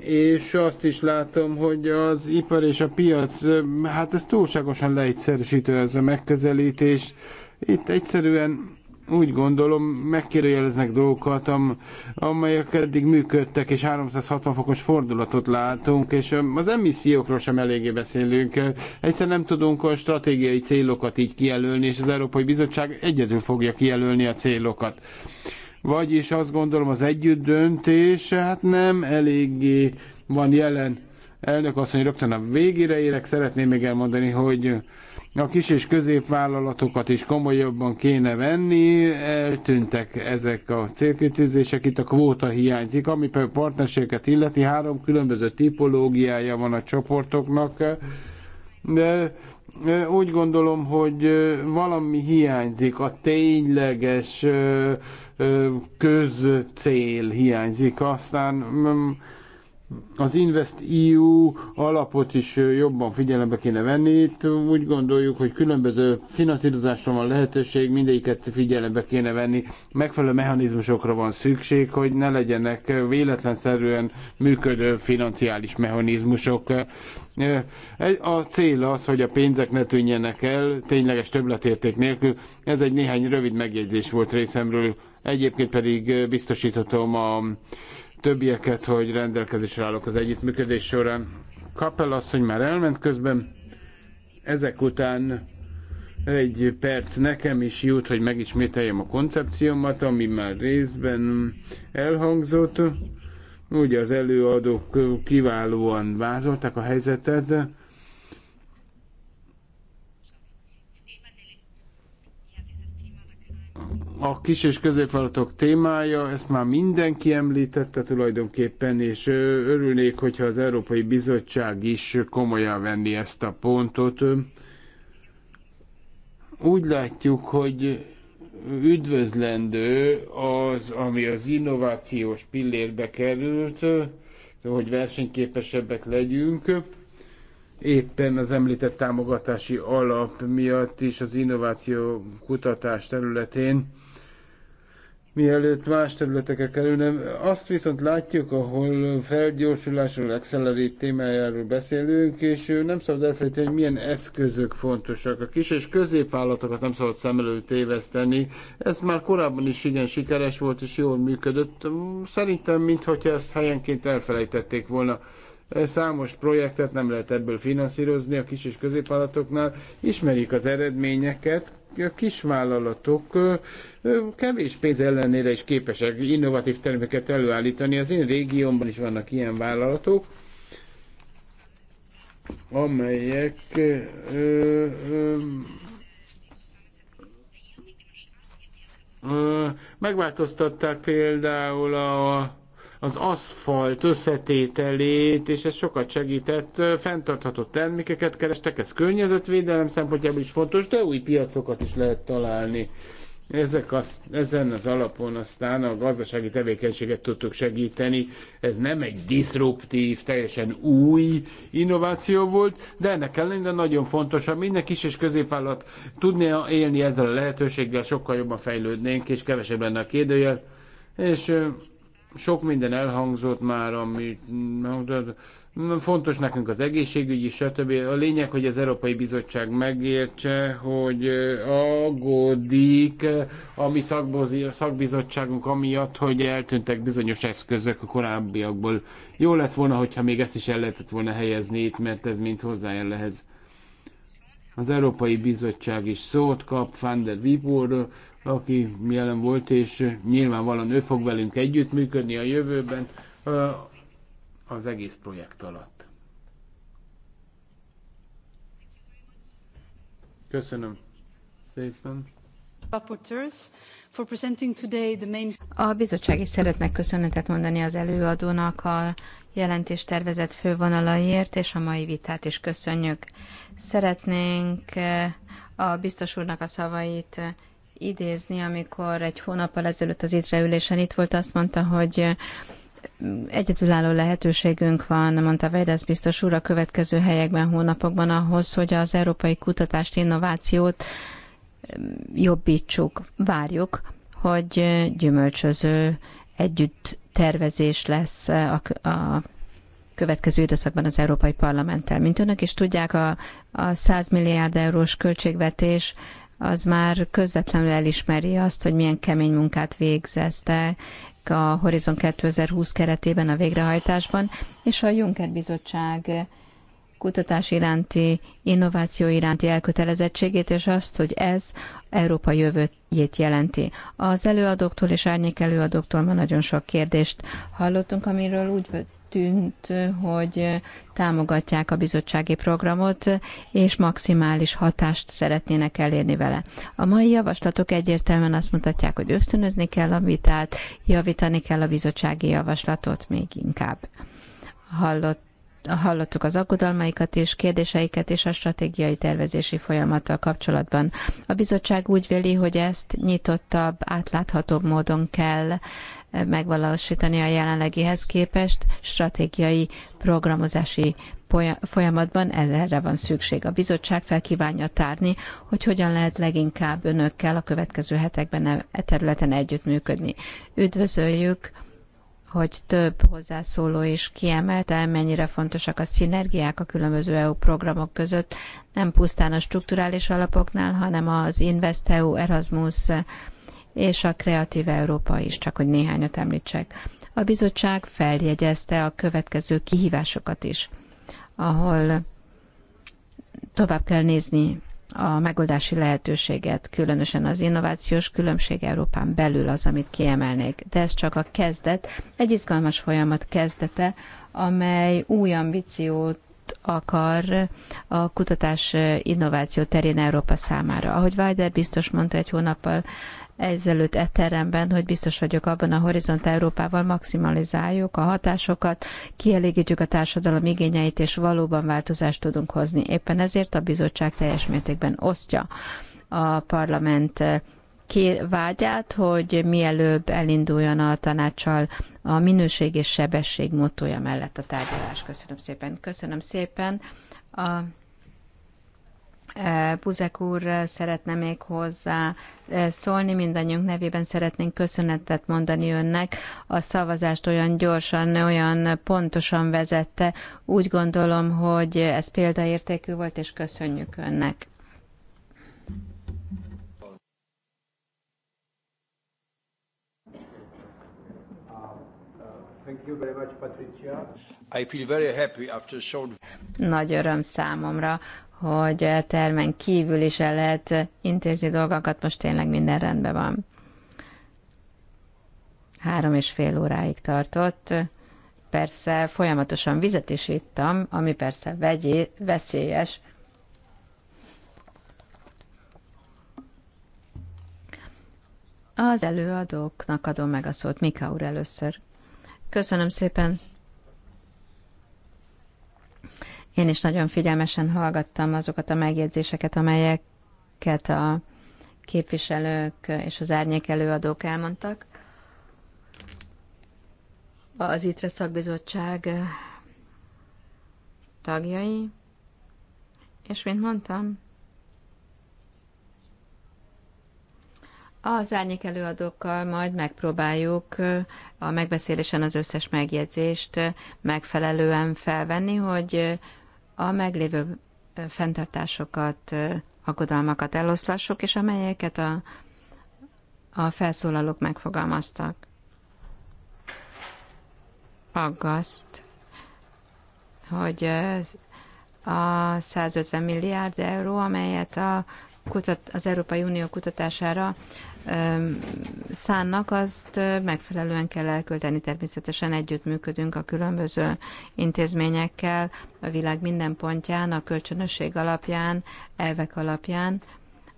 és azt is látom, hogy az ipar és a piac, hát ez túlságosan leegyszerűsítő ez a megközelítés. Itt egyszerűen úgy gondolom, megkérdőjeleznek dolgokat, am amelyek eddig működtek, és 360 fokos fordulatot látunk, és az emissziókról sem eléggé beszélünk. Egyszer nem tudunk a stratégiai célokat így kijelölni, és az Európai Bizottság egyedül fogja kijelölni a célokat. Vagyis azt gondolom, az együtt döntés hát nem eléggé van jelen. Elnök azt mondja, rögtön a végére érek, szeretném még elmondani, hogy a kis és középvállalatokat is komolyabban kéne venni, eltűntek ezek a célkitűzések, itt a kvóta hiányzik, ami például partnerséget illeti, három különböző tipológiája van a csoportoknak, de úgy gondolom, hogy valami hiányzik, a tényleges közcél hiányzik, aztán mm, az Invest EU alapot is jobban figyelembe kéne venni. Itt úgy gondoljuk, hogy különböző finanszírozásra van lehetőség, mindegyiket figyelembe kéne venni. Megfelelő mechanizmusokra van szükség, hogy ne legyenek véletlenszerűen működő financiális mechanizmusok. A cél az, hogy a pénzek ne tűnjenek el tényleges többletérték nélkül. Ez egy néhány rövid megjegyzés volt részemről. Egyébként pedig biztosíthatom a többieket, hogy rendelkezésre állok az együttműködés során. Kapel hogy már elment közben, ezek után egy perc nekem is jut, hogy megismételjem a koncepciómat, ami már részben elhangzott. Ugye az előadók kiválóan vázolták a helyzetet, a kis és középvállalatok témája, ezt már mindenki említette tulajdonképpen, és örülnék, hogyha az Európai Bizottság is komolyan venni ezt a pontot. Úgy látjuk, hogy üdvözlendő az, ami az innovációs pillérbe került, hogy versenyképesebbek legyünk. Éppen az említett támogatási alap miatt is az innováció kutatás területén mielőtt más területekre kerülne. Azt viszont látjuk, ahol felgyorsulásról, accelerate témájáról beszélünk, és nem szabad elfelejteni, hogy milyen eszközök fontosak. A kis és középvállalatokat nem szabad szem előtt téveszteni. Ez már korábban is igen sikeres volt, és jól működött. Szerintem, mintha ezt helyenként elfelejtették volna számos projektet nem lehet ebből finanszírozni a kis és középvállalatoknál, ismerik az eredményeket, a kisvállalatok kevés pénz ellenére is képesek innovatív terméket előállítani. Az én régiómban is vannak ilyen vállalatok, amelyek ö, ö, ö, megváltoztatták például a az aszfalt összetételét, és ez sokat segített, fenntartható termékeket kerestek, ez környezetvédelem szempontjából is fontos, de új piacokat is lehet találni. Ezek az, ezen az alapon aztán a gazdasági tevékenységet tudtuk segíteni. Ez nem egy diszruptív, teljesen új innováció volt, de ennek ellenére nagyon fontos, hogy minden kis és középvállalat tudna élni ezzel a lehetőséggel, sokkal jobban fejlődnénk, és kevesebb lenne a kérdőjel. És sok minden elhangzott már, amit fontos nekünk az egészségügyi, stb. A lényeg, hogy az Európai Bizottság megértse, hogy aggódik a mi szakbizottságunk amiatt, hogy eltűntek bizonyos eszközök a korábbiakból. Jó lett volna, hogyha még ezt is el lehetett volna helyezni itt, mert ez mind hozzájön lehez az Európai Bizottság is szót kap, Van der Vibor, aki jelen volt, és nyilvánvalóan ő fog velünk együttműködni a jövőben az egész projekt alatt. Köszönöm szépen. A bizottság is szeretne köszönetet mondani az előadónak a jelentés tervezett fővonalaiért, és a mai vitát is köszönjük. Szeretnénk eh, a biztos úrnak a szavait eh, idézni, amikor egy hónappal ezelőtt az ITRE itt volt, azt mondta, hogy eh, egyedülálló lehetőségünk van, mondta Vejdesz biztos úr, a következő helyekben, hónapokban ahhoz, hogy az európai kutatást, innovációt jobbítsuk. Várjuk, hogy gyümölcsöző együtt tervezés lesz a, a következő időszakban az Európai Parlamenttel. Mint önök is tudják, a, a 100 milliárd eurós költségvetés az már közvetlenül elismeri azt, hogy milyen kemény munkát végzeztek a Horizon 2020 keretében a végrehajtásban, és a Juncker Bizottság kutatás iránti, innováció iránti elkötelezettségét, és azt, hogy ez Európa jövőjét jelenti. Az előadóktól és árnyék előadóktól ma nagyon sok kérdést hallottunk, amiről úgy tűnt, hogy támogatják a bizottsági programot, és maximális hatást szeretnének elérni vele. A mai javaslatok egyértelműen azt mutatják, hogy ösztönözni kell a vitát, javítani kell a bizottsági javaslatot még inkább hallott hallottuk az aggodalmaikat és kérdéseiket és a stratégiai tervezési folyamattal kapcsolatban. A bizottság úgy véli, hogy ezt nyitottabb, átláthatóbb módon kell eh, megvalósítani a jelenlegihez képest stratégiai programozási folyamatban erre van szükség. A bizottság felkívánja tárni, hogy hogyan lehet leginkább önökkel a következő hetekben e területen együttműködni. Üdvözöljük hogy több hozzászóló is kiemelte, mennyire fontosak a szinergiák a különböző EU programok között, nem pusztán a strukturális alapoknál, hanem az InvestEU, Erasmus és a Kreatív Európa is, csak hogy néhányat említsek. A bizottság feljegyezte a következő kihívásokat is, ahol tovább kell nézni a megoldási lehetőséget, különösen az innovációs különbség Európán belül az, amit kiemelnék. De ez csak a kezdet, egy izgalmas folyamat kezdete, amely új ambíciót akar a kutatás innováció terén Európa számára. Ahogy Vajder biztos mondta egy hónappal ezelőtt e teremben, hogy biztos vagyok abban a Horizont Európával maximalizáljuk a hatásokat, kielégítjük a társadalom igényeit, és valóban változást tudunk hozni. Éppen ezért a bizottság teljes mértékben osztja a parlament eh, kér, vágyát, hogy mielőbb elinduljon a tanácssal a minőség és sebesség motója mellett a tárgyalás. Köszönöm szépen. Köszönöm szépen. A Eh, Buzek úr eh, szeretne még hozzá eh, szólni, mindannyiunk nevében szeretnénk köszönetet mondani önnek. A szavazást olyan gyorsan, olyan pontosan vezette. Úgy gondolom, hogy ez példaértékű volt, és köszönjük önnek. Much, I feel very happy after so... Nagy öröm számomra, hogy termen kívül is el lehet intézni dolgokat, most tényleg minden rendben van. Három és fél óráig tartott. Persze folyamatosan vizet is ittam, ami persze vegyé, veszélyes. Az előadóknak adom meg a szót, úr először. Köszönöm szépen. Én is nagyon figyelmesen hallgattam azokat a megjegyzéseket, amelyeket a képviselők és az árnyék előadók elmondtak. Az ITRE szakbizottság tagjai, és mint mondtam, Az árnyék előadókkal majd megpróbáljuk a megbeszélésen az összes megjegyzést megfelelően felvenni, hogy a meglévő fenntartásokat, aggodalmakat eloszlassuk, és amelyeket a, a felszólalók megfogalmaztak. Aggaszt, hogy a 150 milliárd euró, amelyet a kutat, az Európai Unió kutatására szánnak, azt megfelelően kell elkölteni. Természetesen együttműködünk a különböző intézményekkel, a világ minden pontján, a kölcsönösség alapján, elvek alapján,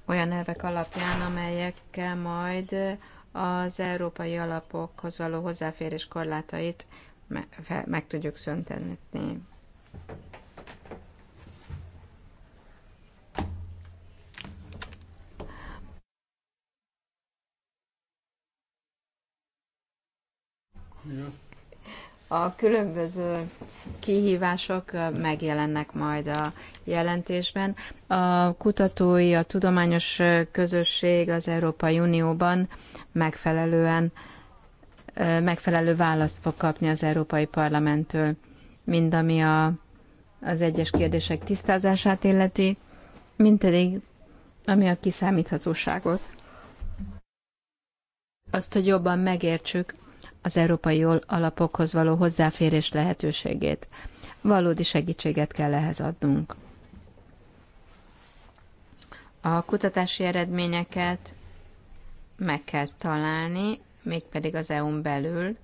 olyan elvek alapján, amelyekkel majd az európai alapokhoz való hozzáférés korlátait meg, tudjuk szöntetni. a különböző kihívások megjelennek majd a jelentésben. A kutatói, a tudományos közösség az Európai Unióban megfelelően megfelelő választ fog kapni az Európai Parlamenttől, mind ami a, az egyes kérdések tisztázását illeti, mint pedig ami a kiszámíthatóságot. Azt, hogy jobban megértsük, az európai alapokhoz való hozzáférés lehetőségét. Valódi segítséget kell ehhez adnunk. A kutatási eredményeket meg kell találni, mégpedig az EU-n belül,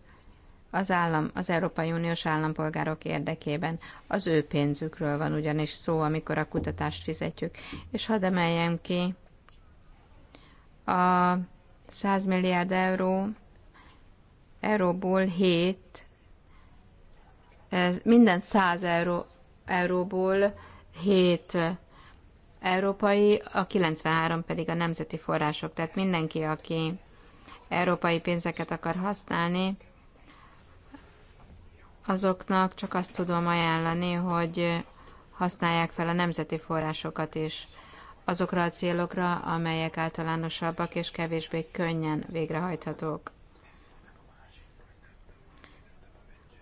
az, állam, az Európai Uniós állampolgárok érdekében. Az ő pénzükről van ugyanis szó, amikor a kutatást fizetjük. És hadd emeljem ki, a 100 milliárd euró euróból 7, minden 100 euró, euróból 7 európai, a 93 pedig a nemzeti források. Tehát mindenki, aki európai pénzeket akar használni, azoknak csak azt tudom ajánlani, hogy használják fel a nemzeti forrásokat is azokra a célokra, amelyek általánosabbak és kevésbé könnyen végrehajthatók.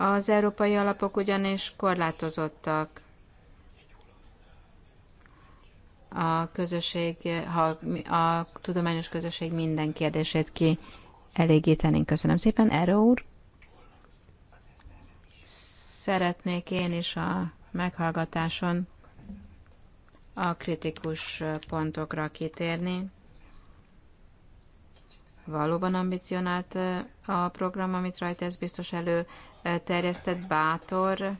Az európai alapok ugyanis korlátozottak. A közösség, ha a tudományos közösség minden kérdését ki elégítenénk. Köszönöm szépen, Erő úr. Szeretnék én is a meghallgatáson a kritikus pontokra kitérni. Valóban ambicionált a program, amit rajta ez biztos elő terjesztett bátor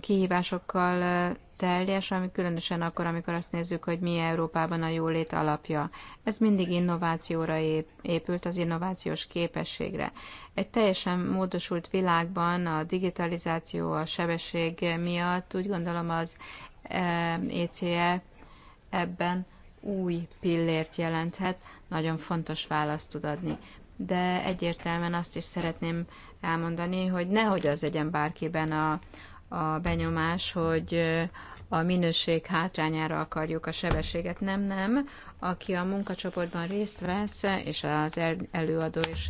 kihívásokkal teljes, ami különösen akkor, amikor azt nézzük, hogy mi Európában a jólét alapja. Ez mindig innovációra épült, az innovációs képességre. Egy teljesen módosult világban a digitalizáció, a sebesség miatt úgy gondolom az ECE e ebben új pillért jelenthet, nagyon fontos választ tud adni. De egyértelműen azt is szeretném elmondani, hogy nehogy az legyen bárkiben a, a benyomás, hogy a minőség hátrányára akarjuk a sebességet. Nem, nem. Aki a munkacsoportban részt vesz, és az előadó is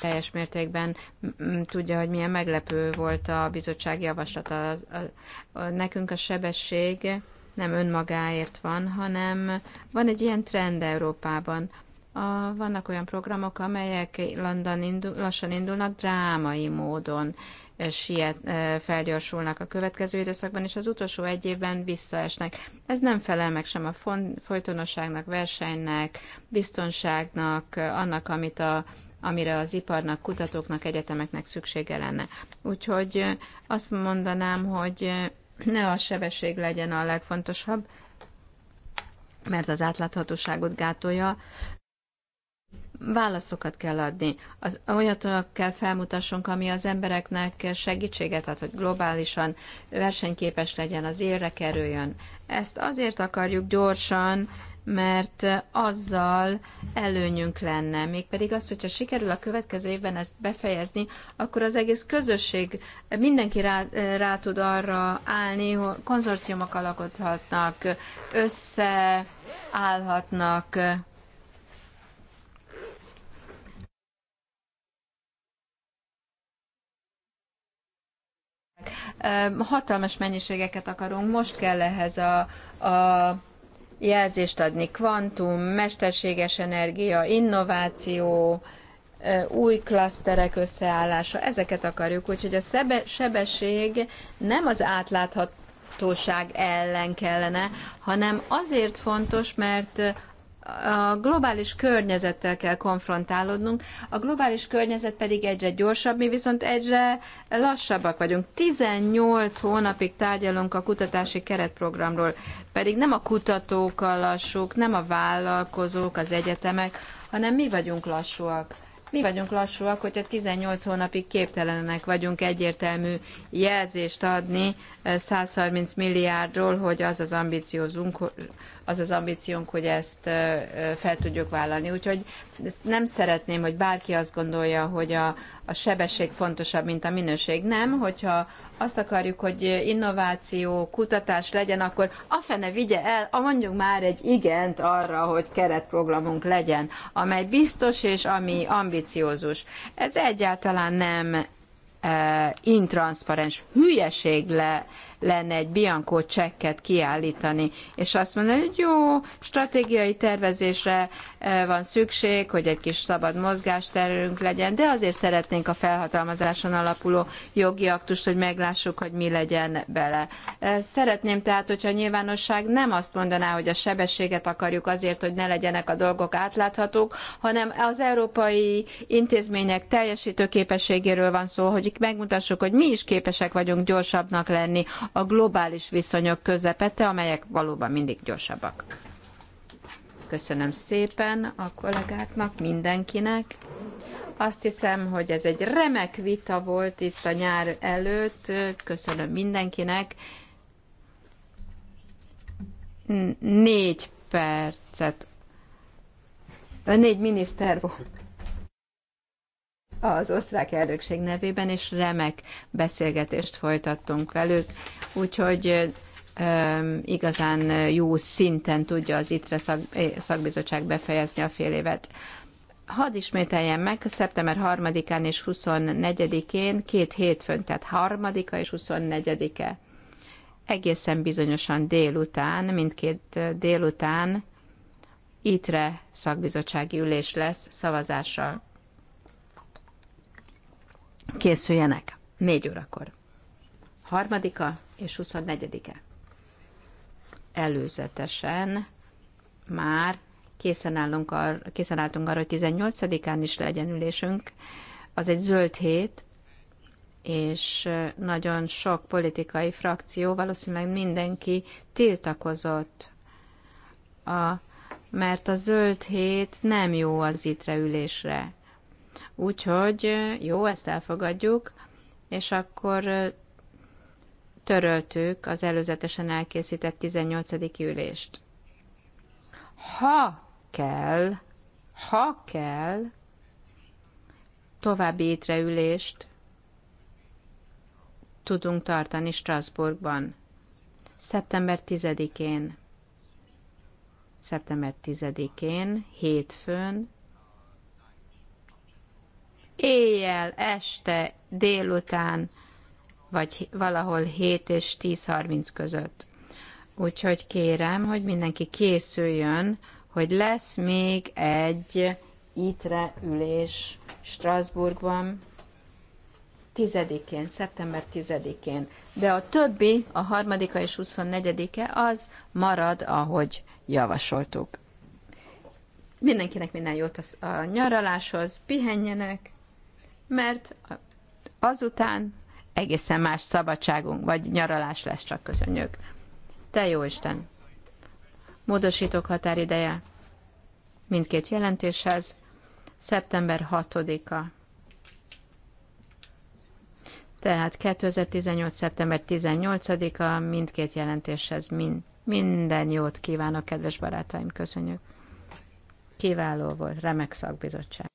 teljes mértékben tudja, hogy milyen meglepő volt a bizottság javaslata. Nekünk a sebesség nem önmagáért van, hanem van egy ilyen trend Európában. A, vannak olyan programok, amelyek London indul, lassan indulnak drámai módon, siet, felgyorsulnak a következő időszakban, és az utolsó egy évben visszaesnek. Ez nem felel meg sem a folytonosságnak, versenynek, biztonságnak, annak, amit a, amire az iparnak, kutatóknak, egyetemeknek szüksége lenne. Úgyhogy azt mondanám, hogy ne a sebesség legyen a legfontosabb, mert az átláthatóságot gátolja. Válaszokat kell adni. Az, olyat kell felmutassunk, ami az embereknek segítséget ad, hogy globálisan versenyképes legyen, az élre kerüljön. Ezt azért akarjuk gyorsan, mert azzal előnyünk lenne. Mégpedig az, hogyha sikerül a következő évben ezt befejezni, akkor az egész közösség, mindenki rá, rá tud arra állni, hogy konzorciumok alakodhatnak, összeállhatnak, hatalmas mennyiségeket akarunk, most kell ehhez a, a jelzést adni. Kvantum, mesterséges energia, innováció, új klaszterek összeállása, ezeket akarjuk. Úgyhogy a sebesség nem az átláthatóság ellen kellene, hanem azért fontos, mert a globális környezettel kell konfrontálódnunk, a globális környezet pedig egyre gyorsabb, mi viszont egyre lassabbak vagyunk. 18 hónapig tárgyalunk a kutatási keretprogramról, pedig nem a kutatók a lassúk, nem a vállalkozók, az egyetemek, hanem mi vagyunk lassúak. Mi vagyunk lassúak, hogyha 18 hónapig képtelenek vagyunk egyértelmű jelzést adni 130 milliárdról, hogy az az ambíciózunk, az az ambíciónk, hogy ezt fel tudjuk vállalni. Úgyhogy ezt nem szeretném, hogy bárki azt gondolja, hogy a, a sebesség fontosabb, mint a minőség. Nem, hogyha azt akarjuk, hogy innováció, kutatás legyen, akkor a fene vigye el, a mondjuk már egy igent arra, hogy keretprogramunk legyen, amely biztos és ami ambiciózus. Ez egyáltalán nem Eh, intranszparens hülyeség le, lenne egy Bianco csekket kiállítani, és azt mondani, hogy jó, stratégiai tervezésre van szükség, hogy egy kis szabad mozgásterünk legyen, de azért szeretnénk a felhatalmazáson alapuló jogi aktust, hogy meglássuk, hogy mi legyen bele. Szeretném tehát, hogyha a nyilvánosság nem azt mondaná, hogy a sebességet akarjuk azért, hogy ne legyenek a dolgok átláthatók, hanem az európai intézmények teljesítő képességéről van szó, hogy megmutassuk, hogy mi is képesek vagyunk gyorsabbnak lenni a globális viszonyok közepette, amelyek valóban mindig gyorsabbak. Köszönöm szépen a kollégáknak, mindenkinek. Azt hiszem, hogy ez egy remek vita volt itt a nyár előtt. Köszönöm mindenkinek. Négy percet. Négy miniszter volt az osztrák elnökség nevében, és remek beszélgetést folytattunk velük, úgyhogy igazán jó szinten tudja az ITRE szak, eh, szakbizottság befejezni a fél évet. Hadd ismételjem meg, szeptember 3-án és 24-én, két hétfőn, tehát 3-a és 24-e. Egészen bizonyosan délután, mindkét eh, délután ITRE szakbizottsági ülés lesz szavazással. Készüljenek, 4 órakor. Harmadika és 24-e előzetesen már készen, állunk ar- készen álltunk arra, hogy 18-án is legyen ülésünk. Az egy zöld hét, és nagyon sok politikai frakció, valószínűleg mindenki tiltakozott, a, mert a zöld hét nem jó az itre ülésre. Úgyhogy jó, ezt elfogadjuk, és akkor töröltük az előzetesen elkészített 18. ülést. Ha kell, ha kell, további étreülést tudunk tartani Strasbourgban. Szeptember 10-én. Szeptember 10-én, hétfőn, éjjel, este, délután vagy valahol 7 és 10.30 között. Úgyhogy kérem, hogy mindenki készüljön, hogy lesz még egy ITRE ülés Strasbourgban 10-én, szeptember 10-én, de a többi, a harmadika és 24-e az marad, ahogy javasoltuk. Mindenkinek minden jót a nyaraláshoz, pihenjenek, mert azután egészen más szabadságunk, vagy nyaralás lesz csak, köszönjük. Te jó Isten! Módosítók határideje mindkét jelentéshez szeptember 6-a. Tehát 2018. szeptember 18-a mindkét jelentéshez mind, minden jót kívánok, kedves barátaim, köszönjük. Kiváló volt, remek szakbizottság.